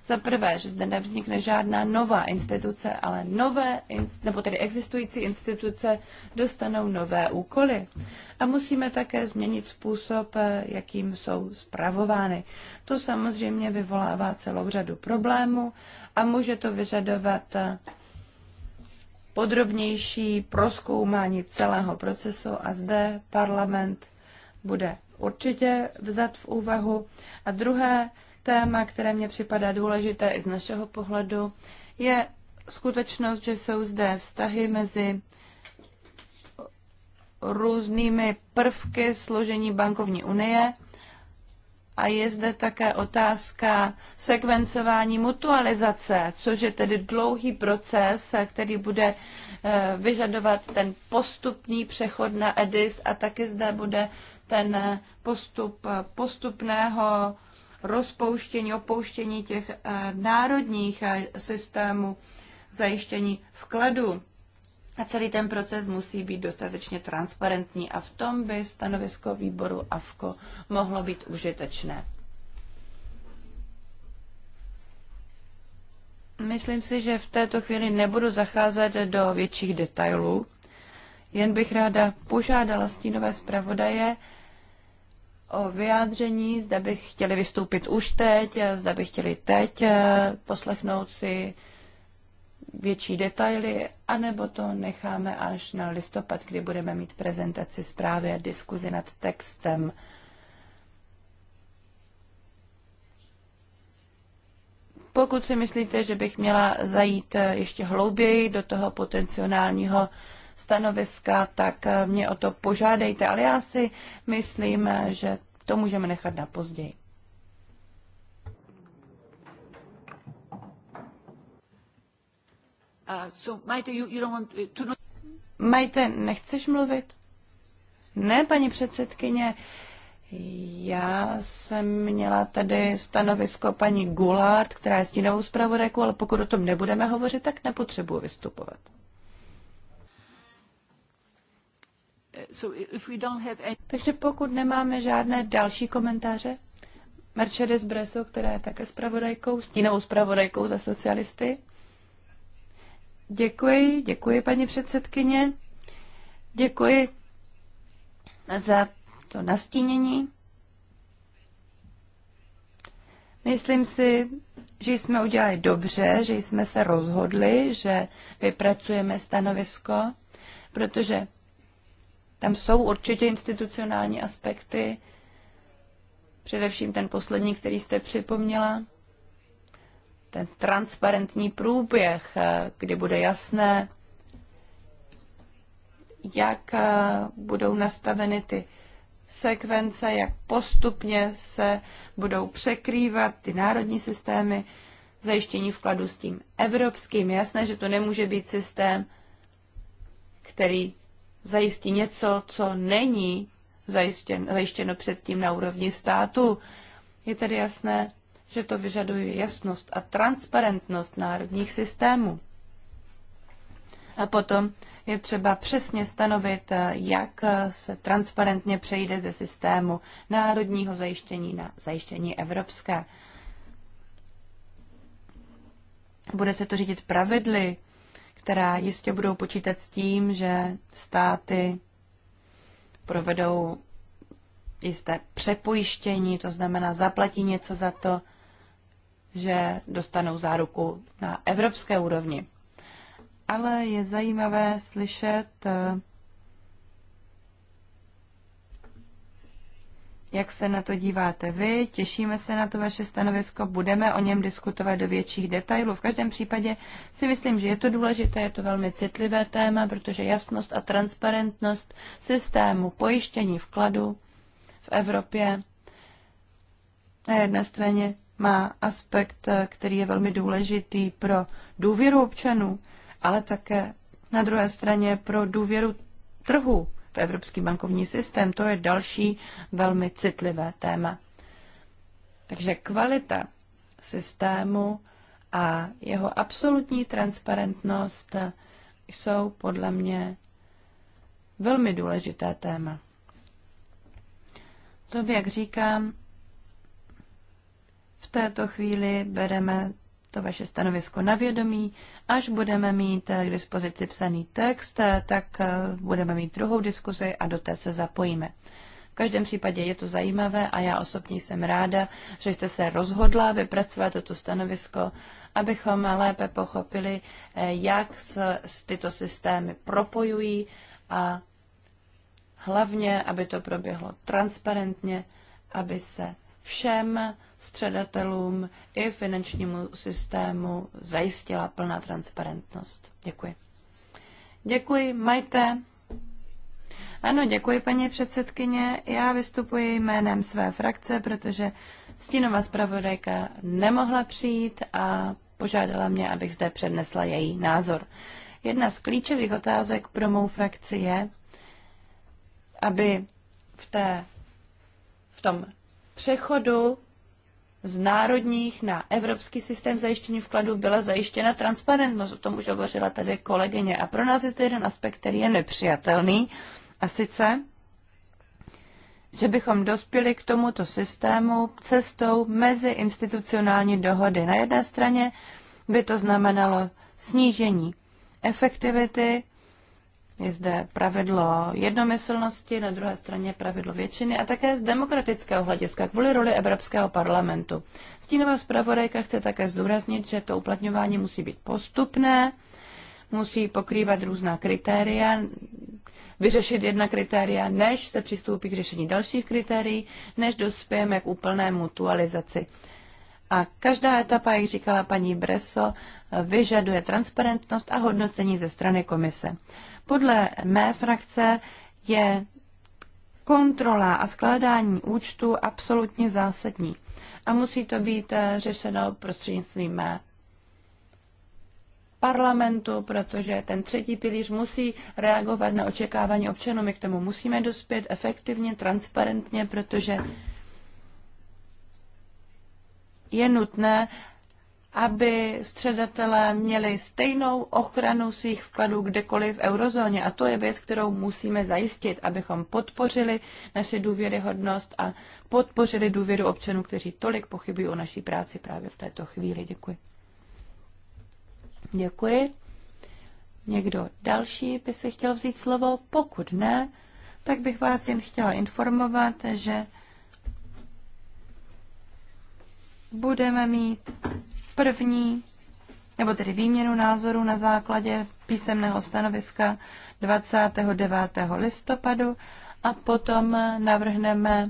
Za prvé, že zde nevznikne žádná nová instituce, ale nové, nebo tedy existující instituce dostanou nové úkoly. A musíme také změnit způsob, eh, jakým jsou zpravovány. To samozřejmě vyvolává celou řadu problémů a může to vyžadovat eh, podrobnější proskoumání celého procesu a zde parlament bude určitě vzat v úvahu. A druhé, Téma, které mě připadá důležité i z našeho pohledu, je skutečnost, že jsou zde vztahy mezi různými prvky složení bankovní unie a je zde také otázka sekvencování mutualizace, což je tedy dlouhý proces, který bude eh, vyžadovat ten postupný přechod na EDIS a taky zde bude ten eh, postup eh, postupného rozpouštění, opouštění těch eh, národních eh, systémů zajištění vkladu. A celý ten proces musí být dostatečně transparentní a v tom by stanovisko výboru AFKO mohlo být užitečné. Myslím si, že v této chvíli nebudu zacházet do větších detailů, jen bych ráda požádala stínové zpravodaje, o vyjádření, zda by chtěli vystoupit už teď, zda by chtěli teď eh, poslechnout si větší detaily, anebo to necháme až na listopad, kdy budeme mít prezentaci zprávy a diskuzi nad textem. Pokud si myslíte, že bych měla zajít eh, ještě hlouběji do toho potenciálního stanoviska, tak eh, mě o to požádejte, ale já si myslím, eh, že to můžeme nechat na později. Uh, Majte, eh, Majte, nechceš mluvit? Ne, paní předsedkyně, já jsem měla tady stanovisko paní Gulard, která je stínovou zpravodajkou, ale pokud o tom nebudeme hovořit, tak nepotřebuji vystupovat. Takže pokud nemáme žádné další komentáře, Mercedes Breso, která je také spravodajkou, stínovou spravodajkou za socialisty. Děkuji, děkuji paní předsedkyně. Děkuji za to nastínění. Myslím si, že jsme udělali dobře, že jsme se rozhodli, že vypracujeme stanovisko, protože tam jsou určitě institucionální aspekty, především ten poslední, který jste připomněla, ten transparentní průběh, eh, kdy bude jasné, jak eh, budou nastaveny ty sekvence, jak postupně se budou překrývat ty národní systémy, zajištění vkladu s tím evropským. Jasné, že to nemůže být systém, který zajistí něco, co není zajištěn, zajištěno předtím na úrovni státu, je tedy jasné, že to vyžaduje jasnost a transparentnost národních systémů. A potom je třeba přesně stanovit, jak se transparentně přejde ze systému národního zajištění na zajištění evropské. Bude se to řídit pravidly, která jistě budou počítat s tím, že státy provedou jisté přepojištění, to znamená zaplatí něco za to, že dostanou záruku na evropské úrovni. Ale je zajímavé slyšet eh, jak se na to díváte vy. Těšíme se na to vaše stanovisko, budeme o něm diskutovat do větších detailů. V každém případě si myslím, že je to důležité, je to velmi citlivé téma, protože jasnost a transparentnost systému pojištění vkladu v Evropě na jedné straně má aspekt, který je velmi důležitý pro důvěru občanů, ale také na druhé straně pro důvěru trhu evropský bankovní systém, to je další velmi citlivé téma. Takže kvalita systému a jeho absolutní transparentnost jsou podle mě velmi důležité téma. To, jak říkám, v této chvíli bereme to vaše stanovisko na vědomí. Až budeme mít eh, k dispozici psaný text, eh, tak eh, budeme mít druhou diskuzi a do té se zapojíme. V každém případě je to zajímavé a já osobně jsem ráda, že jste se rozhodla vypracovat toto stanovisko, abychom lépe pochopili, jak se tyto systémy propojují a hlavně, aby to proběhlo transparentně, aby se všem středatelům i finančnímu systému zajistila plná transparentnost. Děkuji. Děkuji, majte. Ano, děkuji, paní předsedkyně. Já vystupuji jménem své frakce, protože stínová zpravodajka nemohla přijít a požádala mě, abych zde přednesla její názor. Jedna z klíčových otázek pro mou frakci je, aby v, té, v tom přechodu z národních na evropský systém zajištění vkladů byla zajištěna transparentnost. O tom už hovořila tady kolegyně. A pro nás je zde jeden aspekt, který je nepřijatelný. A sice, že bychom dospěli k tomuto systému cestou mezi institucionální dohody. Na jedné straně by to znamenalo snížení efektivity je zde pravidlo jednomyslnosti, na druhé straně pravidlo většiny a také z demokratického hlediska kvůli roli Evropského parlamentu. Stínová zpravodajka chce také zdůraznit, že to uplatňování musí být postupné, musí pokrývat různá kritéria, vyřešit jedna kritéria, než se přistoupí k řešení dalších kritérií, než dospějeme k úplné mutualizaci. A každá etapa, jak říkala paní Breso, vyžaduje transparentnost a hodnocení ze strany komise. Podle mé frakce je kontrola a skládání účtu absolutně zásadní. A musí to být eh, řešeno prostřednictvím parlamentu, protože ten třetí pilíř musí reagovat na očekávání občanů. My k tomu musíme dospět efektivně, transparentně, protože je nutné, aby středatelé měli stejnou ochranu svých vkladů kdekoliv v eurozóně. A to je věc, kterou musíme zajistit, abychom podpořili naši důvěryhodnost a podpořili důvěru občanů, kteří tolik pochybují o naší práci právě v této chvíli. Děkuji. Děkuji. Někdo další by si chtěl vzít slovo? Pokud ne, tak bych vás jen chtěla informovat, že budeme mít první, nebo tedy výměnu názoru na základě písemného stanoviska 29. listopadu a potom navrhneme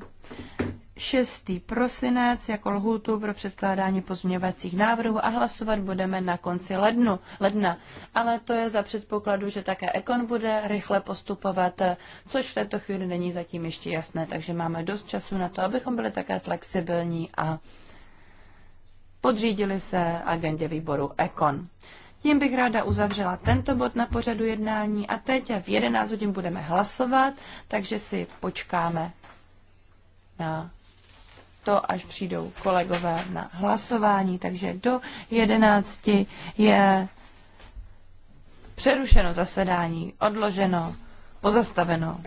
6. prosinec jako lhůtu pro předkládání pozměňovacích návrhů a hlasovat budeme na konci lednu, ledna. Ale to je za předpokladu, že také Ekon bude rychle postupovat, což v této chvíli není zatím ještě jasné, takže máme dost času na to, abychom byli také flexibilní a podřídili se agendě výboru ECON. Tím bych ráda uzavřela tento bod na pořadu jednání a teď v 11 hodin budeme hlasovat, takže si počkáme na to, až přijdou kolegové na hlasování. Takže do 11 je přerušeno zasedání, odloženo, pozastaveno.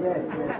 Yes, yes.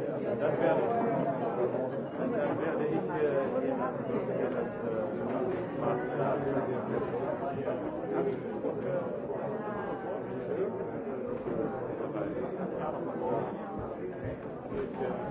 dann werde ich, dann werde ich äh, je nachdem, wie das Spaß haben, Thank you.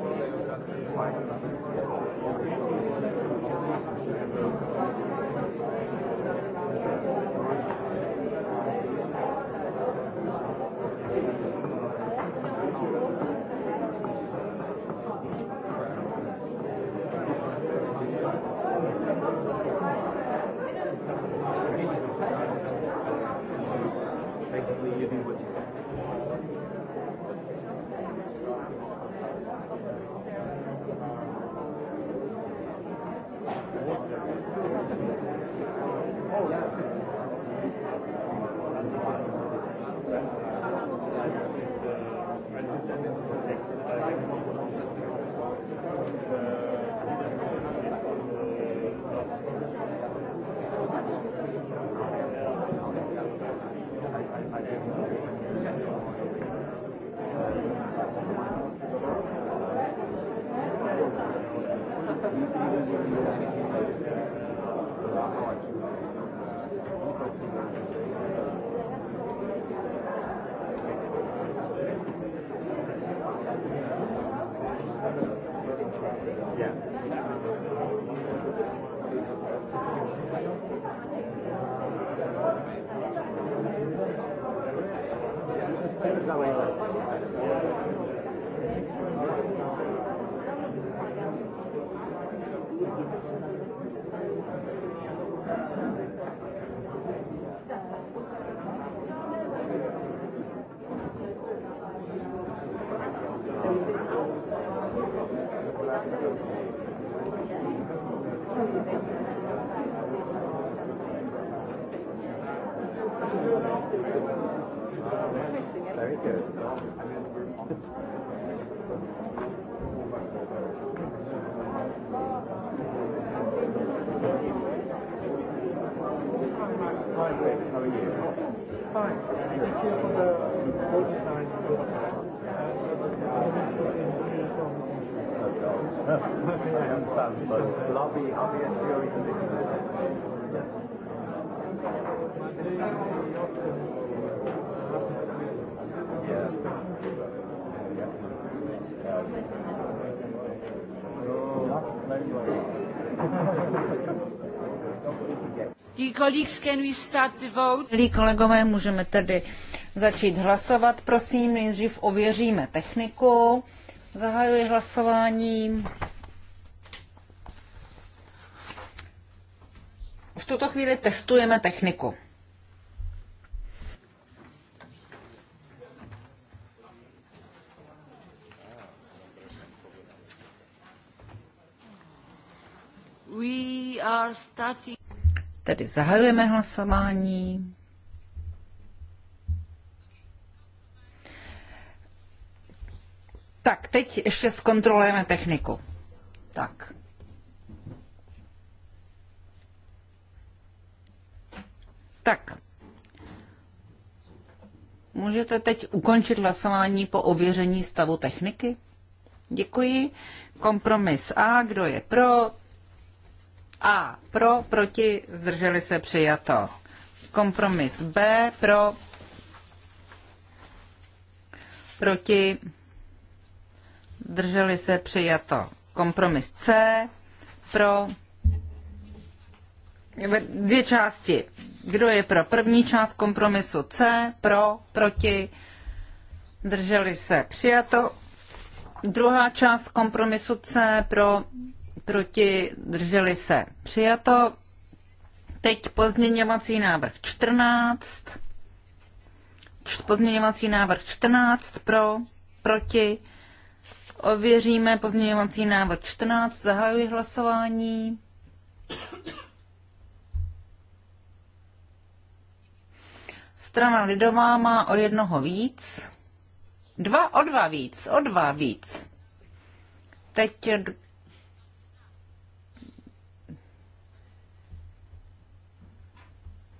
Milí kolegové, můžeme tedy začít hlasovat. Prosím, nejdřív ověříme techniku. Zahajuji hlasování. V tuto chvíli testujeme techniku. We are starting. Tedy zahajujeme hlasování. Tak, teď ještě zkontrolujeme techniku. Tak. Tak. Můžete teď ukončit hlasování po ověření stavu techniky? Děkuji. Kompromis A, kdo je pro, a. Pro, proti, zdrželi se přijato. Kompromis B. Pro, proti, zdrželi se přijato. Kompromis C. Pro, dvě části. Kdo je pro první část kompromisu C? Pro, proti, drželi se přijato. Druhá část kompromisu C pro proti, drželi se. Přijato. Teď pozměňovací návrh 14. Pozměňovací návrh 14 pro, proti. Ověříme pozměňovací návrh 14. Zahajuji hlasování. Strana lidová má o jednoho víc. Dva o dva víc, o dva víc. Teď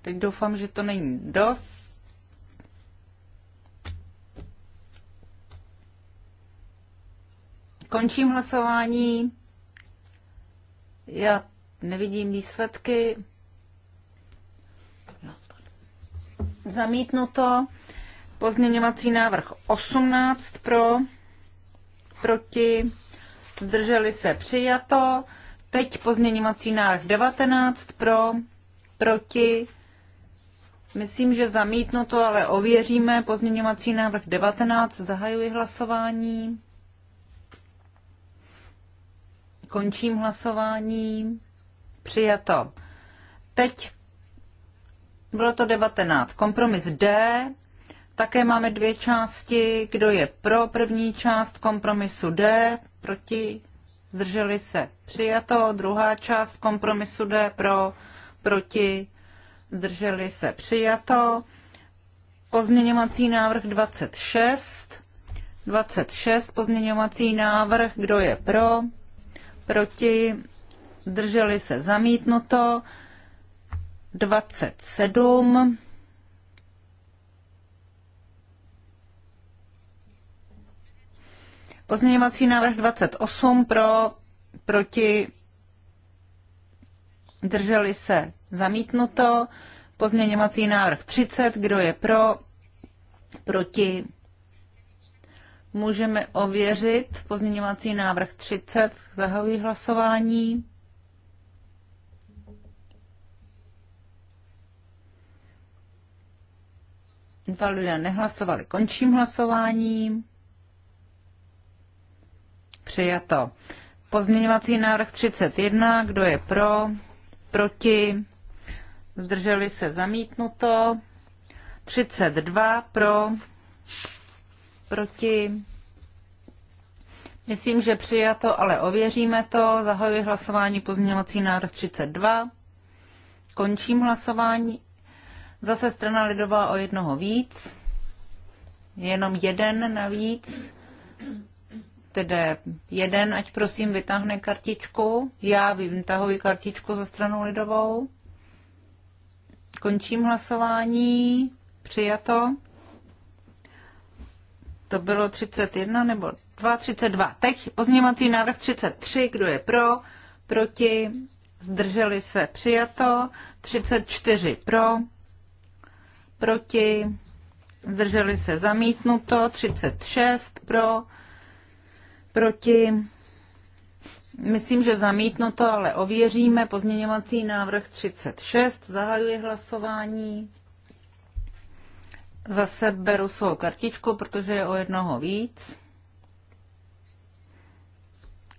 Teď doufám, že to není dost. Končím hlasování. Já nevidím výsledky. Zamítnuto. Pozměňovací návrh 18 pro, proti, zdrželi se přijato. Teď pozměňovací návrh 19 pro, proti, Myslím, že zamítnuto, ale ověříme. Pozměňovací návrh 19. Zahajuji hlasování. Končím hlasování. Přijato. Teď bylo to 19. Kompromis D. Také máme dvě části. Kdo je pro první část kompromisu D? Proti? Zdrželi se. Přijato. Druhá část kompromisu D pro? Proti? Drželi se přijato. Pozměňovací návrh 26. 26 pozměňovací návrh. Kdo je pro? Proti? Drželi se zamítnuto. 27. Pozměňovací návrh 28 pro, proti, drželi se Zamítnuto. Pozměňovací návrh 30. Kdo je pro? Proti? Můžeme ověřit pozměňovací návrh 30. Zahajuji hlasování. Dva lidé nehlasovali. Končím hlasování. Přijato. Pozměňovací návrh 31. Kdo je pro? Proti? zdrželi se zamítnuto, 32 pro, proti, myslím, že přijato, ale ověříme to, zahajuji hlasování pozměňovací návrh 32, končím hlasování, zase strana lidová o jednoho víc, jenom jeden navíc, tedy jeden, ať prosím vytáhne kartičku, já vytahuji kartičku za stranu lidovou. Končím hlasování. Přijato. To bylo 31 nebo 2, 32. Teď pozměňovací návrh 33. Kdo je pro? Proti? Zdrželi se? Přijato. 34 pro? Proti? Zdrželi se? Zamítnuto. 36 pro? Proti? Myslím, že zamítnuto, ale ověříme. Pozměňovací návrh 36. Zahajuji hlasování. Zase beru svou kartičku, protože je o jednoho víc.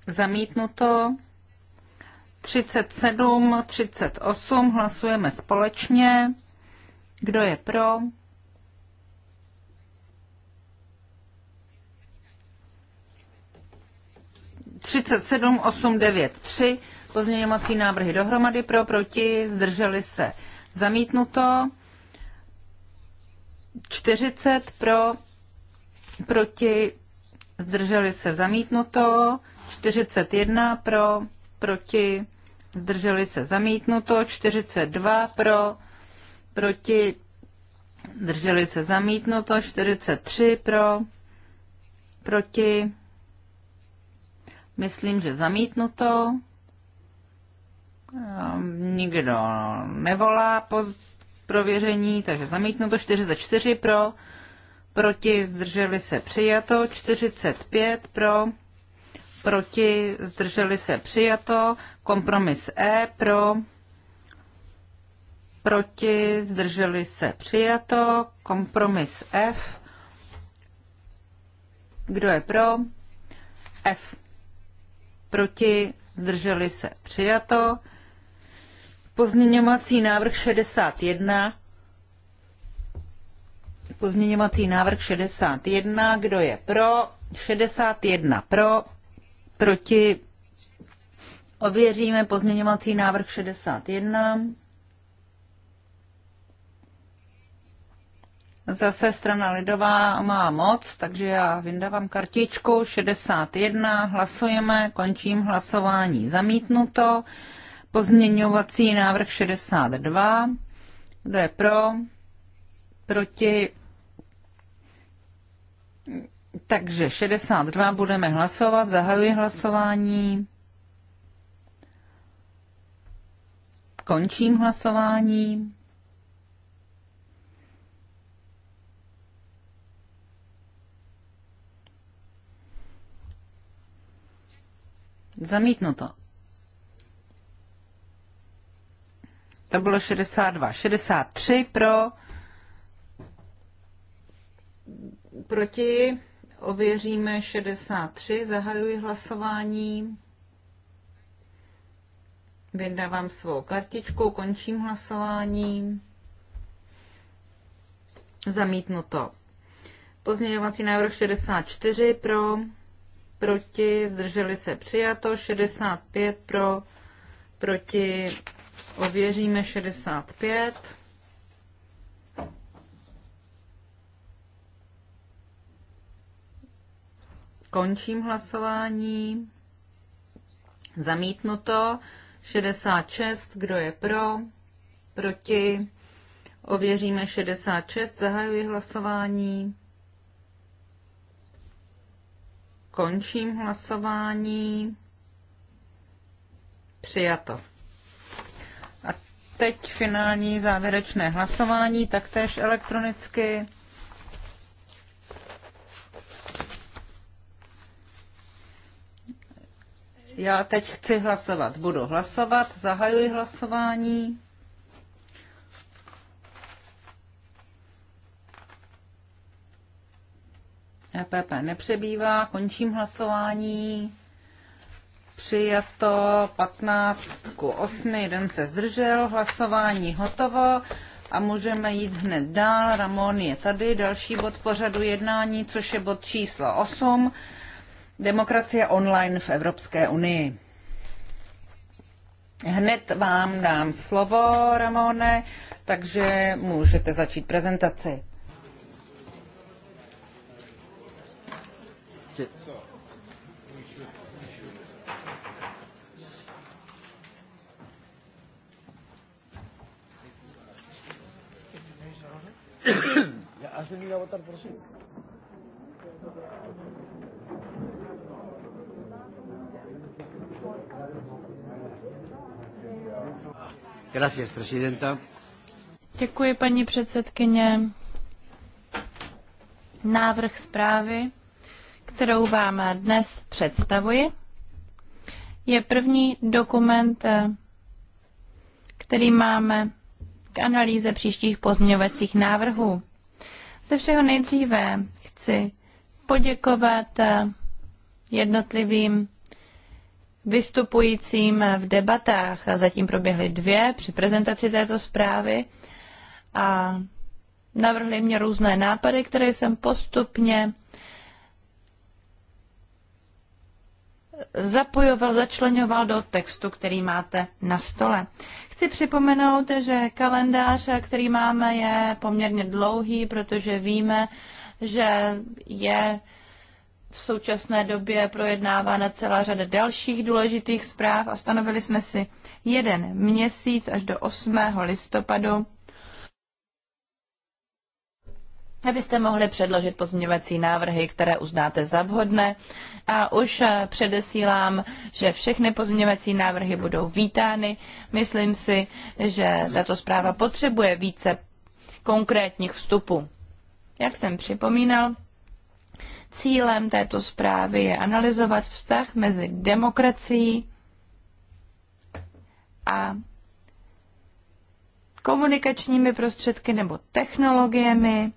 Zamítnuto. 37, 38 hlasujeme společně. Kdo je pro? 37893 Pozměňovací návrhy dohromady pro, proti, zdrželi se. Zamítnuto. 40 pro, proti, zdrželi se. Zamítnuto. 41 pro, proti, zdrželi se. Zamítnuto. 42 pro, proti, zdrželi se. Zamítnuto. 43 pro, proti, Myslím, že zamítnuto. Ehm, nikdo nevolá po prověření, takže zamítnuto 44 pro, proti zdrželi se přijato, 45 pro, proti zdrželi se přijato, kompromis E pro, proti zdrželi se přijato, kompromis F, kdo je pro, F proti, zdrželi se přijato. Pozměňovací návrh 61. Pozměňovací návrh 61. Kdo je pro? 61 pro, proti. Ověříme pozměňovací návrh 61. Zase strana lidová má moc, takže já vyndávám kartičku 61, hlasujeme, končím hlasování zamítnuto. Pozměňovací návrh 62, kdo je pro, proti, takže 62 budeme hlasovat, zahajuji hlasování. Končím hlasování. Zamítnuto. To bylo 62. 63 pro, proti, ověříme 63, zahajuji hlasování, Vydávám svou kartičku, končím hlasování, zamítnuto. Pozměňovací návrh 64 pro, proti, zdrželi se přijato, 65 pro, proti, ověříme 65. Končím hlasování. Zamítnuto. 66, kdo je pro, proti, ověříme 66, zahajuji hlasování. Končím hlasování. Přijato. A teď finální závěrečné hlasování, taktéž elektronicky. Já teď chci hlasovat. Budu hlasovat. Zahajuji hlasování. EPP nepřebývá, končím hlasování. Přijato 15 ku 8, jeden se zdržel, hlasování hotovo a můžeme jít hned dál. Ramon je tady, další bod pořadu jednání, což je bod číslo 8, demokracie online v Evropské unii. Hned vám dám slovo, Ramone, takže můžete začít prezentaci. ¿Has venido a votar por sí? Gracias, presidenta. Děkuji, paní předsedkyně. Návrh zprávy, kterou vám dnes představuji, je první dokument, který máme k analýze příštích pozměňovacích návrhů. Ze všeho nejdříve chci poděkovat eh, jednotlivým vystupujícím v debatách. A zatím proběhly dvě při prezentaci této zprávy a navrhli mě různé nápady, které jsem postupně zapojoval, začlenoval do textu, který máte na stole. Chci připomenout, že kalendář, který máme, je poměrně dlouhý, protože víme, že je v současné době projednávána celá řada dalších důležitých zpráv a stanovili jsme si jeden měsíc až do 8. listopadu abyste mohli předložit pozměňovací návrhy, které uznáte za vhodné. A už eh, předesílám, že všechny pozměňovací návrhy budou vítány. Myslím si, že tato zpráva potřebuje více konkrétních vstupů. Jak jsem připomínal, cílem této zprávy je analyzovat vztah mezi demokracií a komunikačními prostředky nebo technologiemi,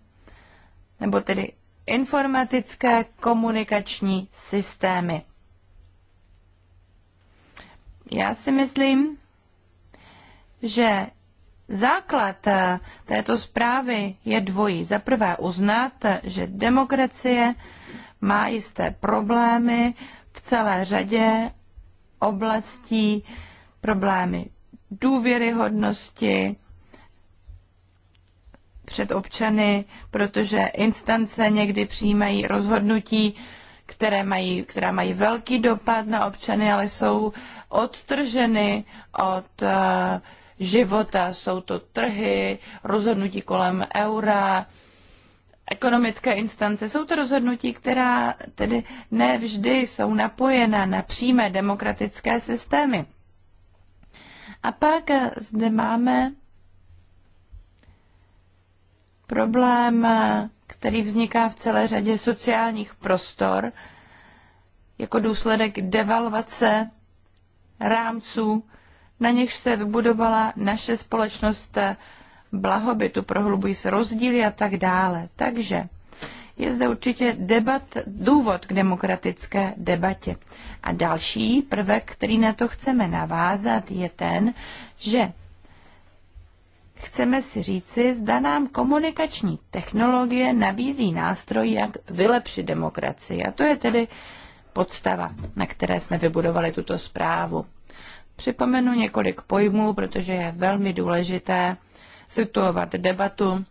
nebo tedy informatické komunikační systémy. Já si myslím, že základ eh, této zprávy je dvojí. Za prvé uznat, eh, že demokracie má jisté problémy v celé řadě oblastí, problémy důvěryhodnosti, před občany, protože instance někdy přijímají rozhodnutí, které mají, která mají velký dopad na občany, ale jsou odtrženy od eh, života. Jsou to trhy, rozhodnutí kolem eura, ekonomické instance. Jsou to rozhodnutí, která tedy nevždy jsou napojena na přímé demokratické systémy. A pak eh, zde máme Problém, který vzniká v celé řadě sociálních prostor, jako důsledek devalvace rámců, na něž se vybudovala naše společnost blahobytu, prohlubují se rozdíly a tak dále. Takže je zde určitě debat, důvod k demokratické debatě. A další prvek, který na to chceme navázat, je ten, že chceme si říci, zda nám komunikační technologie nabízí nástroj, jak vylepšit demokracii. A to je tedy podstava, na které jsme vybudovali tuto zprávu. Připomenu několik pojmů, protože je velmi důležité situovat debatu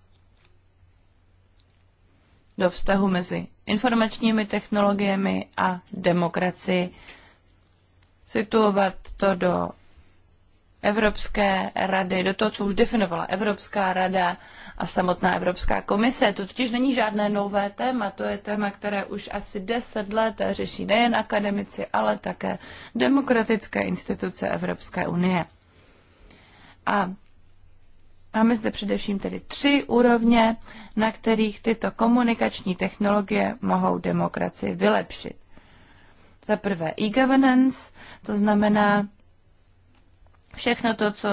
do vztahu mezi informačními technologiemi a demokracii, situovat to do Evropské rady, do toho, co už definovala Evropská rada a samotná Evropská komise. To totiž není žádné nové téma, to je téma, které už asi deset let řeší nejen akademici, ale také demokratické instituce Evropské unie. A Máme zde především tedy tři úrovně, na kterých tyto komunikační technologie mohou demokracii vylepšit. Za prvé e-governance, to znamená všechno to, co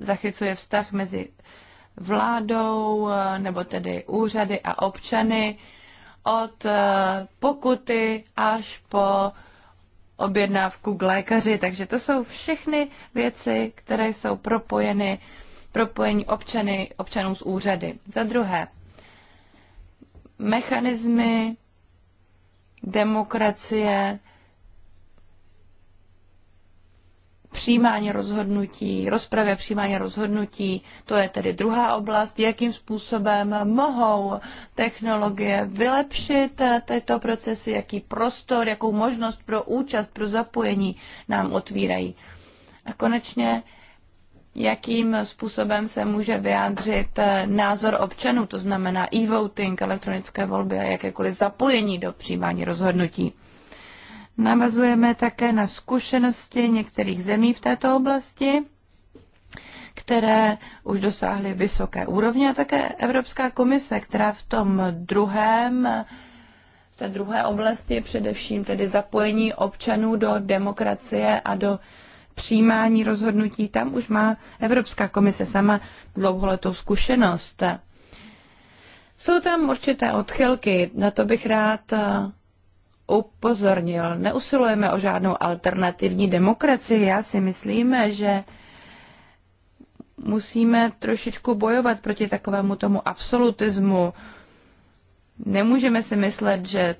zachycuje vztah mezi vládou eh, nebo tedy úřady a občany, od eh, pokuty až po objednávku k lékaři. Takže to jsou všechny věci, které jsou propojeny, propojení občany, občanů z úřady. Za druhé, mechanismy demokracie přijímání rozhodnutí, rozpravy a přijímání rozhodnutí, to je tedy druhá oblast, jakým způsobem mohou technologie vylepšit tyto procesy, jaký prostor, jakou možnost pro účast, pro zapojení nám otvírají. A konečně, jakým způsobem se může vyjádřit názor občanů, to znamená e-voting, elektronické volby a jakékoliv zapojení do přijímání rozhodnutí. Navazujeme také na zkušenosti některých zemí v této oblasti, které už dosáhly vysoké úrovně a také Evropská komise, která v tom druhém v té druhé oblasti, především tedy zapojení občanů do demokracie a do přijímání rozhodnutí, tam už má Evropská komise sama dlouholetou zkušenost. Jsou tam určité odchylky, na to bych rád upozornil. Neusilujeme o žádnou alternativní demokracii. Já si myslím, že musíme trošičku bojovat proti takovému tomu absolutismu. Nemůžeme si myslet, že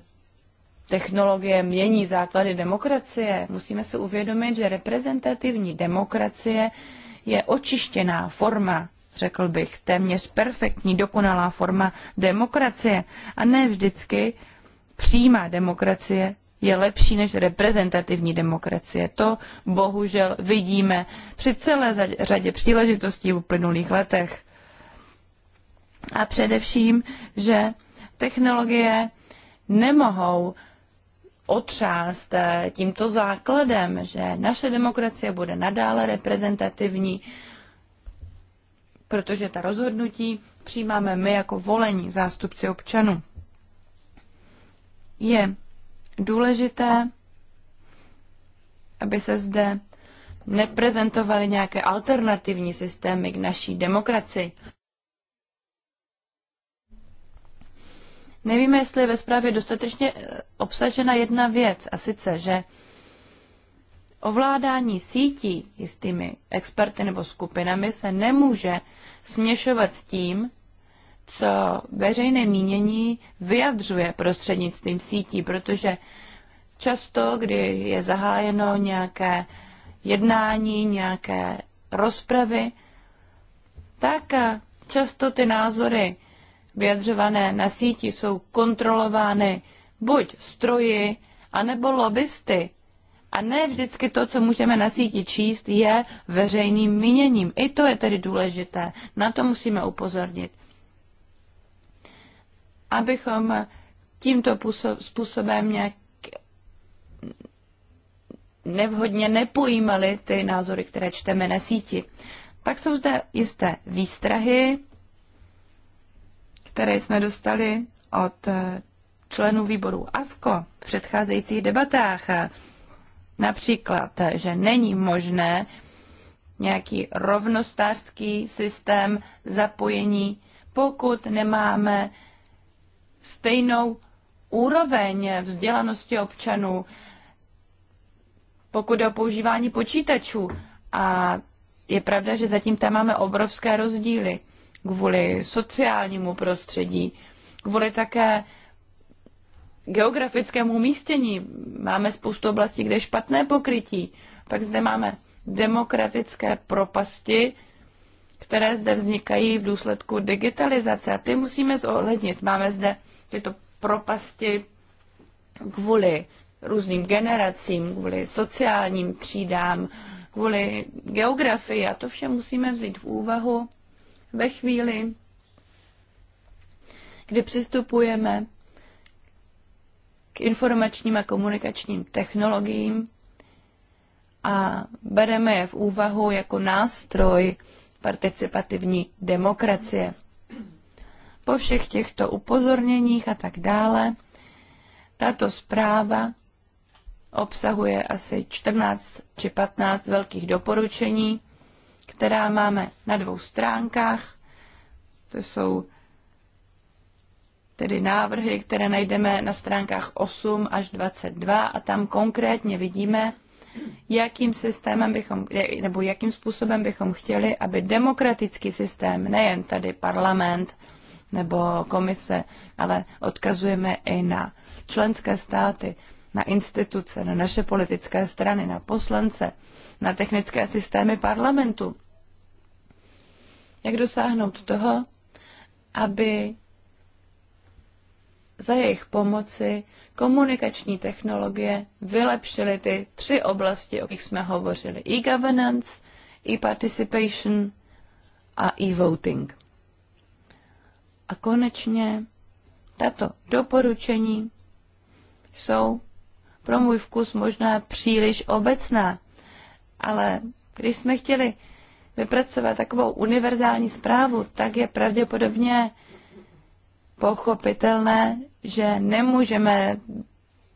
technologie mění základy demokracie. Musíme si uvědomit, že reprezentativní demokracie je očištěná forma, řekl bych, téměř perfektní, dokonalá forma demokracie. A ne vždycky přímá demokracie je lepší než reprezentativní demokracie. To bohužel vidíme při celé řadě příležitostí v uplynulých letech. A především, že technologie nemohou otřást eh, tímto základem, že naše demokracie bude nadále reprezentativní, protože ta rozhodnutí přijímáme my jako volení zástupci občanů. Je důležité, aby se zde neprezentovaly nějaké alternativní systémy k naší demokracii. Nevíme, jestli je ve zprávě dostatečně eh, obsažena jedna věc, a sice, že ovládání sítí jistými experty nebo skupinami se nemůže směšovat s tím, co veřejné mínění vyjadřuje prostřednictvím sítí, protože často, kdy je zahájeno nějaké jednání, nějaké rozpravy, tak často ty názory vyjadřované na síti jsou kontrolovány buď stroji, anebo lobbysty. A ne vždycky to, co můžeme na síti číst, je veřejným míněním. I to je tedy důležité. Na to musíme upozornit abychom tímto způsobem nějak nevhodně nepojímali ty názory, které čteme na síti. Pak jsou zde jisté výstrahy, které jsme dostali od eh, členů výboru AVKO v předcházejících debatách. Například, že není možné nějaký rovnostářský systém zapojení, pokud nemáme stejnou úroveň vzdělanosti občanů, pokud je o používání počítačů. A je pravda, že zatím tam máme obrovské rozdíly kvůli sociálnímu prostředí, kvůli také geografickému umístění. Máme spoustu oblastí, kde je špatné pokrytí. Pak zde máme demokratické propasti které zde vznikají v důsledku digitalizace a ty musíme zohlednit. Máme zde tyto propasti kvůli různým generacím, kvůli sociálním třídám, kvůli geografii a to vše musíme vzít v úvahu ve chvíli, kdy přistupujeme k informačním a komunikačním technologiím a bereme je v úvahu jako nástroj participativní demokracie. Po všech těchto upozorněních a tak dále, tato zpráva obsahuje asi 14 či 15 velkých doporučení, která máme na dvou stránkách. To jsou tedy návrhy, které najdeme na stránkách 8 až 22 a tam konkrétně vidíme, jakým systémem bychom, nebo jakým způsobem bychom chtěli, aby demokratický systém, nejen tady parlament nebo komise, ale odkazujeme i na členské státy, na instituce, na naše politické strany, na poslance, na technické systémy parlamentu. Jak dosáhnout toho, aby za jejich pomoci komunikační technologie vylepšily ty tři oblasti, o kterých jsme hovořili. E-governance, e-participation a e-voting. A konečně tato doporučení jsou pro můj vkus možná příliš obecná, ale když jsme chtěli vypracovat takovou univerzální zprávu, tak je pravděpodobně pochopitelné, že nemůžeme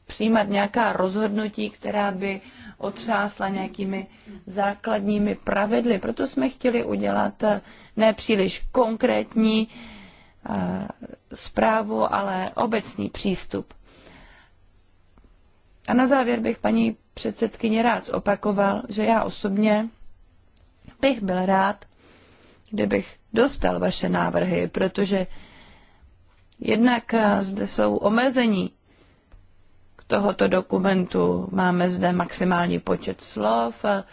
přijímat nějaká rozhodnutí, která by otřásla nějakými základními pravidly. Proto jsme chtěli udělat eh, nepříliš konkrétní eh, zprávu, ale obecný přístup. A na závěr bych paní předsedkyně rád zopakoval, že já osobně bych byl rád, kdybych dostal vaše návrhy, protože Jednak eh, zde jsou omezení k tohoto dokumentu. Máme zde maximální počet slov eh,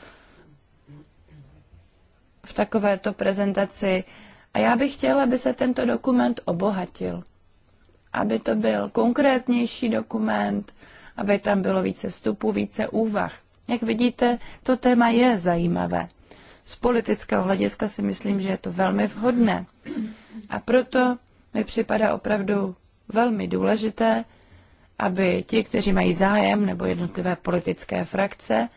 v takovéto prezentaci. A já bych chtěla, aby se tento dokument obohatil. Aby to byl konkrétnější dokument, aby tam bylo více vstupů, více úvah. Jak vidíte, to téma je zajímavé. Z politického hlediska si myslím, že je to velmi vhodné. A proto mi připadá opravdu velmi důležité, aby ti, kteří mají zájem, nebo jednotlivé politické frakce,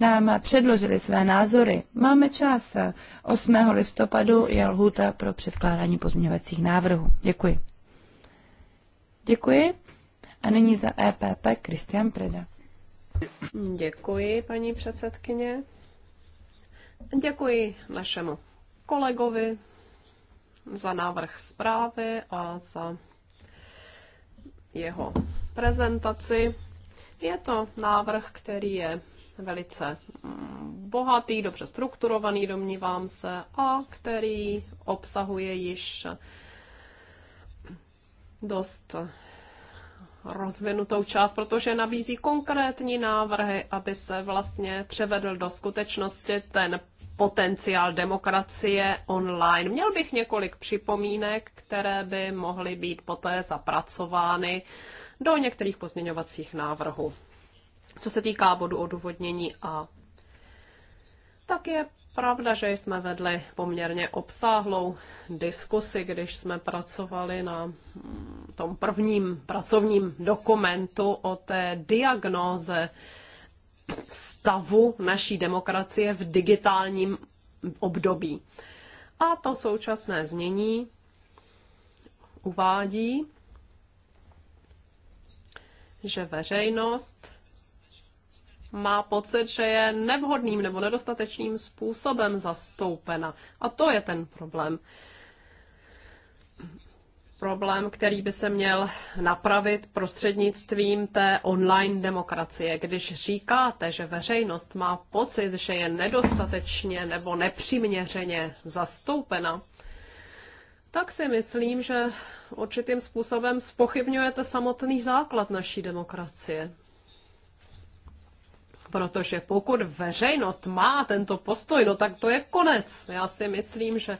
nám předložili své názory. Máme čas. 8. listopadu je lhůta pro předkládání pozměňovacích návrhů. Děkuji. Děkuji. A nyní za EPP Kristian Preda. Děkuji, paní předsedkyně. Děkuji našemu kolegovi za návrh zprávy a za jeho prezentaci. Je to návrh, který je velice mm, bohatý, dobře strukturovaný, domnívám se, a který obsahuje již dost rozvinutou část, protože nabízí konkrétní návrhy, aby se vlastně převedl do skutečnosti ten potenciál demokracie online. Měl bych několik připomínek, které by mohly být poté zapracovány do některých pozměňovacích návrhů. Co se týká bodu odůvodnění A, tak je pravda, že jsme vedli poměrně obsáhlou diskusi, když jsme pracovali na mm, tom prvním pracovním dokumentu o té diagnóze stavu naší demokracie v digitálním období. A to současné znění uvádí, že veřejnost má pocit, že je nevhodným nebo nedostatečným způsobem zastoupena. A to je ten problém problém, který by se měl napravit prostřednictvím té online demokracie. Když říkáte, že veřejnost má pocit, že je nedostatečně nebo nepřiměřeně zastoupena, tak si myslím, že určitým způsobem spochybňujete samotný základ naší demokracie. Protože pokud veřejnost má tento postoj, no tak to je konec. Já si myslím, že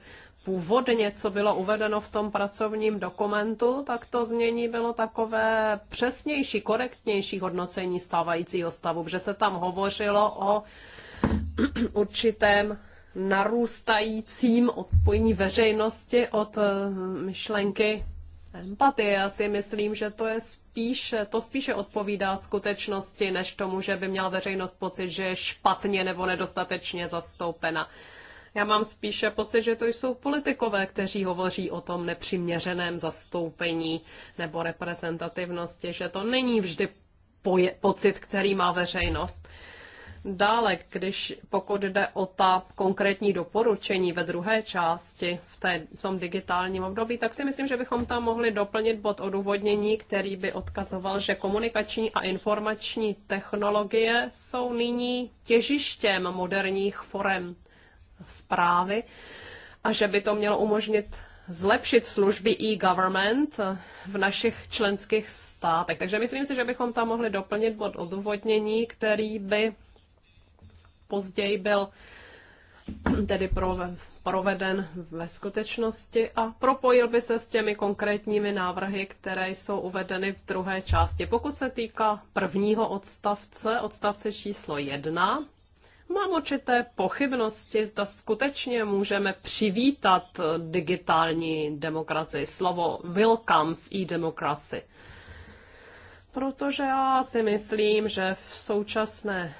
původně, co bylo uvedeno v tom pracovním dokumentu, tak to znění bylo takové přesnější, korektnější hodnocení stávajícího stavu, protože se tam hovořilo o určitém narůstajícím odpojení veřejnosti od eh, myšlenky empatie. Já si myslím, že to je spíš, to spíše odpovídá skutečnosti, než tomu, že by měla veřejnost pocit, že je špatně nebo nedostatečně zastoupena. Já mám spíše pocit, že to jsou politikové, kteří hovoří o tom nepřiměřeném zastoupení nebo reprezentativnosti, že to není vždy poje, pocit, který má veřejnost. Dále, když pokud jde o ta konkrétní doporučení ve druhé části v, té, v tom digitálním období, tak si myslím, že bychom tam mohli doplnit bod odůvodnění, který by odkazoval, že komunikační a informační technologie jsou nyní těžištěm moderních forem zprávy a že by to mělo umožnit zlepšit služby e-government v našich členských státech. Takže myslím si, že bychom tam mohli doplnit bod odůvodnění, který by později byl tedy proveden ve skutečnosti a propojil by se s těmi konkrétními návrhy, které jsou uvedeny v druhé části. Pokud se týká prvního odstavce, odstavce číslo 1, Mám určité pochybnosti, zda skutečně můžeme přivítat digitální demokracii. Slovo welcomes e-democracy. Protože já si myslím, že v současné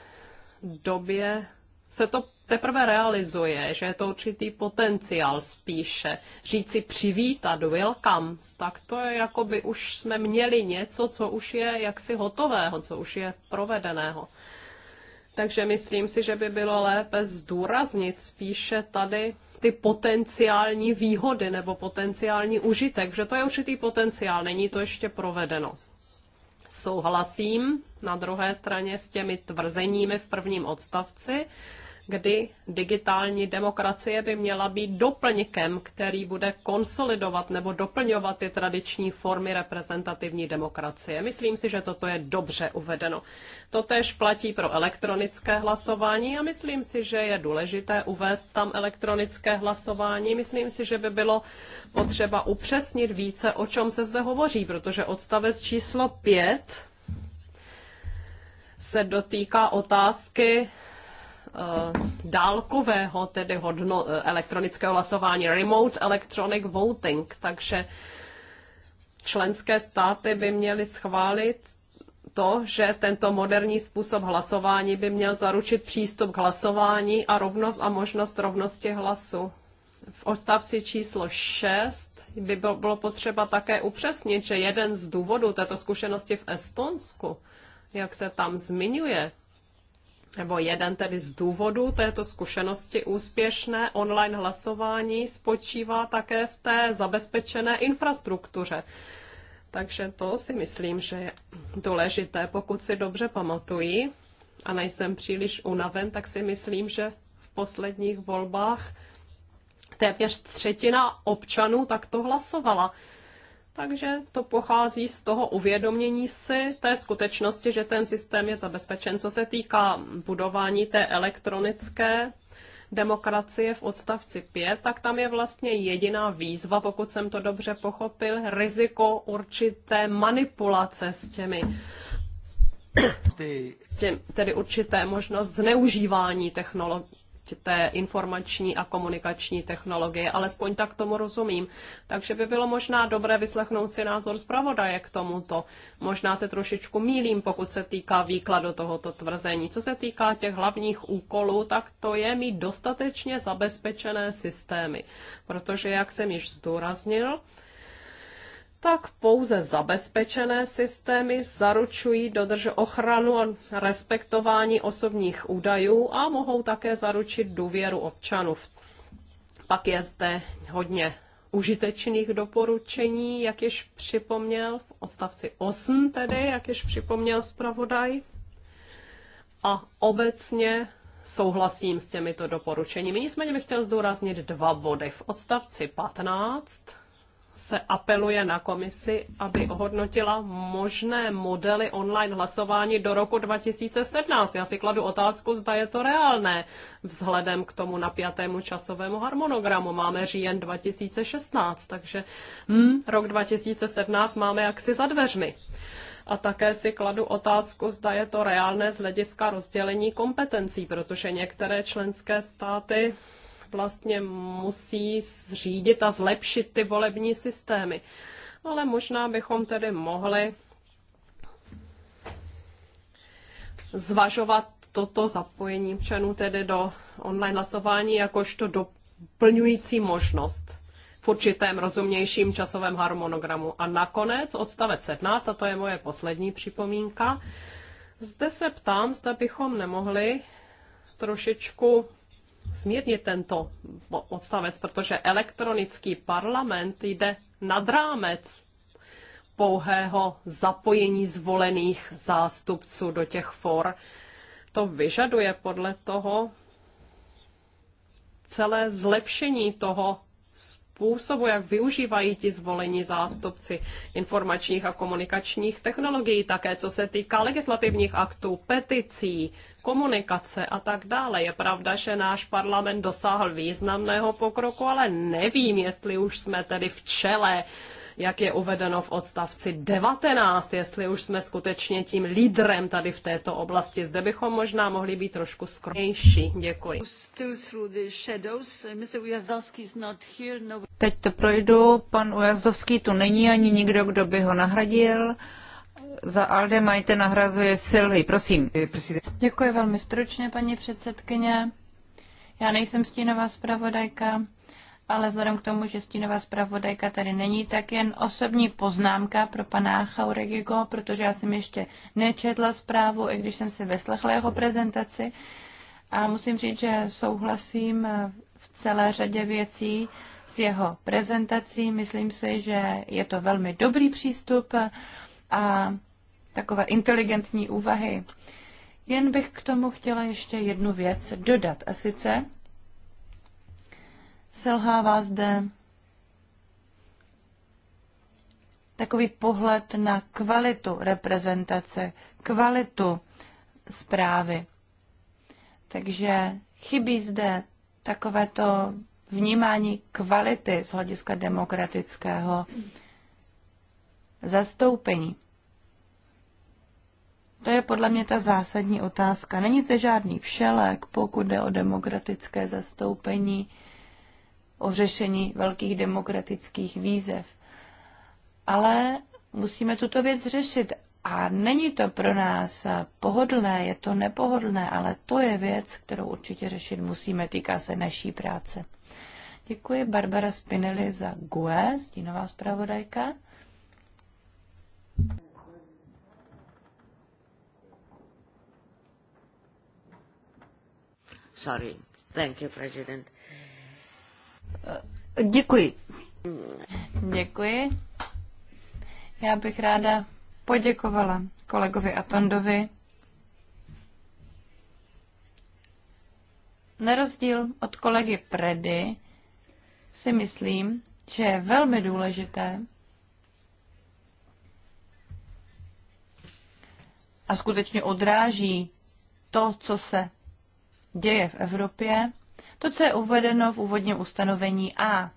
době se to teprve realizuje, že je to určitý potenciál spíše. Říci přivítat, welcomes, tak to je jako by už jsme měli něco, co už je jaksi hotového, co už je provedeného. Takže myslím si, že by bylo lépe zdůraznit spíše tady ty potenciální výhody nebo potenciální užitek, že to je určitý potenciál, není to ještě provedeno. Souhlasím na druhé straně s těmi tvrzeními v prvním odstavci, kdy digitální demokracie by měla být doplňkem, který bude konsolidovat nebo doplňovat ty tradiční formy reprezentativní demokracie. Myslím si, že toto je dobře uvedeno. Totež platí pro elektronické hlasování a myslím si, že je důležité uvést tam elektronické hlasování. Myslím si, že by bylo potřeba upřesnit více, o čem se zde hovoří, protože odstavec číslo 5 se dotýká otázky Eh, dálkového, tedy hodno, eh, elektronického hlasování, remote electronic voting, takže členské státy by měly schválit to, že tento moderní způsob hlasování by měl zaručit přístup k hlasování a rovnost a možnost rovnosti hlasu. V odstavci číslo 6 by bylo potřeba také upřesnit, že jeden z důvodů této zkušenosti v Estonsku, jak se tam zmiňuje, nebo jeden tedy z důvodů této zkušenosti úspěšné online hlasování spočívá také v té zabezpečené infrastruktuře. Takže to si myslím, že je důležité. Pokud si dobře pamatuji a nejsem příliš unaven, tak si myslím, že v posledních volbách téměř třetina občanů takto hlasovala. Takže to pochází z toho uvědomění si té skutečnosti, že ten systém je zabezpečen. Co se týká budování té elektronické demokracie v odstavci 5, tak tam je vlastně jediná výzva, pokud jsem to dobře pochopil, riziko určité manipulace s těmi s těmi tedy určité možnost zneužívání technolo- té informační a komunikační technologie, alespoň tak tomu rozumím. Takže by bylo možná dobré vyslechnout si názor zpravodaje k tomuto. Možná se trošičku mílím, pokud se týká výkladu tohoto tvrzení. Co se týká těch hlavních úkolů, tak to je mít dostatečně zabezpečené systémy, protože, jak jsem již zdůraznil, tak pouze zabezpečené systémy zaručují dodrž ochranu a respektování osobních údajů a mohou také zaručit důvěru občanů. Pak je zde hodně užitečných doporučení, jak již připomněl v odstavci 8 tedy, jak již připomněl zpravodaj. A obecně souhlasím s těmito doporučeními. Nicméně bych chtěl zdůraznit dva body. V odstavci 15 se apeluje na komisi, aby ohodnotila možné modely online hlasování do roku 2017. Já si kladu otázku, zda je to reálné vzhledem k tomu napjatému časovému harmonogramu. Máme říjen 2016, takže hmm, rok 2017 máme jaksi za dveřmi. A také si kladu otázku, zda je to reálné z hlediska rozdělení kompetencí, protože některé členské státy vlastně musí zřídit a zlepšit ty volební systémy. Ale možná bychom tedy mohli zvažovat toto zapojení občanů tedy do online hlasování jakožto doplňující možnost v určitém rozumnějším časovém harmonogramu. A nakonec odstavec 17, a to je moje poslední připomínka, zde se ptám, zda bychom nemohli trošičku smírnit tento odstavec, protože elektronický parlament jde nad rámec pouhého zapojení zvolených zástupců do těch for. To vyžaduje podle toho celé zlepšení toho způsobu, jak využívají ti zvolení zástupci informačních a komunikačních technologií, také co se týká legislativních aktů, peticí, komunikace a tak dále. Je pravda, že náš parlament dosáhl významného pokroku, ale nevím, jestli už jsme tedy v čele jak je uvedeno v odstavci 19, jestli už jsme skutečně tím lídrem tady v této oblasti. Zde bychom možná mohli být trošku skromnější. Děkuji. Teď to projdu. Pan Ujazdovský tu není ani nikdo, kdo by ho nahradil. Za Alde Majte nahrazuje Silvi. Prosím. Děkuji velmi stručně, paní předsedkyně. Já nejsem stínová zpravodajka ale vzhledem k tomu, že stínová zpravodajka tady není, tak jen osobní poznámka pro pana Chauregigo, protože já jsem ještě nečetla zprávu, i když jsem si vyslechla jeho prezentaci. A musím říct, že souhlasím v celé řadě věcí s jeho prezentací. Myslím si, že je to velmi dobrý přístup a takové inteligentní úvahy. Jen bych k tomu chtěla ještě jednu věc dodat. A sice Selhává zde takový pohled na kvalitu reprezentace, kvalitu zprávy. Takže chybí zde takovéto vnímání kvality z hlediska demokratického zastoupení. To je podle mě ta zásadní otázka. Není to žádný všelek, pokud jde o demokratické zastoupení o řešení velkých demokratických výzev. Ale musíme tuto věc řešit a není to pro nás pohodlné, je to nepohodlné, ale to je věc, kterou určitě řešit musíme, týká se naší práce. Děkuji Barbara Spinelli za GUE, stínová zpravodajka. Sorry. Thank you, President. Děkuji. Děkuji. Já bych ráda poděkovala kolegovi Atondovi. Na rozdíl od kolegy Predy si myslím, že je velmi důležité a skutečně odráží to, co se děje v Evropě, to, co je uvedeno v úvodním ustanovení A.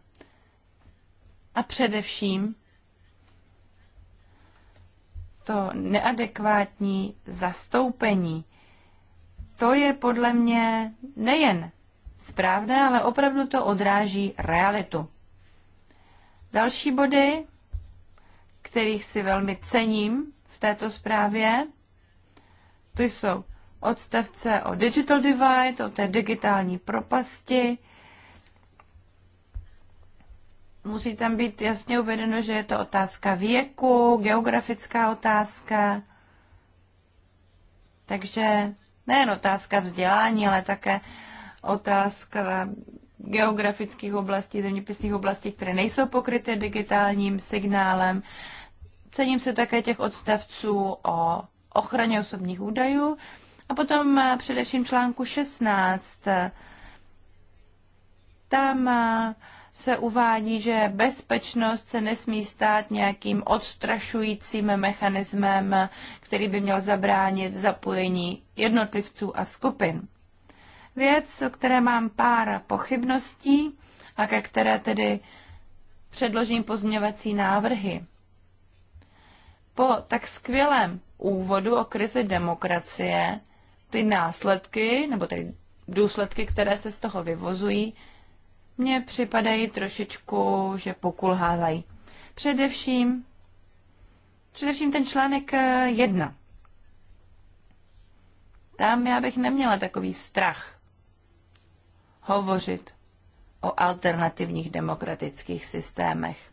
A především to neadekvátní zastoupení. To je podle mě nejen správné, ale opravdu to odráží realitu. Další body, kterých si velmi cením v této zprávě, to jsou odstavce o digital divide, o té digitální propasti. Musí tam být jasně uvedeno, že je to otázka věku, geografická otázka. Takže nejen otázka vzdělání, ale také otázka geografických oblastí, zeměpisných oblastí, které nejsou pokryty digitálním signálem. Cením se také těch odstavců o ochraně osobních údajů. A potom eh, především článku 16. Tam eh, se uvádí, že bezpečnost se nesmí stát nějakým odstrašujícím mechanismem, který by měl zabránit zapojení jednotlivců a skupin. Věc, o které mám pár pochybností a ke které tedy předložím pozměňovací návrhy. Po tak skvělém úvodu o krizi demokracie ty následky, nebo tedy důsledky, které se z toho vyvozují, mně připadají trošičku, že pokulhávají. Především, především ten článek eh, jedna. Tam já bych neměla takový strach hovořit o alternativních demokratických systémech.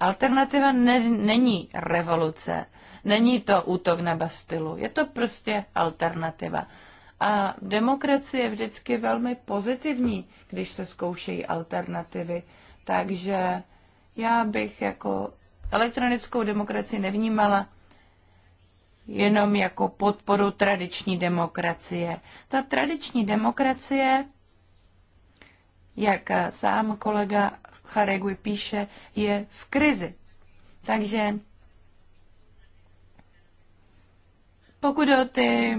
Alternativa ne- není revoluce, Není to útok na Bastilu, je to prostě alternativa. A demokracie je vždycky velmi pozitivní, když se zkoušejí alternativy. Takže já bych jako elektronickou demokracii nevnímala jenom jako podporu tradiční demokracie. Ta tradiční demokracie, jak sám kolega Chareguj píše, je v krizi. Takže Pokud o ty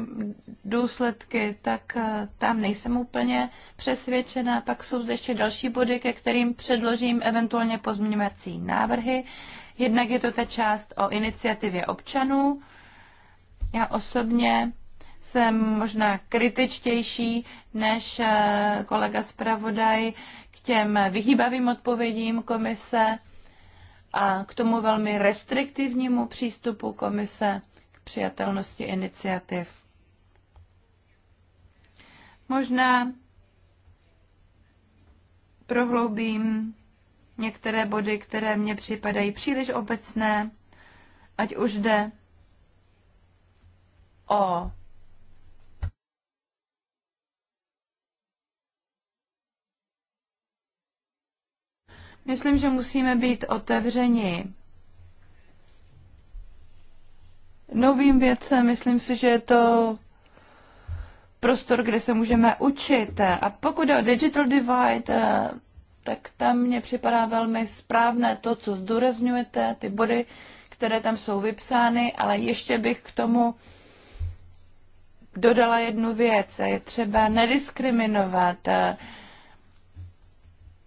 důsledky, tak eh, tam nejsem úplně přesvědčena. Pak jsou zde ještě další body, ke kterým předložím eventuálně pozměňovací návrhy. Jednak je to ta část o iniciativě občanů. Já osobně jsem možná kritičtější než eh, kolega zpravodaj k těm vyhýbavým odpovědím komise a k tomu velmi restriktivnímu přístupu komise přijatelnosti iniciativ. Možná prohloubím některé body, které mně připadají příliš obecné, ať už jde o Myslím, že musíme být otevřeni novým věcem. Myslím si, že je to prostor, kde se můžeme učit. A pokud je o digital divide, eh, tak tam mně připadá velmi správné to, co zdůrazňujete, ty body, které tam jsou vypsány, ale ještě bych k tomu dodala jednu věc. Je třeba nediskriminovat eh,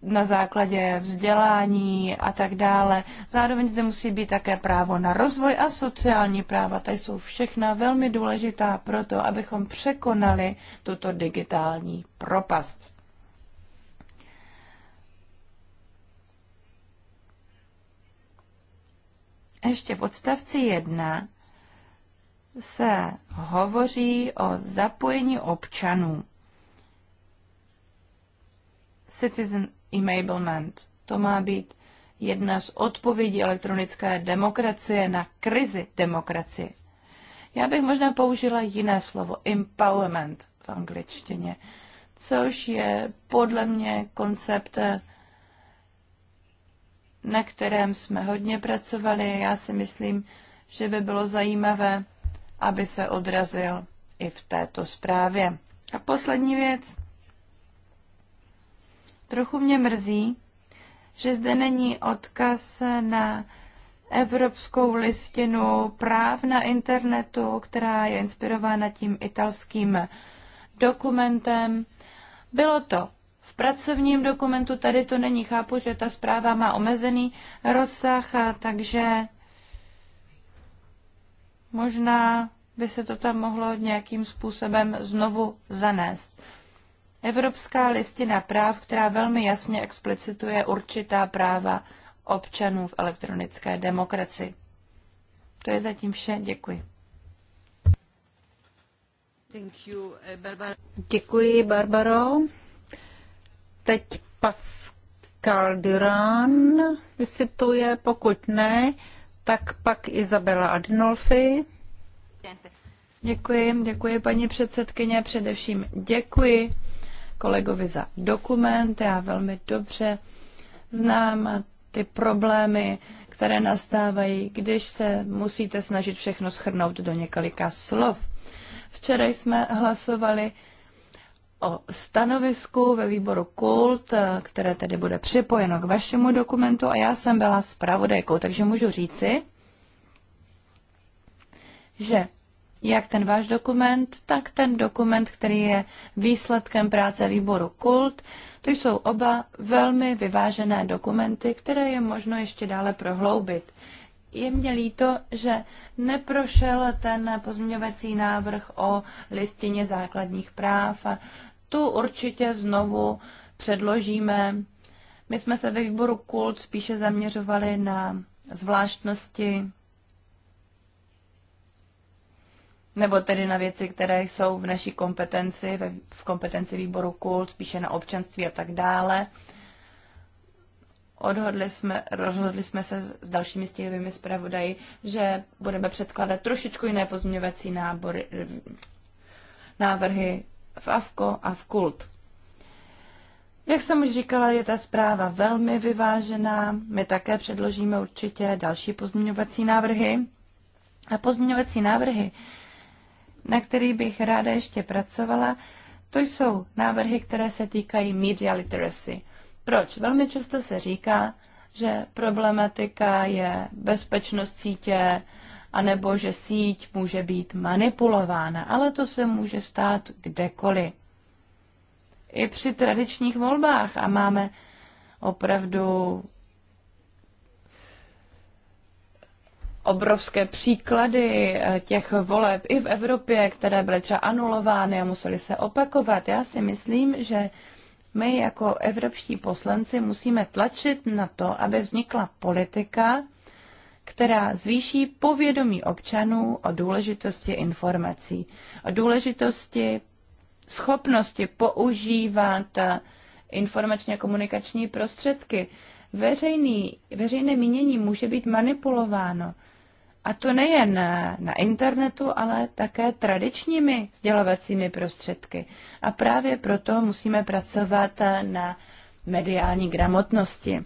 na základě vzdělání a tak dále. Zároveň zde musí být také právo na rozvoj a sociální práva. Ta jsou všechna velmi důležitá pro to, abychom překonali tuto digitální propast. Ještě v odstavci 1 se hovoří o zapojení občanů. Citizen Enablement To má být jedna z odpovědí elektronické demokracie na krizi demokracie. Já bych možná použila jiné slovo, empowerment v angličtině, což je podle mě koncept, na kterém jsme hodně pracovali. Já si myslím, že by bylo zajímavé, aby se odrazil i v této zprávě. A poslední věc. Trochu mě mrzí, že zde není odkaz na Evropskou listinu práv na internetu, která je inspirována tím italským dokumentem. Bylo to v pracovním dokumentu, tady to není, chápu, že ta zpráva má omezený rozsah, takže možná by se to tam mohlo nějakým způsobem znovu zanést. Evropská listina práv, která velmi jasně explicituje určitá práva občanů v elektronické demokracii. To je zatím vše. Děkuji. Eh, děkuji, Barbaro. Teď Pascal Duran vysituje, pokud ne, tak pak Izabela Adnolfi. Děkuji, děkuji paní předsedkyně, především děkuji kolegovi za dokument. Já velmi dobře znám ty problémy, které nastávají, když se musíte snažit všechno schrnout do několika slov. Včera jsme hlasovali o stanovisku ve výboru KULT, které tedy bude připojeno k vašemu dokumentu a já jsem byla zpravodajkou, takže můžu říci, že jak ten váš dokument, tak ten dokument, který je výsledkem práce výboru KULT. To jsou oba velmi vyvážené dokumenty, které je možno ještě dále prohloubit. Je mně líto, že neprošel ten pozměňovací návrh o listině základních práv a tu určitě znovu předložíme. My jsme se ve výboru KULT spíše zaměřovali na zvláštnosti nebo tedy na věci, které jsou v naší kompetenci, v kompetenci výboru kult, spíše na občanství a tak dále. Odhodli jsme, rozhodli jsme se s dalšími stílovými zpravodaji, že budeme předkládat trošičku jiné pozměňovací nábory, návrhy v AVKO a v KULT. Jak jsem už říkala, je ta zpráva velmi vyvážená. My také předložíme určitě další pozměňovací návrhy. A pozměňovací návrhy na který bych ráda ještě pracovala, to jsou návrhy, které se týkají media literacy. Proč? Velmi často se říká, že problematika je bezpečnost sítě, anebo že síť může být manipulována, ale to se může stát kdekoliv. I při tradičních volbách a máme opravdu obrovské příklady eh, těch voleb i v Evropě, které byly třeba anulovány a musely se opakovat. Já si myslím, že my jako evropští poslanci musíme tlačit na to, aby vznikla politika, která zvýší povědomí občanů o důležitosti informací, o důležitosti schopnosti používat eh, informačně komunikační prostředky. Veřejný, veřejné mínění může být manipulováno. A to nejen na internetu, ale také tradičními sdělovacími prostředky. A právě proto musíme pracovat na mediální gramotnosti.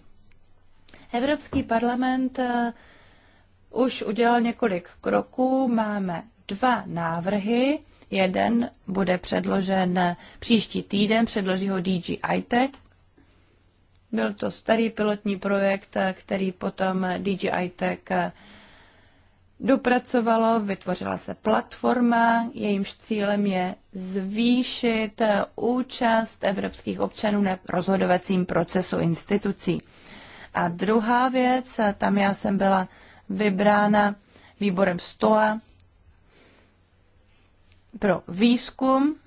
Evropský parlament eh, už udělal několik kroků. Máme dva návrhy. Jeden bude předložen příští týden, předloží ho DG ITEC. Byl to starý pilotní projekt, eh, který potom DJI Tech eh, dopracovalo, vytvořila se platforma, jejímž cílem je zvýšit eh, účast evropských občanů na rozhodovacím procesu institucí. A druhá věc, eh, tam já jsem byla vybrána výborem STOA pro výzkum,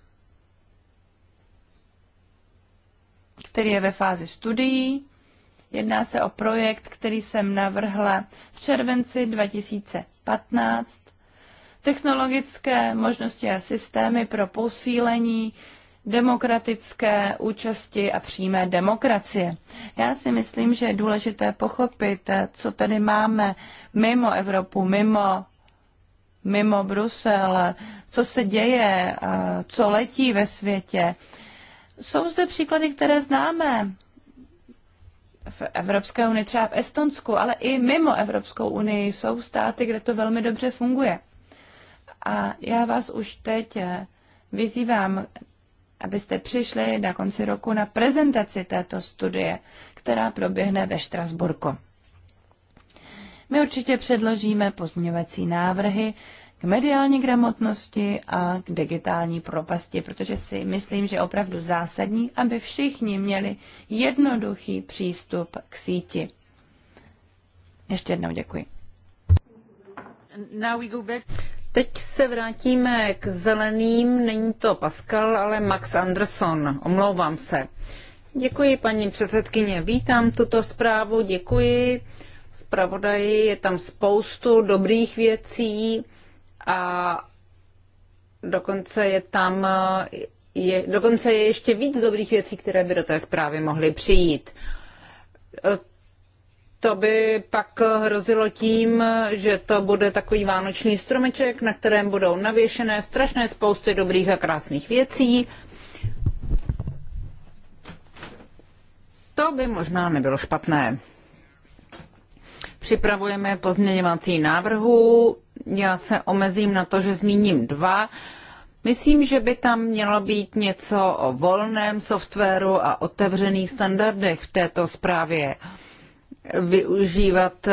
který je ve fázi studií. Jedná se o projekt, který jsem navrhla v červenci 2000. 15. Technologické možnosti a systémy pro posílení demokratické účasti a přímé demokracie. Já si myslím, že je důležité pochopit, co tady máme mimo Evropu, mimo, mimo Brusel, co se děje, co letí ve světě. Jsou zde příklady, které známe v Evropské unii, třeba v Estonsku, ale i mimo Evropskou unii jsou státy, kde to velmi dobře funguje. A já vás už teď eh, vyzývám, abyste přišli na konci roku na prezentaci této studie, která proběhne ve Štrasburku. My určitě předložíme pozměňovací návrhy k mediální gramotnosti a k digitální propasti, protože si myslím, že je opravdu zásadní, aby všichni měli jednoduchý přístup k síti. Ještě jednou děkuji. Teď se vrátíme k zeleným. Není to Pascal, ale Max Anderson. Omlouvám se. Děkuji, paní předsedkyně. Vítám tuto zprávu, děkuji. Zpravodaji je tam spoustu dobrých věcí a dokonce je tam je, dokonce je ještě víc dobrých věcí, které by do té zprávy mohly přijít. To by pak hrozilo tím, že to bude takový vánoční stromeček, na kterém budou navěšené strašné spousty dobrých a krásných věcí. To by možná nebylo špatné. Připravujeme pozměňovací návrhu. Já se omezím na to, že zmíním dva. Myslím, že by tam mělo být něco o volném softwaru a otevřených standardech v této zprávě. Využívat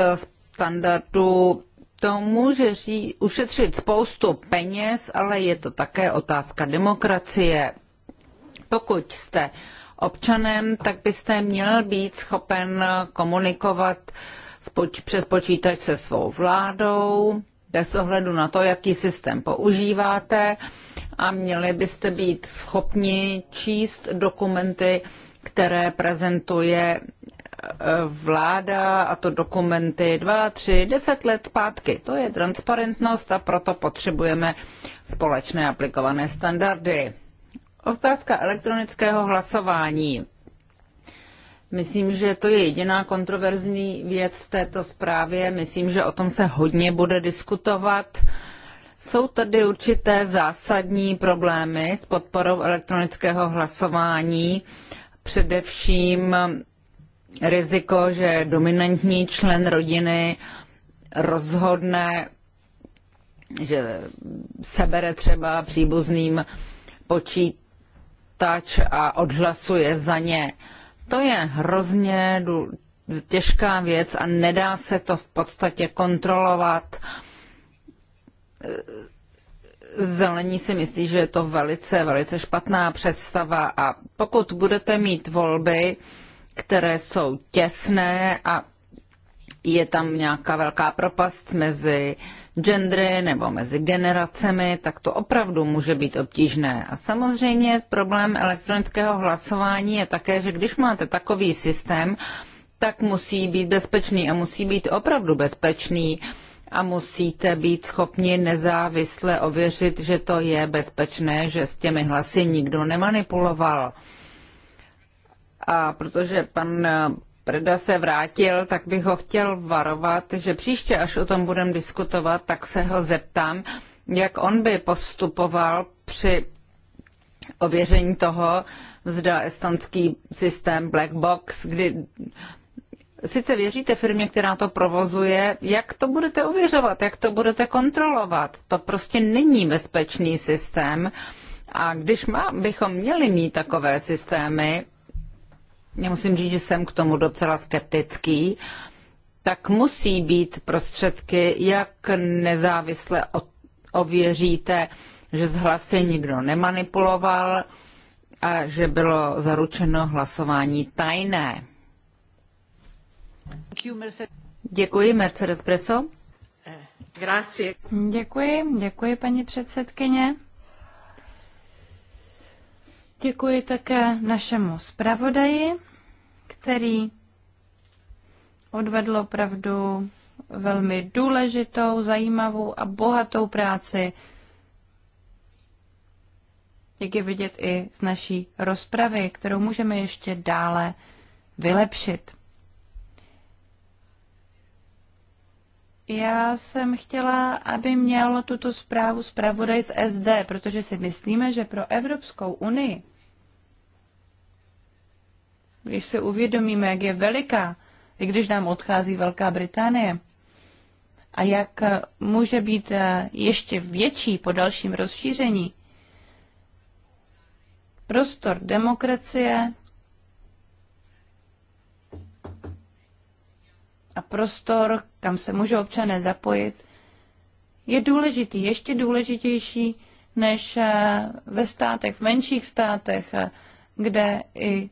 standardu to může ří, ušetřit spoustu peněz, ale je to také otázka demokracie. Pokud jste občanem, tak byste měl být schopen komunikovat uh, spoč, přes počítač se svou vládou, bez ohledu na to, jaký systém používáte a měli byste být schopni číst dokumenty, které prezentuje e, vláda a to dokumenty 2, 3, 10 let zpátky. To je transparentnost a proto potřebujeme společné aplikované standardy. Otázka elektronického hlasování. Myslím, že to je jediná kontroverzní věc v této zprávě. Myslím, že o tom se hodně bude diskutovat. Jsou tady určité zásadní problémy s podporou elektronického hlasování, především riziko, že dominantní člen rodiny rozhodne, že sebere třeba příbuzným počítač a odhlasuje za ně. Uh, to je hrozně těžká věc a nedá se to v podstatě kontrolovat. Zelení si myslí, že je to velice, velice špatná představa a pokud budete mít volby, které jsou těsné a je tam nějaká velká propast mezi gendry nebo mezi generacemi, tak to opravdu může být obtížné. A samozřejmě problém elektronického hlasování je také, že když máte takový systém, tak musí být bezpečný a musí být opravdu bezpečný a musíte být schopni nezávisle ověřit, že to je bezpečné, že s těmi hlasy nikdo nemanipuloval. A protože pan Preda se vrátil, tak bych ho chtěl varovat, že příště, až o tom budeme diskutovat, tak se ho zeptám, jak on by postupoval při ověření toho, zda estonský systém Black Box, kdy sice věříte firmě, která to provozuje, jak to budete ověřovat, jak to budete kontrolovat. To prostě není bezpečný systém. A když má, bychom měli mít takové systémy, já musím říct, že jsem k tomu docela skeptický, tak musí být prostředky, jak nezávisle ověříte, že z hlasy nikdo nemanipuloval a že bylo zaručeno hlasování tajné. Děkuji, Mercedes Preso. Eh, děkuji, děkuji paní předsedkyně. Děkuji také našemu zpravodaji, který odvedl opravdu velmi důležitou, zajímavou a bohatou práci, jak je vidět i z naší rozpravy, kterou můžeme ještě dále vylepšit. Já jsem chtěla, aby měl tuto zprávu zpravodaj z SD, protože si myslíme, že pro Evropskou unii když se uvědomíme, jak je veliká, i když nám odchází Velká Británie, a jak eh, může být eh, ještě větší po dalším rozšíření, prostor demokracie a prostor, kam se může občané zapojit, je důležitý, ještě důležitější než eh, ve státech, v menších státech, kde i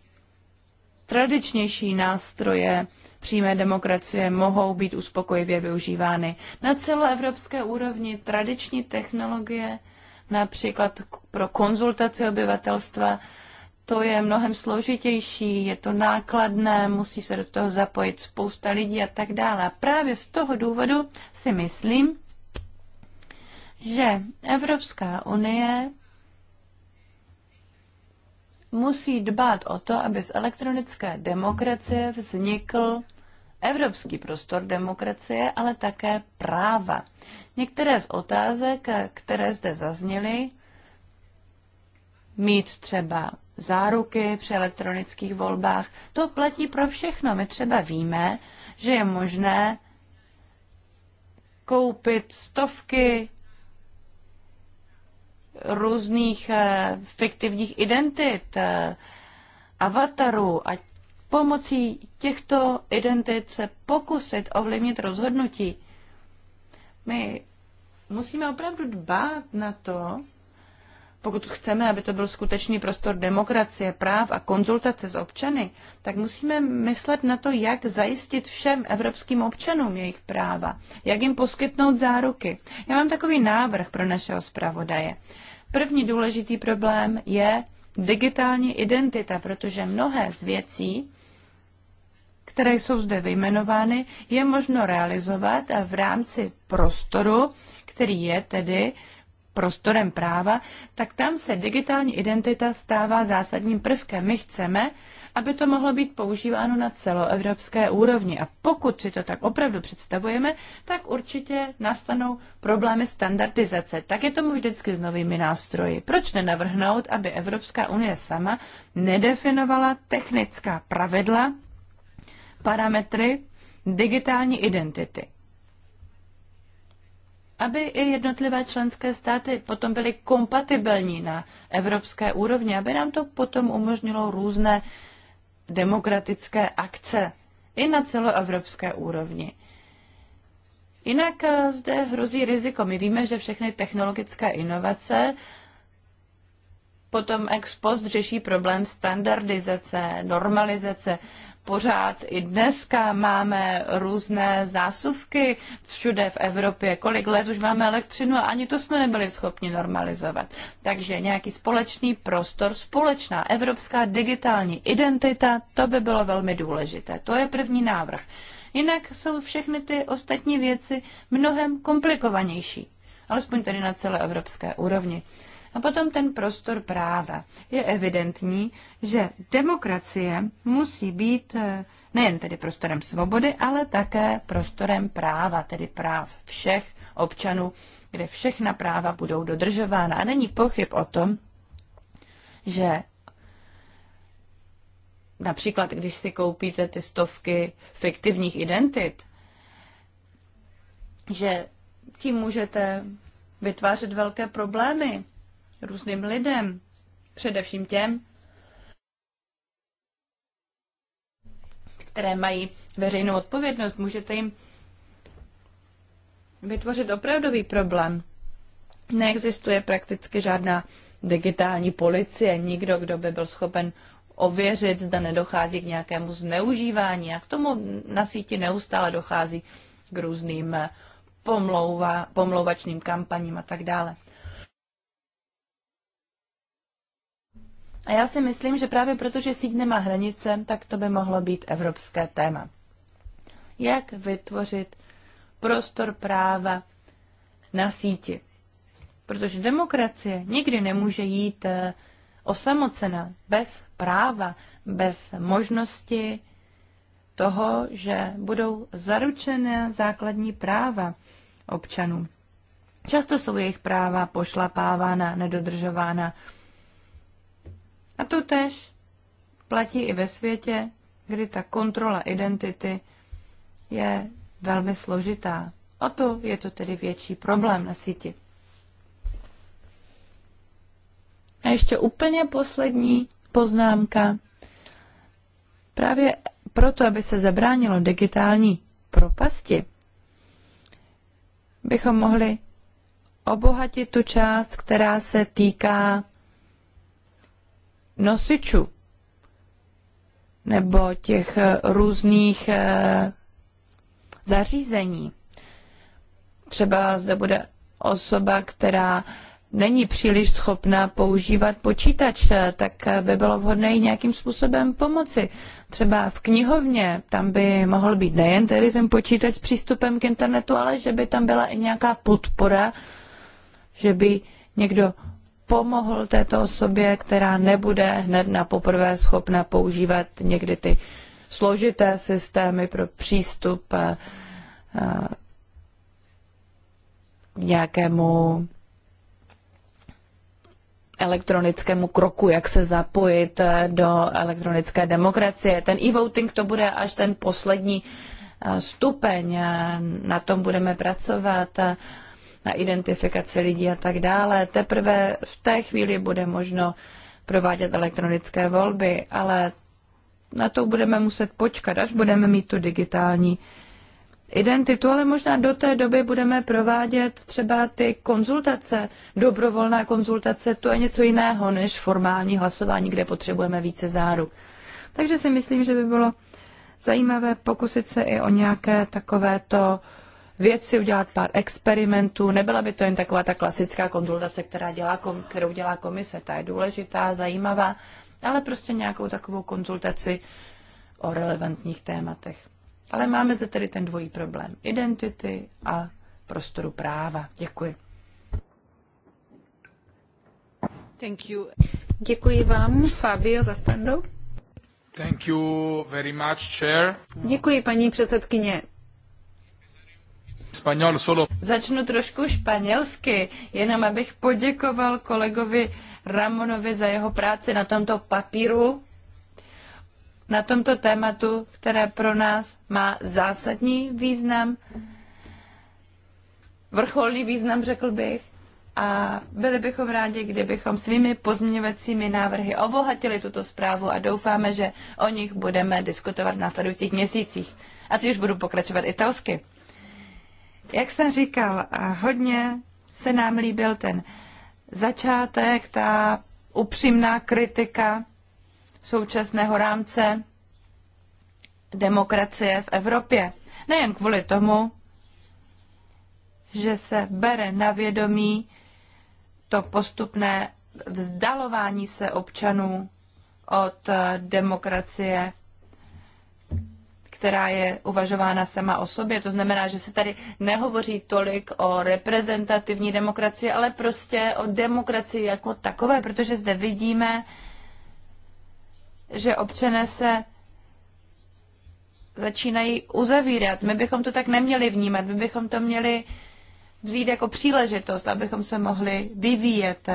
tradičnější nástroje přímé demokracie mohou být uspokojivě využívány. Na celoevropské úrovni tradiční technologie, například pro konzultaci obyvatelstva, to je mnohem složitější, je to nákladné, musí se do toho zapojit spousta lidí a tak dále. A právě z toho důvodu si myslím, že Evropská unie musí dbát o to, aby z elektronické demokracie vznikl evropský prostor demokracie, ale také práva. Některé z otázek, které zde zazněly, mít třeba záruky při elektronických volbách, to platí pro všechno. My třeba víme, že je možné koupit stovky různých eh, fiktivních identit, eh, avatarů a pomocí těchto identit se pokusit ovlivnit rozhodnutí. My musíme opravdu dbát na to, pokud chceme, aby to byl skutečný prostor demokracie, práv a konzultace s občany, tak musíme myslet na to, jak zajistit všem evropským občanům jejich práva, jak jim poskytnout záruky. Já mám takový návrh pro našeho zpravodaje. První důležitý problém je digitální identita, protože mnohé z věcí, které jsou zde vyjmenovány, je možno realizovat v rámci prostoru, který je tedy prostorem práva, tak tam se digitální identita stává zásadním prvkem. My chceme, aby to mohlo být používáno na celoevropské úrovni. A pokud si to tak opravdu představujeme, tak určitě nastanou problémy standardizace. Tak je tomu vždycky s novými nástroji. Proč nenavrhnout, aby Evropská unie sama nedefinovala technická pravidla, parametry digitální identity? aby i jednotlivé členské státy potom byly kompatibilní na evropské úrovni, aby nám to potom umožnilo různé demokratické akce i na celoevropské úrovni. Jinak eh, zde hrozí riziko. My víme, že všechny technologické inovace potom ex post řeší problém standardizace, normalizace pořád i dneska máme různé zásuvky všude v Evropě. Kolik let už máme elektřinu a ani to jsme nebyli schopni normalizovat. Takže nějaký společný prostor, společná evropská digitální identita, to by bylo velmi důležité. To je první návrh. Jinak jsou všechny ty ostatní věci mnohem komplikovanější, alespoň tedy na celé evropské úrovni. A potom ten prostor práva. Je evidentní, že demokracie musí být eh, nejen tedy prostorem svobody, ale také prostorem práva, tedy práv všech občanů, kde všechna práva budou dodržována. A není pochyb o tom, že například, když si koupíte ty stovky fiktivních identit, že tím můžete vytvářet velké problémy různým lidem, především těm, které mají veřejnou odpovědnost. Můžete jim vytvořit opravdový problém. Neexistuje prakticky žádná digitální policie, nikdo, kdo by byl schopen ověřit, zda nedochází k nějakému zneužívání. A k tomu na síti neustále dochází k různým pomlouva, pomlouvačným kampaním a tak dále. A já si myslím, že právě protože síť nemá hranice, tak to by mohlo být evropské téma. Jak vytvořit prostor práva na síti? Protože demokracie nikdy nemůže jít eh, osamocena, bez práva, bez možnosti toho, že budou zaručené základní práva občanů. Často jsou jejich práva pošlapávána, nedodržována, a to tež platí i ve světě, kdy ta kontrola identity je velmi složitá. O to je to tedy větší problém na síti. A ještě úplně poslední poznámka. Právě proto, aby se zabránilo digitální propasti, bychom mohli obohatit tu část, která se týká nosičů nebo těch eh, různých eh, zařízení. Třeba zde bude osoba, která není příliš schopná používat počítač, tak eh, by bylo vhodné jí nějakým způsobem pomoci. Třeba v knihovně, tam by mohl být nejen tedy ten počítač s přístupem k internetu, ale že by tam byla i nějaká podpora, že by někdo pomohl této osobě, která nebude hned na poprvé schopna používat někdy ty složité systémy pro přístup k eh, eh, nějakému elektronickému kroku, jak se zapojit eh, do elektronické demokracie. Ten e-voting to bude až ten poslední stupeň, na tom budeme pracovat na identifikaci lidí a tak dále. Teprve v té chvíli bude možno provádět elektronické volby, ale na to budeme muset počkat, až budeme mít tu digitální identitu, ale možná do té doby budeme provádět třeba ty konzultace. Dobrovolná konzultace to je něco jiného než formální hlasování, kde potřebujeme více záruk. Takže si myslím, že by bylo zajímavé pokusit se i o nějaké takovéto uh, věci, udělat pár experimentů. Nebyla by to jen taková ta klasická konzultace, která dělá, kterou dělá komise. Ta je důležitá, zajímavá, ale prostě nějakou takovou konzultaci o relevantních tématech. Ale máme zde tedy ten dvojí problém identity a prostoru práva. Děkuji. Thank you. Děkuji vám, Fabio Gastando. Thank you very much, chair. Děkuji, paní předsedkyně solo. Začnu trošku španělsky, jenom abych poděkoval kolegovi Ramonovi za jeho práci na tomto papíru, na tomto tématu, které pro nás má zásadní význam, vrcholný význam, řekl bych. A byli bychom rádi, kdybychom svými pozměňovacími návrhy obohatili tuto zprávu a doufáme, že o nich budeme diskutovat v následujících měsících. A teď už budu pokračovat italsky. Jak jsem říkal, hodně se nám líbil ten začátek, ta upřímná kritika současného rámce demokracie v Evropě. Nejen kvůli tomu, že se bere na vědomí to postupné vzdalování se občanů od demokracie která je uvažována sama o sobě. To znamená, že se tady nehovoří tolik o reprezentativní demokracii, ale prostě o demokracii jako takové, protože zde vidíme, že občané se začínají uzavírat. My bychom to tak neměli vnímat, my bychom to měli vzít jako příležitost, abychom se mohli vyvíjet.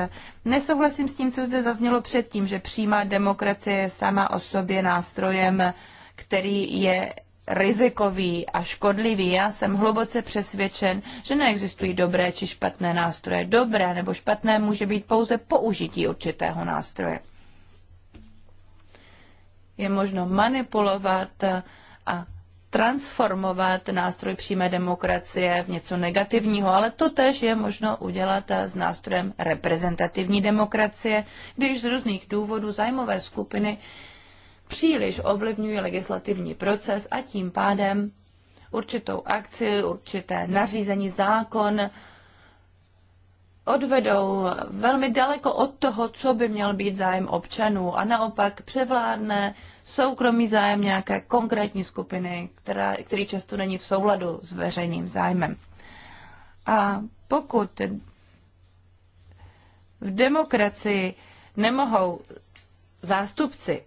Nesouhlasím s tím, co zde zaznělo předtím, že přímá demokracie je sama o sobě nástrojem který je rizikový a škodlivý. Já jsem hluboce přesvědčen, že neexistují dobré či špatné nástroje. Dobré nebo špatné může být pouze použití určitého nástroje. Je možno manipulovat a transformovat nástroj přímé demokracie v něco negativního, ale to tež je možno udělat s nástrojem reprezentativní demokracie, když z různých důvodů zájmové skupiny příliš ovlivňují legislativní proces a tím pádem určitou akci, určité nařízení, zákon odvedou velmi daleko od toho, co by měl být zájem občanů a naopak převládne soukromý zájem nějaké konkrétní skupiny, která, který často není v souladu s veřejným zájmem. A pokud v demokracii nemohou zástupci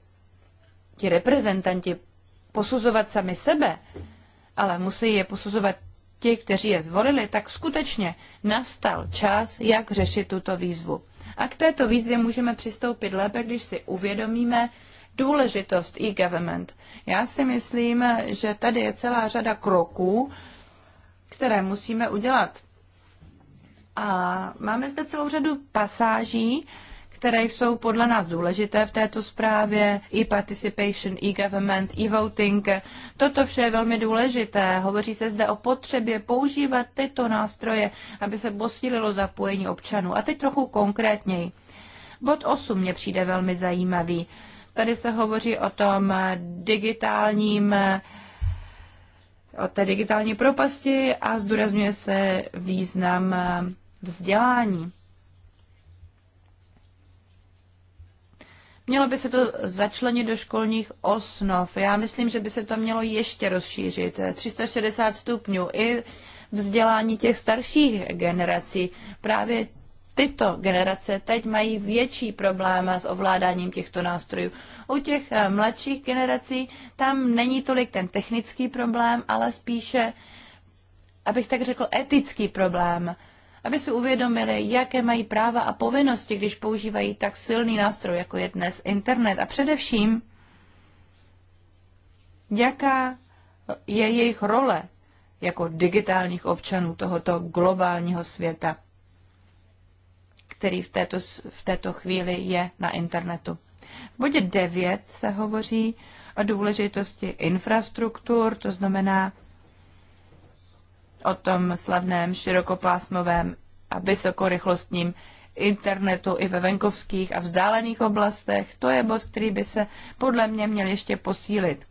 ti reprezentanti posuzovat sami sebe, ale musí je posuzovat ti, kteří je zvolili, tak skutečně nastal čas, jak řešit tuto výzvu. A k této výzvě můžeme přistoupit lépe, když si uvědomíme důležitost e-government. Já si myslím, že tady je celá řada kroků, které musíme udělat. A máme zde celou řadu pasáží, které jsou podle nás důležité v této zprávě, e-participation, e-government, e-voting. Toto vše je velmi důležité. Hovoří se zde o potřebě používat tyto nástroje, aby se posílilo zapojení občanů. A teď trochu konkrétněji. Bod 8 mě přijde velmi zajímavý. Tady se hovoří o tom digitálním o té digitální propasti a zdůrazňuje se význam vzdělání. Mělo by se to začlenit do školních osnov. Já myslím, že by se to mělo ještě rozšířit. 360 stupňů i vzdělání těch starších generací. Právě tyto generace teď mají větší problém s ovládáním těchto nástrojů. U těch eh, mladších generací tam není tolik ten technický problém, ale spíše, abych tak řekl, etický problém aby si uvědomili, jaké mají práva a povinnosti, když používají tak silný nástroj, jako je dnes internet. A především, jaká je jejich role jako digitálních občanů tohoto globálního světa, který v této, v této chvíli je na internetu. V bodě 9 se hovoří o důležitosti infrastruktur, to znamená o tom slavném širokopásmovém a vysokorychlostním internetu i ve venkovských a vzdálených oblastech. To je bod, který by se podle mě měl ještě posílit.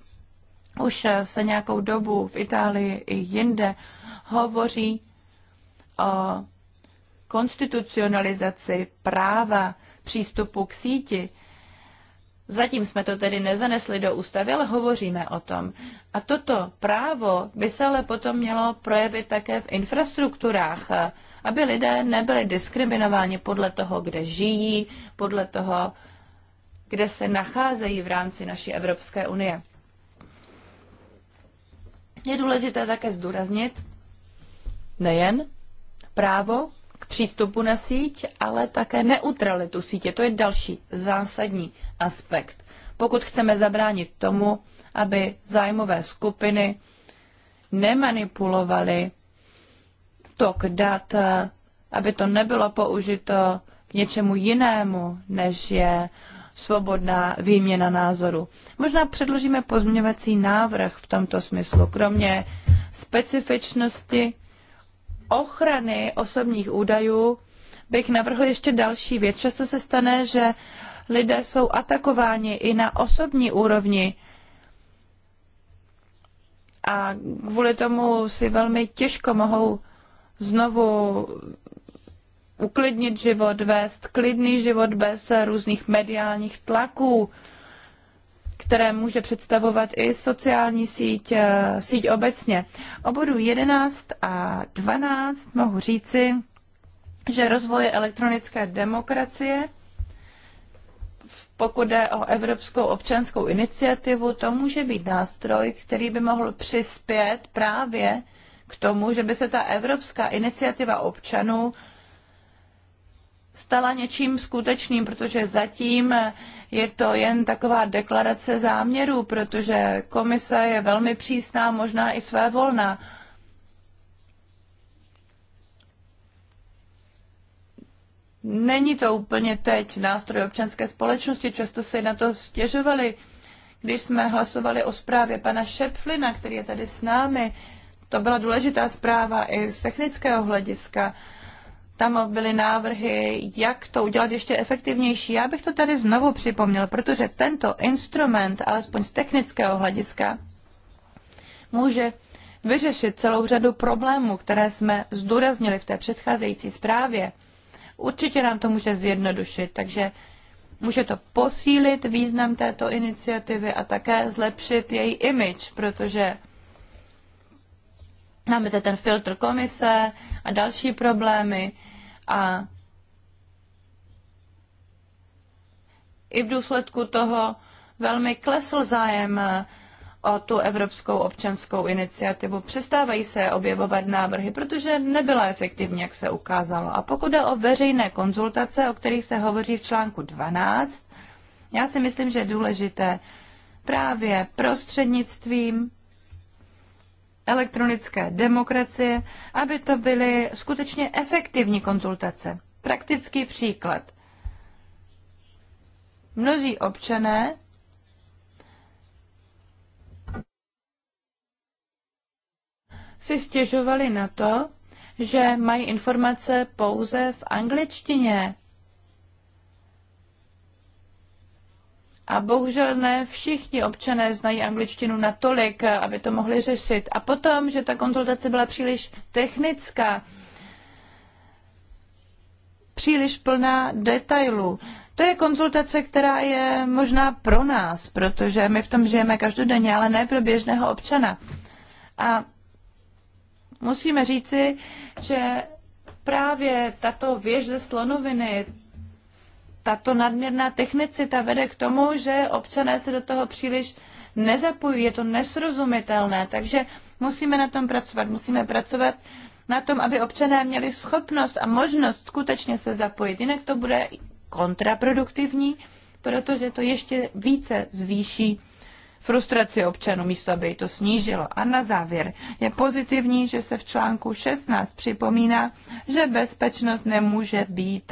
Už se nějakou dobu v Itálii i jinde hovoří o konstitucionalizaci práva přístupu k síti Zatím jsme to tedy nezanesli do ústavy, ale hovoříme o tom. A toto právo by se ale potom mělo projevit také v infrastrukturách, aby lidé nebyli diskriminováni podle toho, kde žijí, podle toho, kde se nacházejí v rámci naší Evropské unie. Je důležité také zdůraznit nejen právo k přístupu na síť, ale také neutralitu sítě. To je další zásadní aspekt. Pokud chceme zabránit tomu, aby zájmové skupiny nemanipulovaly tok dat, eh, aby to nebylo použito k něčemu jinému, než je svobodná výměna názoru. Možná předložíme pozměňovací návrh v tomto smyslu. Kromě specifičnosti ochrany osobních údajů bych navrhl ještě další věc. Často se stane, že lidé jsou atakováni i na osobní úrovni. A kvůli tomu si velmi těžko mohou znovu uklidnit život, vést klidný život bez různých mediálních tlaků, které může představovat i sociální síť, eh, síť obecně. O bodu 11 a 12 mohu říci, že rozvoje elektronické demokracie pokud jde o Evropskou občanskou iniciativu, to může být nástroj, který by mohl přispět právě k tomu, že by se ta evropská iniciativa občanů stala něčím skutečným, protože zatím je to jen taková deklarace záměru, protože komise je velmi přísná, možná i své volná Není to úplně teď nástroj občanské společnosti, často se na to stěžovali. Když jsme hlasovali o zprávě pana Šepflina, který je tady s námi, to byla důležitá zpráva i z technického hlediska. Tam byly návrhy, jak to udělat ještě efektivnější. Já bych to tady znovu připomněl, protože tento instrument, alespoň z technického hlediska, může vyřešit celou řadu problémů, které jsme zdůraznili v té předcházející zprávě. Určitě nám to může zjednodušit, takže může to posílit význam této iniciativy a také zlepšit její image, protože máme zde ten filtr komise a další problémy a i v důsledku toho velmi klesl zájem o tu Evropskou občanskou iniciativu. Přestávají se objevovat návrhy, protože nebyla efektivní, jak se ukázalo. A pokud jde o veřejné konzultace, o kterých se hovoří v článku 12, já si myslím, že je důležité právě prostřednictvím elektronické demokracie, aby to byly skutečně efektivní konzultace. Praktický příklad. Mnozí občané si stěžovali na to, že mají informace pouze v angličtině. A bohužel ne všichni občané znají angličtinu natolik, aby to mohli řešit. A potom, že ta konzultace byla příliš technická, příliš plná detailů. To je konzultace, která je možná pro nás, protože my v tom žijeme každodenně, ale ne pro běžného občana. A musíme říci, že právě tato věž ze slonoviny, tato nadměrná technicita vede k tomu, že občané se do toho příliš nezapojují, je to nesrozumitelné, takže musíme na tom pracovat, musíme pracovat na tom, aby občané měli schopnost a možnost skutečně se zapojit, jinak to bude kontraproduktivní, protože to ještě více zvýší frustraci občanů, místo aby to snížilo. A na závěr je pozitivní, že se v článku 16 připomíná, že bezpečnost nemůže být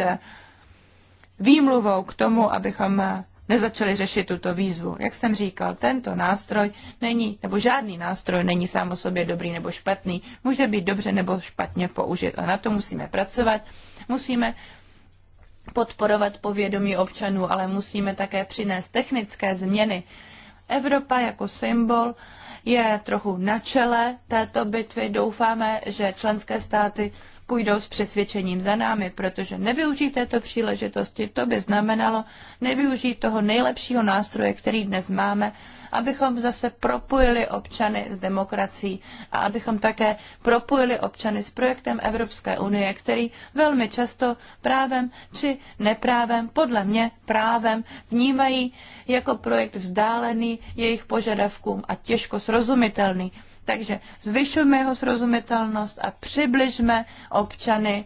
výmluvou k tomu, abychom nezačali řešit tuto výzvu. Jak jsem říkal, tento nástroj není, nebo žádný nástroj není sám o sobě dobrý nebo špatný. Může být dobře nebo špatně použit a na to musíme pracovat. Musíme podporovat povědomí občanů, ale musíme také přinést technické změny, Evropa jako symbol je trochu na čele této bitvy. Doufáme, že členské státy půjdou s přesvědčením za námi, protože nevyužít této příležitosti, to by znamenalo nevyužít toho nejlepšího nástroje, který dnes máme abychom zase propojili občany s demokracií a abychom také propojili občany s projektem Evropské unie, který velmi často právem či neprávem, podle mě právem, vnímají jako projekt vzdálený jejich požadavkům a těžko srozumitelný. Takže zvyšujme jeho srozumitelnost a přibližme občany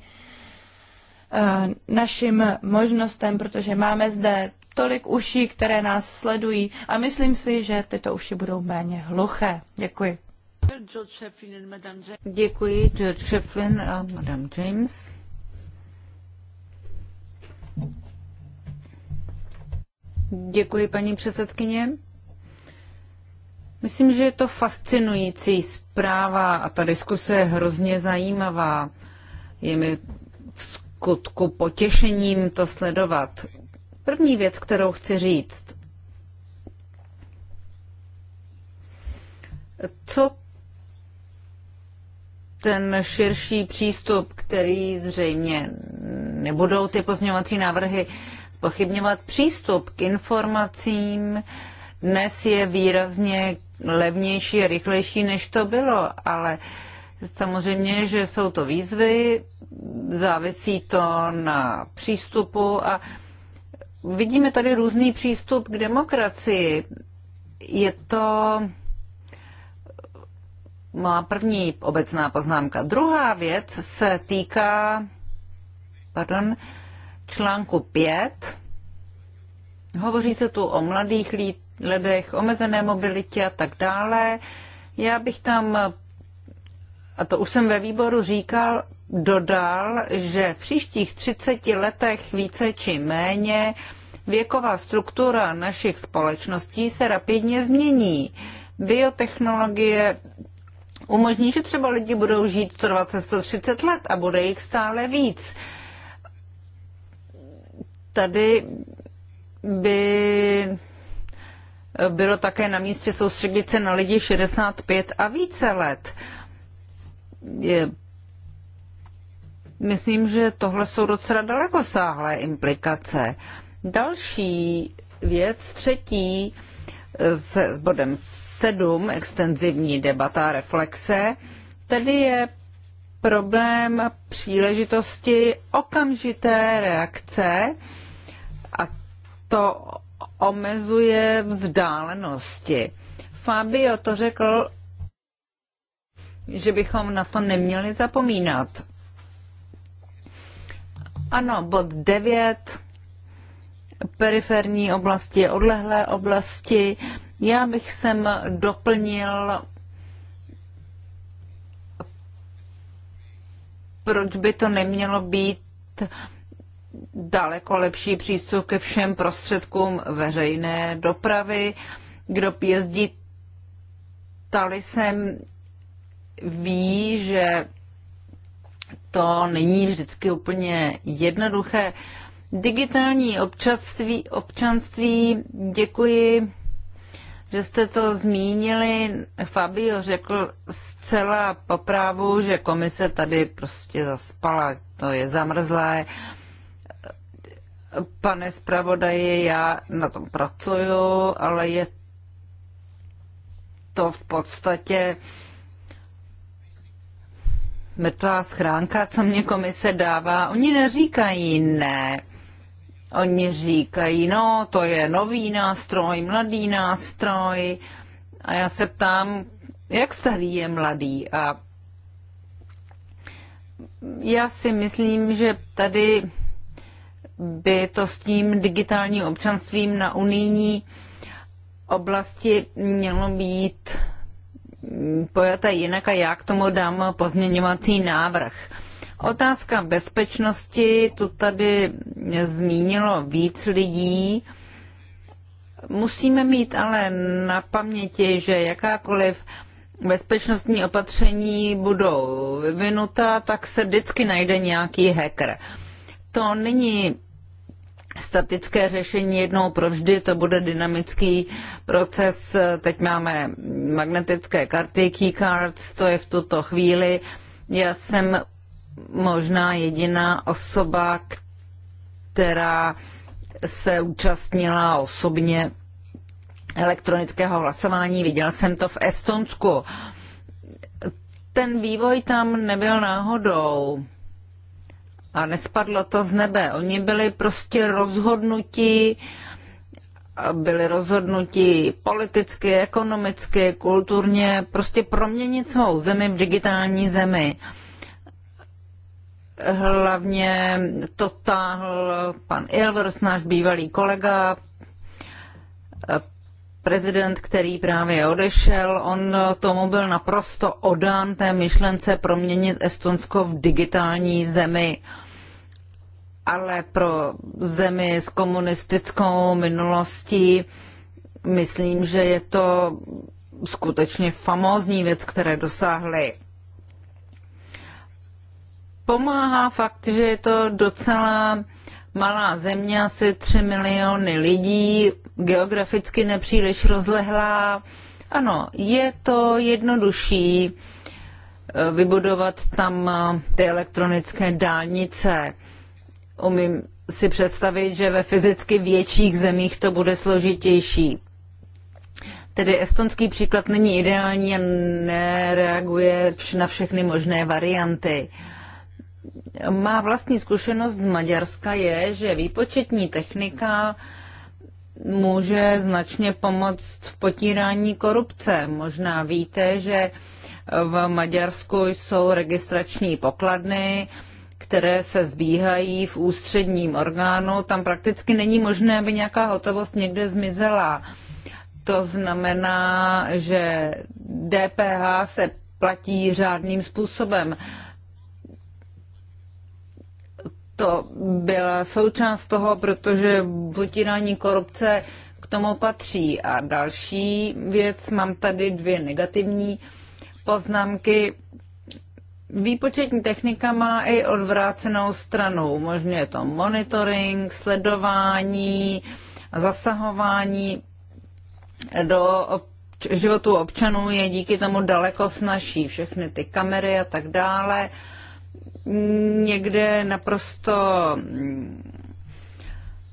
eh, našim možnostem, protože máme zde tolik uší, které nás sledují a myslím si, že tyto uši budou méně hluché. Děkuji. Děkuji, George Shefflin a Madame James. Děkuji, paní předsedkyně. Myslím, že je to fascinující zpráva a ta diskuse je hrozně zajímavá. Je mi v skutku potěšením to sledovat. První věc, kterou chci říct, co ten širší přístup, který zřejmě nebudou ty pozměňovací návrhy spochybňovat, přístup k informacím dnes je výrazně levnější a rychlejší, než to bylo, ale samozřejmě, že jsou to výzvy, závisí to na přístupu a Vidíme tady různý přístup k demokracii. Je to má první obecná poznámka. Druhá věc se týká pardon, článku 5. Hovoří se tu o mladých lidech, omezené mobilitě a tak dále. Já bych tam, a to už jsem ve výboru říkal, dodal, že v příštích 30 letech více či méně věková struktura našich společností se rapidně změní. Biotechnologie umožní, že třeba lidi budou žít 120-130 let a bude jich stále víc. Tady by bylo také na místě soustředit se na lidi 65 a více let. Myslím, že tohle jsou docela dalekosáhlé implikace. Další věc, třetí, s, s bodem 7, extenzivní debata, reflexe, tedy je problém příležitosti okamžité reakce a to omezuje vzdálenosti. Fabio to řekl, že bychom na to neměli zapomínat. Ano, bod 9, periferní oblasti, odlehlé oblasti. Já bych sem doplnil, proč by to nemělo být daleko lepší přístup ke všem prostředkům veřejné dopravy. Kdo jezdí, tali sem ví, že to není vždycky úplně jednoduché. Digitální občanství, občanství děkuji, že jste to zmínili. Fabio řekl zcela poprávu, že komise tady prostě zaspala, to je zamrzlé. Pane zpravodaji, já na tom pracuju, ale je to v podstatě uh, mrtvá schránka, co mě komise dává. Oni neříkají ne. Oni říkají, no, to je nový nástroj, mladý nástroj. A já se ptám, jak starý je mladý? A já si myslím, že tady by to s tím digitálním občanstvím na unijní oblasti mělo být pojata jinak a já k tomu dám pozměňovací návrh. Otázka bezpečnosti, tu tady zmínilo víc lidí. Musíme mít ale na paměti, že jakákoliv bezpečnostní opatření budou vyvinuta, tak se vždycky najde nějaký hacker. To není statické řešení jednou provždy, to bude dynamický proces. Teď máme magnetické karty, keycards, to je v tuto chvíli. Já jsem možná jediná osoba, která se účastnila osobně elektronického hlasování. Viděl jsem to v Estonsku. Ten vývoj tam nebyl náhodou a nespadlo to z nebe. Oni byli prostě rozhodnutí, byli rozhodnutí politicky, ekonomicky, kulturně, prostě proměnit svou zemi v digitální zemi. Hlavně to táhl pan Ilvers, náš bývalý kolega, prezident, který právě odešel, on tomu byl naprosto odán té myšlence proměnit Estonsko v digitální zemi. Ale pro zemi s komunistickou minulostí myslím, že je to skutečně famózní věc, které dosáhly. Pomáhá fakt, že je to docela malá země, asi 3 miliony lidí, geograficky nepříliš rozlehlá. Ano, je to jednodušší eh, vybudovat tam eh, ty elektronické dálnice. Umím si představit, že ve fyzicky větších zemích to bude složitější. Tedy estonský příklad není ideální a nereaguje na všechny možné varianty. Uh, má vlastní zkušenost z Maďarska je, že výpočetní technika může značně pomoct v potírání korupce. Možná víte, že v Maďarsku jsou registrační pokladny, které se zbíhají v ústředním orgánu. Tam prakticky není možné, aby nějaká hotovost někde zmizela. To znamená, že DPH se platí řádným způsobem to byla součást toho, protože potírání korupce k tomu patří. A další věc, mám tady dvě negativní poznámky. Výpočetní technika má i odvrácenou stranu. Možná je to monitoring, sledování, zasahování do životu občanů je díky tomu daleko snažší. Všechny ty kamery a tak dále. Uh, někde naprosto mm,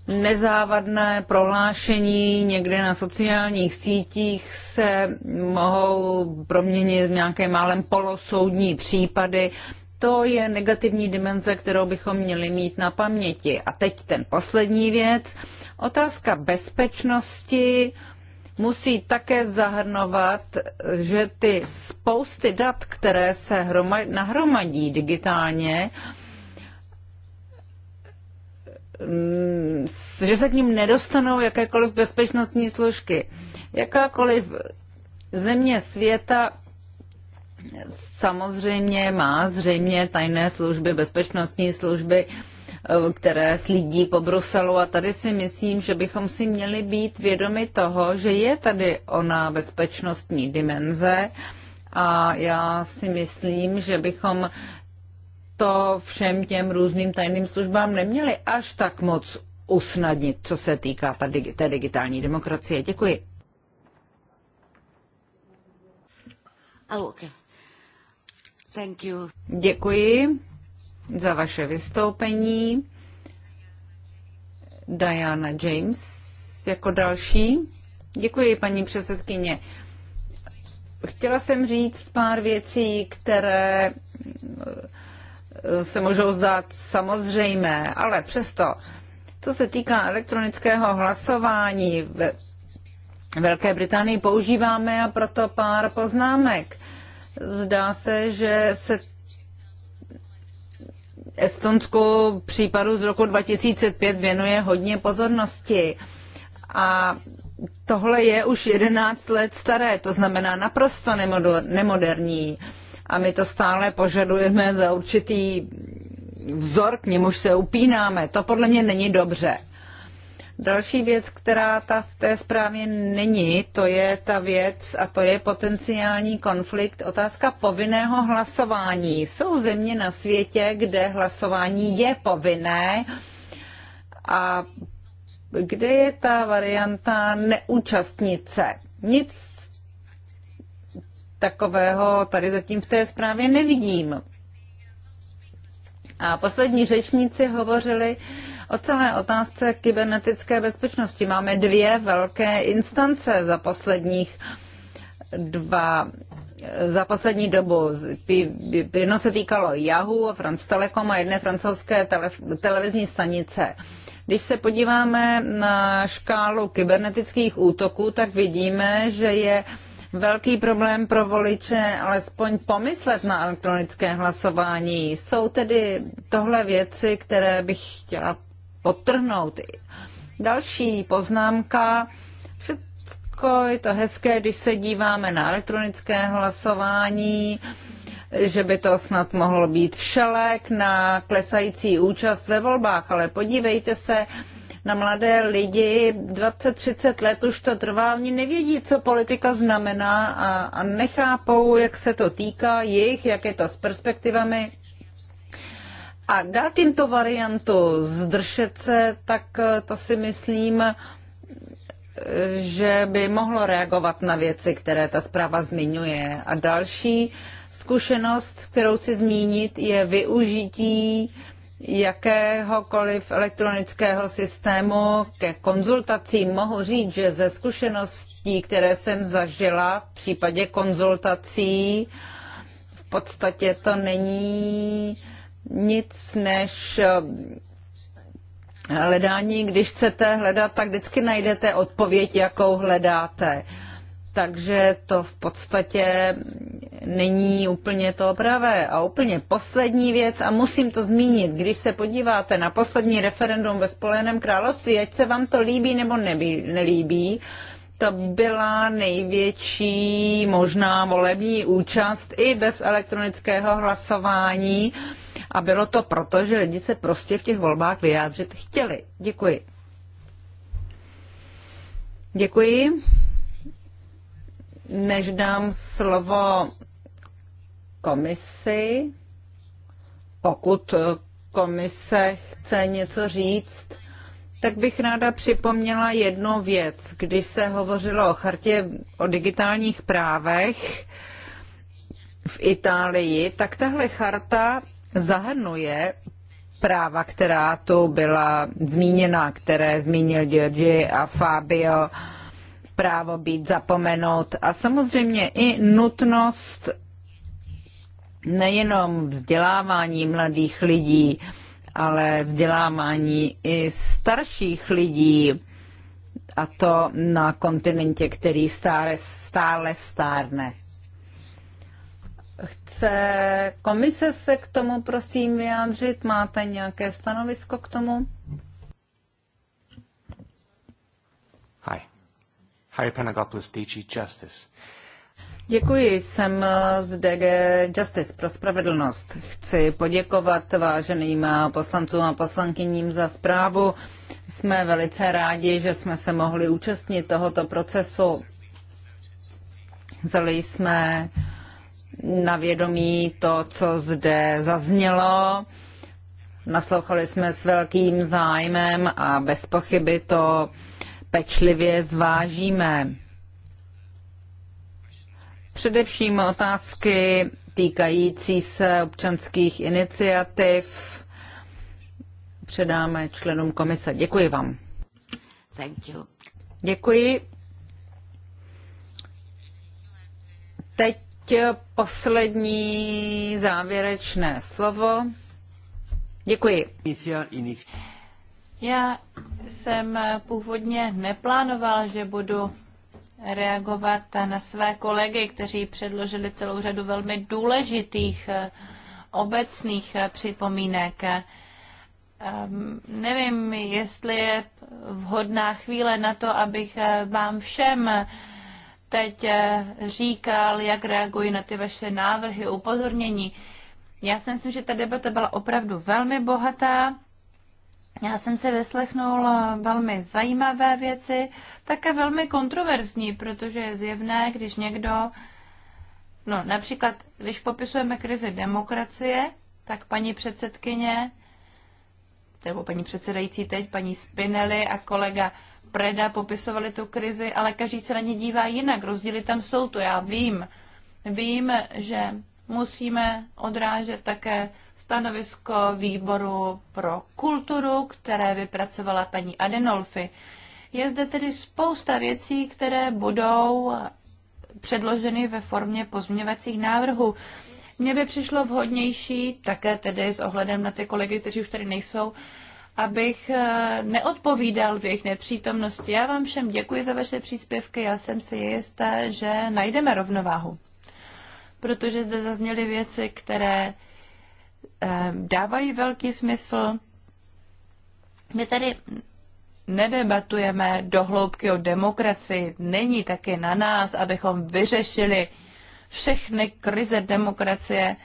nezávadné prohlášení někde na sociálních sítích se mohou proměnit v nějaké málem polosoudní případy. To je negativní dimenze, kterou bychom měli mít na paměti. A teď ten poslední věc. Otázka bezpečnosti musí také zahrnovat, že ty spousty dat, které se nahromadí digitálně, mm, že se k ním nedostanou jakékoliv bezpečnostní složky. Jakákoliv země světa samozřejmě má zřejmě tajné služby, bezpečnostní služby, Eh, které slídí po Bruselu a tady si myslím, že bychom si měli být vědomi toho, že je tady ona bezpečnostní dimenze a já si myslím, že bychom to všem těm různým tajným službám neměli až tak moc usnadnit, co se týká té digitální demokracie. Děkuji. Oh, okay. Thank you. Děkuji za vaše vystoupení. Diana James jako další. Děkuji, paní předsedkyně. Chtěla jsem říct pár věcí, které eh, se můžou zdát samozřejmé, ale přesto, co se týká elektronického hlasování, ve Velké Británii používáme a proto pár poznámek. Zdá se, že se Estonsku případu z roku 2005 věnuje hodně pozornosti. A tohle je už 11 let staré, to znamená naprosto nemoderní. A my to stále požadujeme za určitý vzor, k němuž se upínáme. To podle mě není dobře. Další věc, která ta v té zprávě není, to je ta věc a to je potenciální konflikt. Otázka povinného hlasování. Jsou země na světě, kde hlasování je povinné a kde je ta varianta neúčastnice. Nic takového tady zatím v té zprávě nevidím. A poslední řečníci hovořili uh, O celé otázce kybernetické bezpečnosti máme dvě velké instance za posledních dva za poslední dobu. Jedno se týkalo Yahoo a France Telecom a jedné francouzské televizní stanice. Když se podíváme na škálu kybernetických útoků, tak vidíme, že je velký problém pro voliče alespoň pomyslet na elektronické hlasování. Jsou tedy tohle věci, které bych chtěla potrhnout. Další poznámka. Všechno je to hezké, když se díváme na elektronické hlasování, že by to snad mohlo být všelek na klesající účast ve volbách, ale podívejte se, na mladé lidi 20-30 let už to trvá, oni nevědí, co politika znamená a, a nechápou, jak se to týká jich, jak je to s perspektivami a dát jim to variantu zdržet se, tak eh, to si myslím, eh, že by mohlo reagovat na věci, které ta zpráva zmiňuje. A další zkušenost, kterou chci zmínit, je využití jakéhokoliv elektronického systému ke konzultacím. Mohu říct, že ze zkušeností, které jsem zažila v případě konzultací, v podstatě to není nic než eh, hledání. Když chcete hledat, tak vždycky najdete odpověď, jakou hledáte. Takže to v podstatě není úplně to pravé. A úplně poslední věc, a musím to zmínit, když se podíváte na poslední referendum ve Spojeném království, ať se vám to líbí nebo nebí, nelíbí, to byla největší možná volební účast i bez elektronického hlasování. Uh, a bylo to proto, že lidi se prostě v těch volbách vyjádřit chtěli. Děkuji. Děkuji. Než dám slovo komisi, pokud komise chce něco říct, tak bych ráda připomněla jednu věc. Když se hovořilo o chartě o digitálních právech v Itálii, tak tahle charta zahrnuje práva, která tu byla zmíněna, které zmínil Giorgi a Fabio, právo být zapomenout a samozřejmě i nutnost nejenom vzdělávání mladých lidí, ale vzdělávání i starších lidí, a to na kontinentě, který stále, stále stárne. Chce komise se k tomu prosím vyjádřit? Máte nějaké stanovisko k tomu? Hi. Harry Panagopoulos, DG Justice. Děkuji, jsem z DG Justice pro spravedlnost. Chci poděkovat váženým poslancům a poslankyním za zprávu. Jsme velice rádi, že jsme se mohli účastnit tohoto procesu. Vzali jsme uh, na vědomí to, co zde zaznělo. Naslouchali jsme s velkým zájmem a bez pochyby to pečlivě zvážíme. Především otázky týkající se občanských iniciativ předáme členům komise. Děkuji vám. Thank you. Děkuji. Teď poslední závěrečné slovo. Děkuji. Já jsem původně neplánoval, že budu reagovat na své kolegy, kteří předložili celou řadu velmi důležitých eh, obecných eh, připomínek. Ehm, nevím, jestli je vhodná chvíle na to, abych eh, vám všem teď eh, říkal, jak reagují na ty vaše návrhy, upozornění. Já si myslím, že ta debata byla opravdu velmi bohatá. Já jsem se vyslechnul eh, velmi zajímavé věci, také velmi kontroverzní, protože je zjevné, když někdo, no například, když popisujeme krizi demokracie, tak paní předsedkyně, nebo paní předsedající teď, paní Spinelli a kolega Preda popisovali tu krizi, ale každý se na ně dívá jinak. Rozdíly tam jsou, to já vím. Vím, že musíme odrážet také stanovisko výboru pro kulturu, které vypracovala paní Adenolfi. Je zde tedy spousta věcí, které budou předloženy ve formě pozměňovacích návrhů. Mně by přišlo vhodnější, také tedy s ohledem na ty kolegy, kteří už tady nejsou, abych eh, neodpovídal v jejich nepřítomnosti. Já vám všem děkuji za vaše příspěvky, já jsem si jistá, že najdeme rovnováhu. Protože zde zazněly věci, které eh, dávají velký smysl. My tady nedebatujeme dohloubky o demokracii. Není taky na nás, abychom vyřešili všechny krize demokracie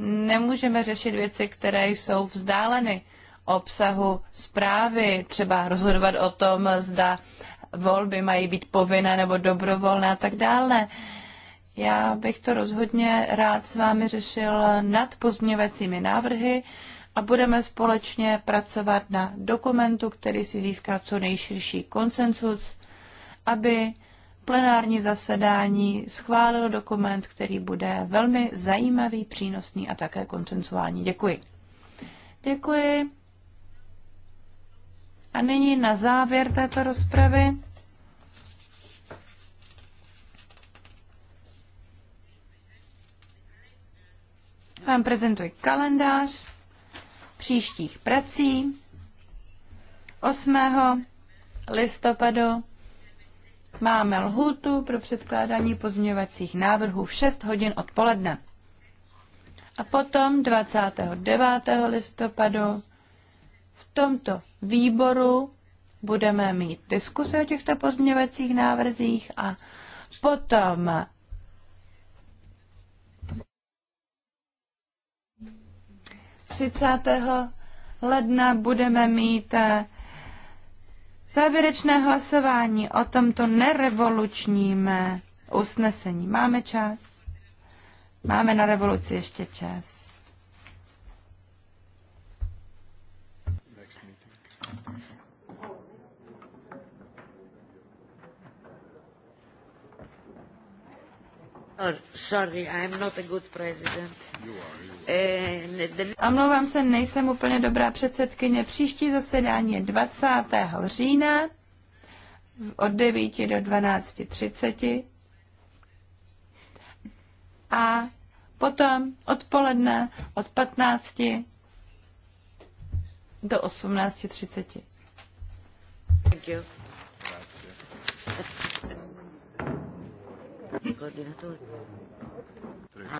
nemůžeme řešit věci, které jsou vzdáleny obsahu zprávy, třeba rozhodovat o tom, zda volby mají být povinné nebo dobrovolné a tak dále. Já bych to rozhodně rád s vámi řešil nad pozměňovacími návrhy a budeme společně pracovat na dokumentu, který si získá co nejširší konsensus, aby plenární zasedání schválilo dokument, který bude velmi zajímavý, přínosný a také koncensuální. Děkuji. Děkuji. A nyní na závěr této rozpravy. Vám prezentuji kalendář příštích prací. 8. listopadu Máme lhůtu pro předkládání pozměňovacích návrhů v 6 hodin odpoledne. A potom 29. listopadu v tomto výboru budeme mít diskuse o těchto pozměňovacích návrzích a potom Třicátého ledna budeme mít eh, Závěrečné hlasování o tomto nerevolučním usnesení. Máme čas? Máme na revoluci ještě čas. Oh, sorry, I am not a good president. You are. Eh, omlouvám se, nejsem úplně dobrá předsedkyně. Příští zasedání je 20. října od 9 do 12.30 a potom odpoledne od 15 do 18.30. Thank you. Grazie.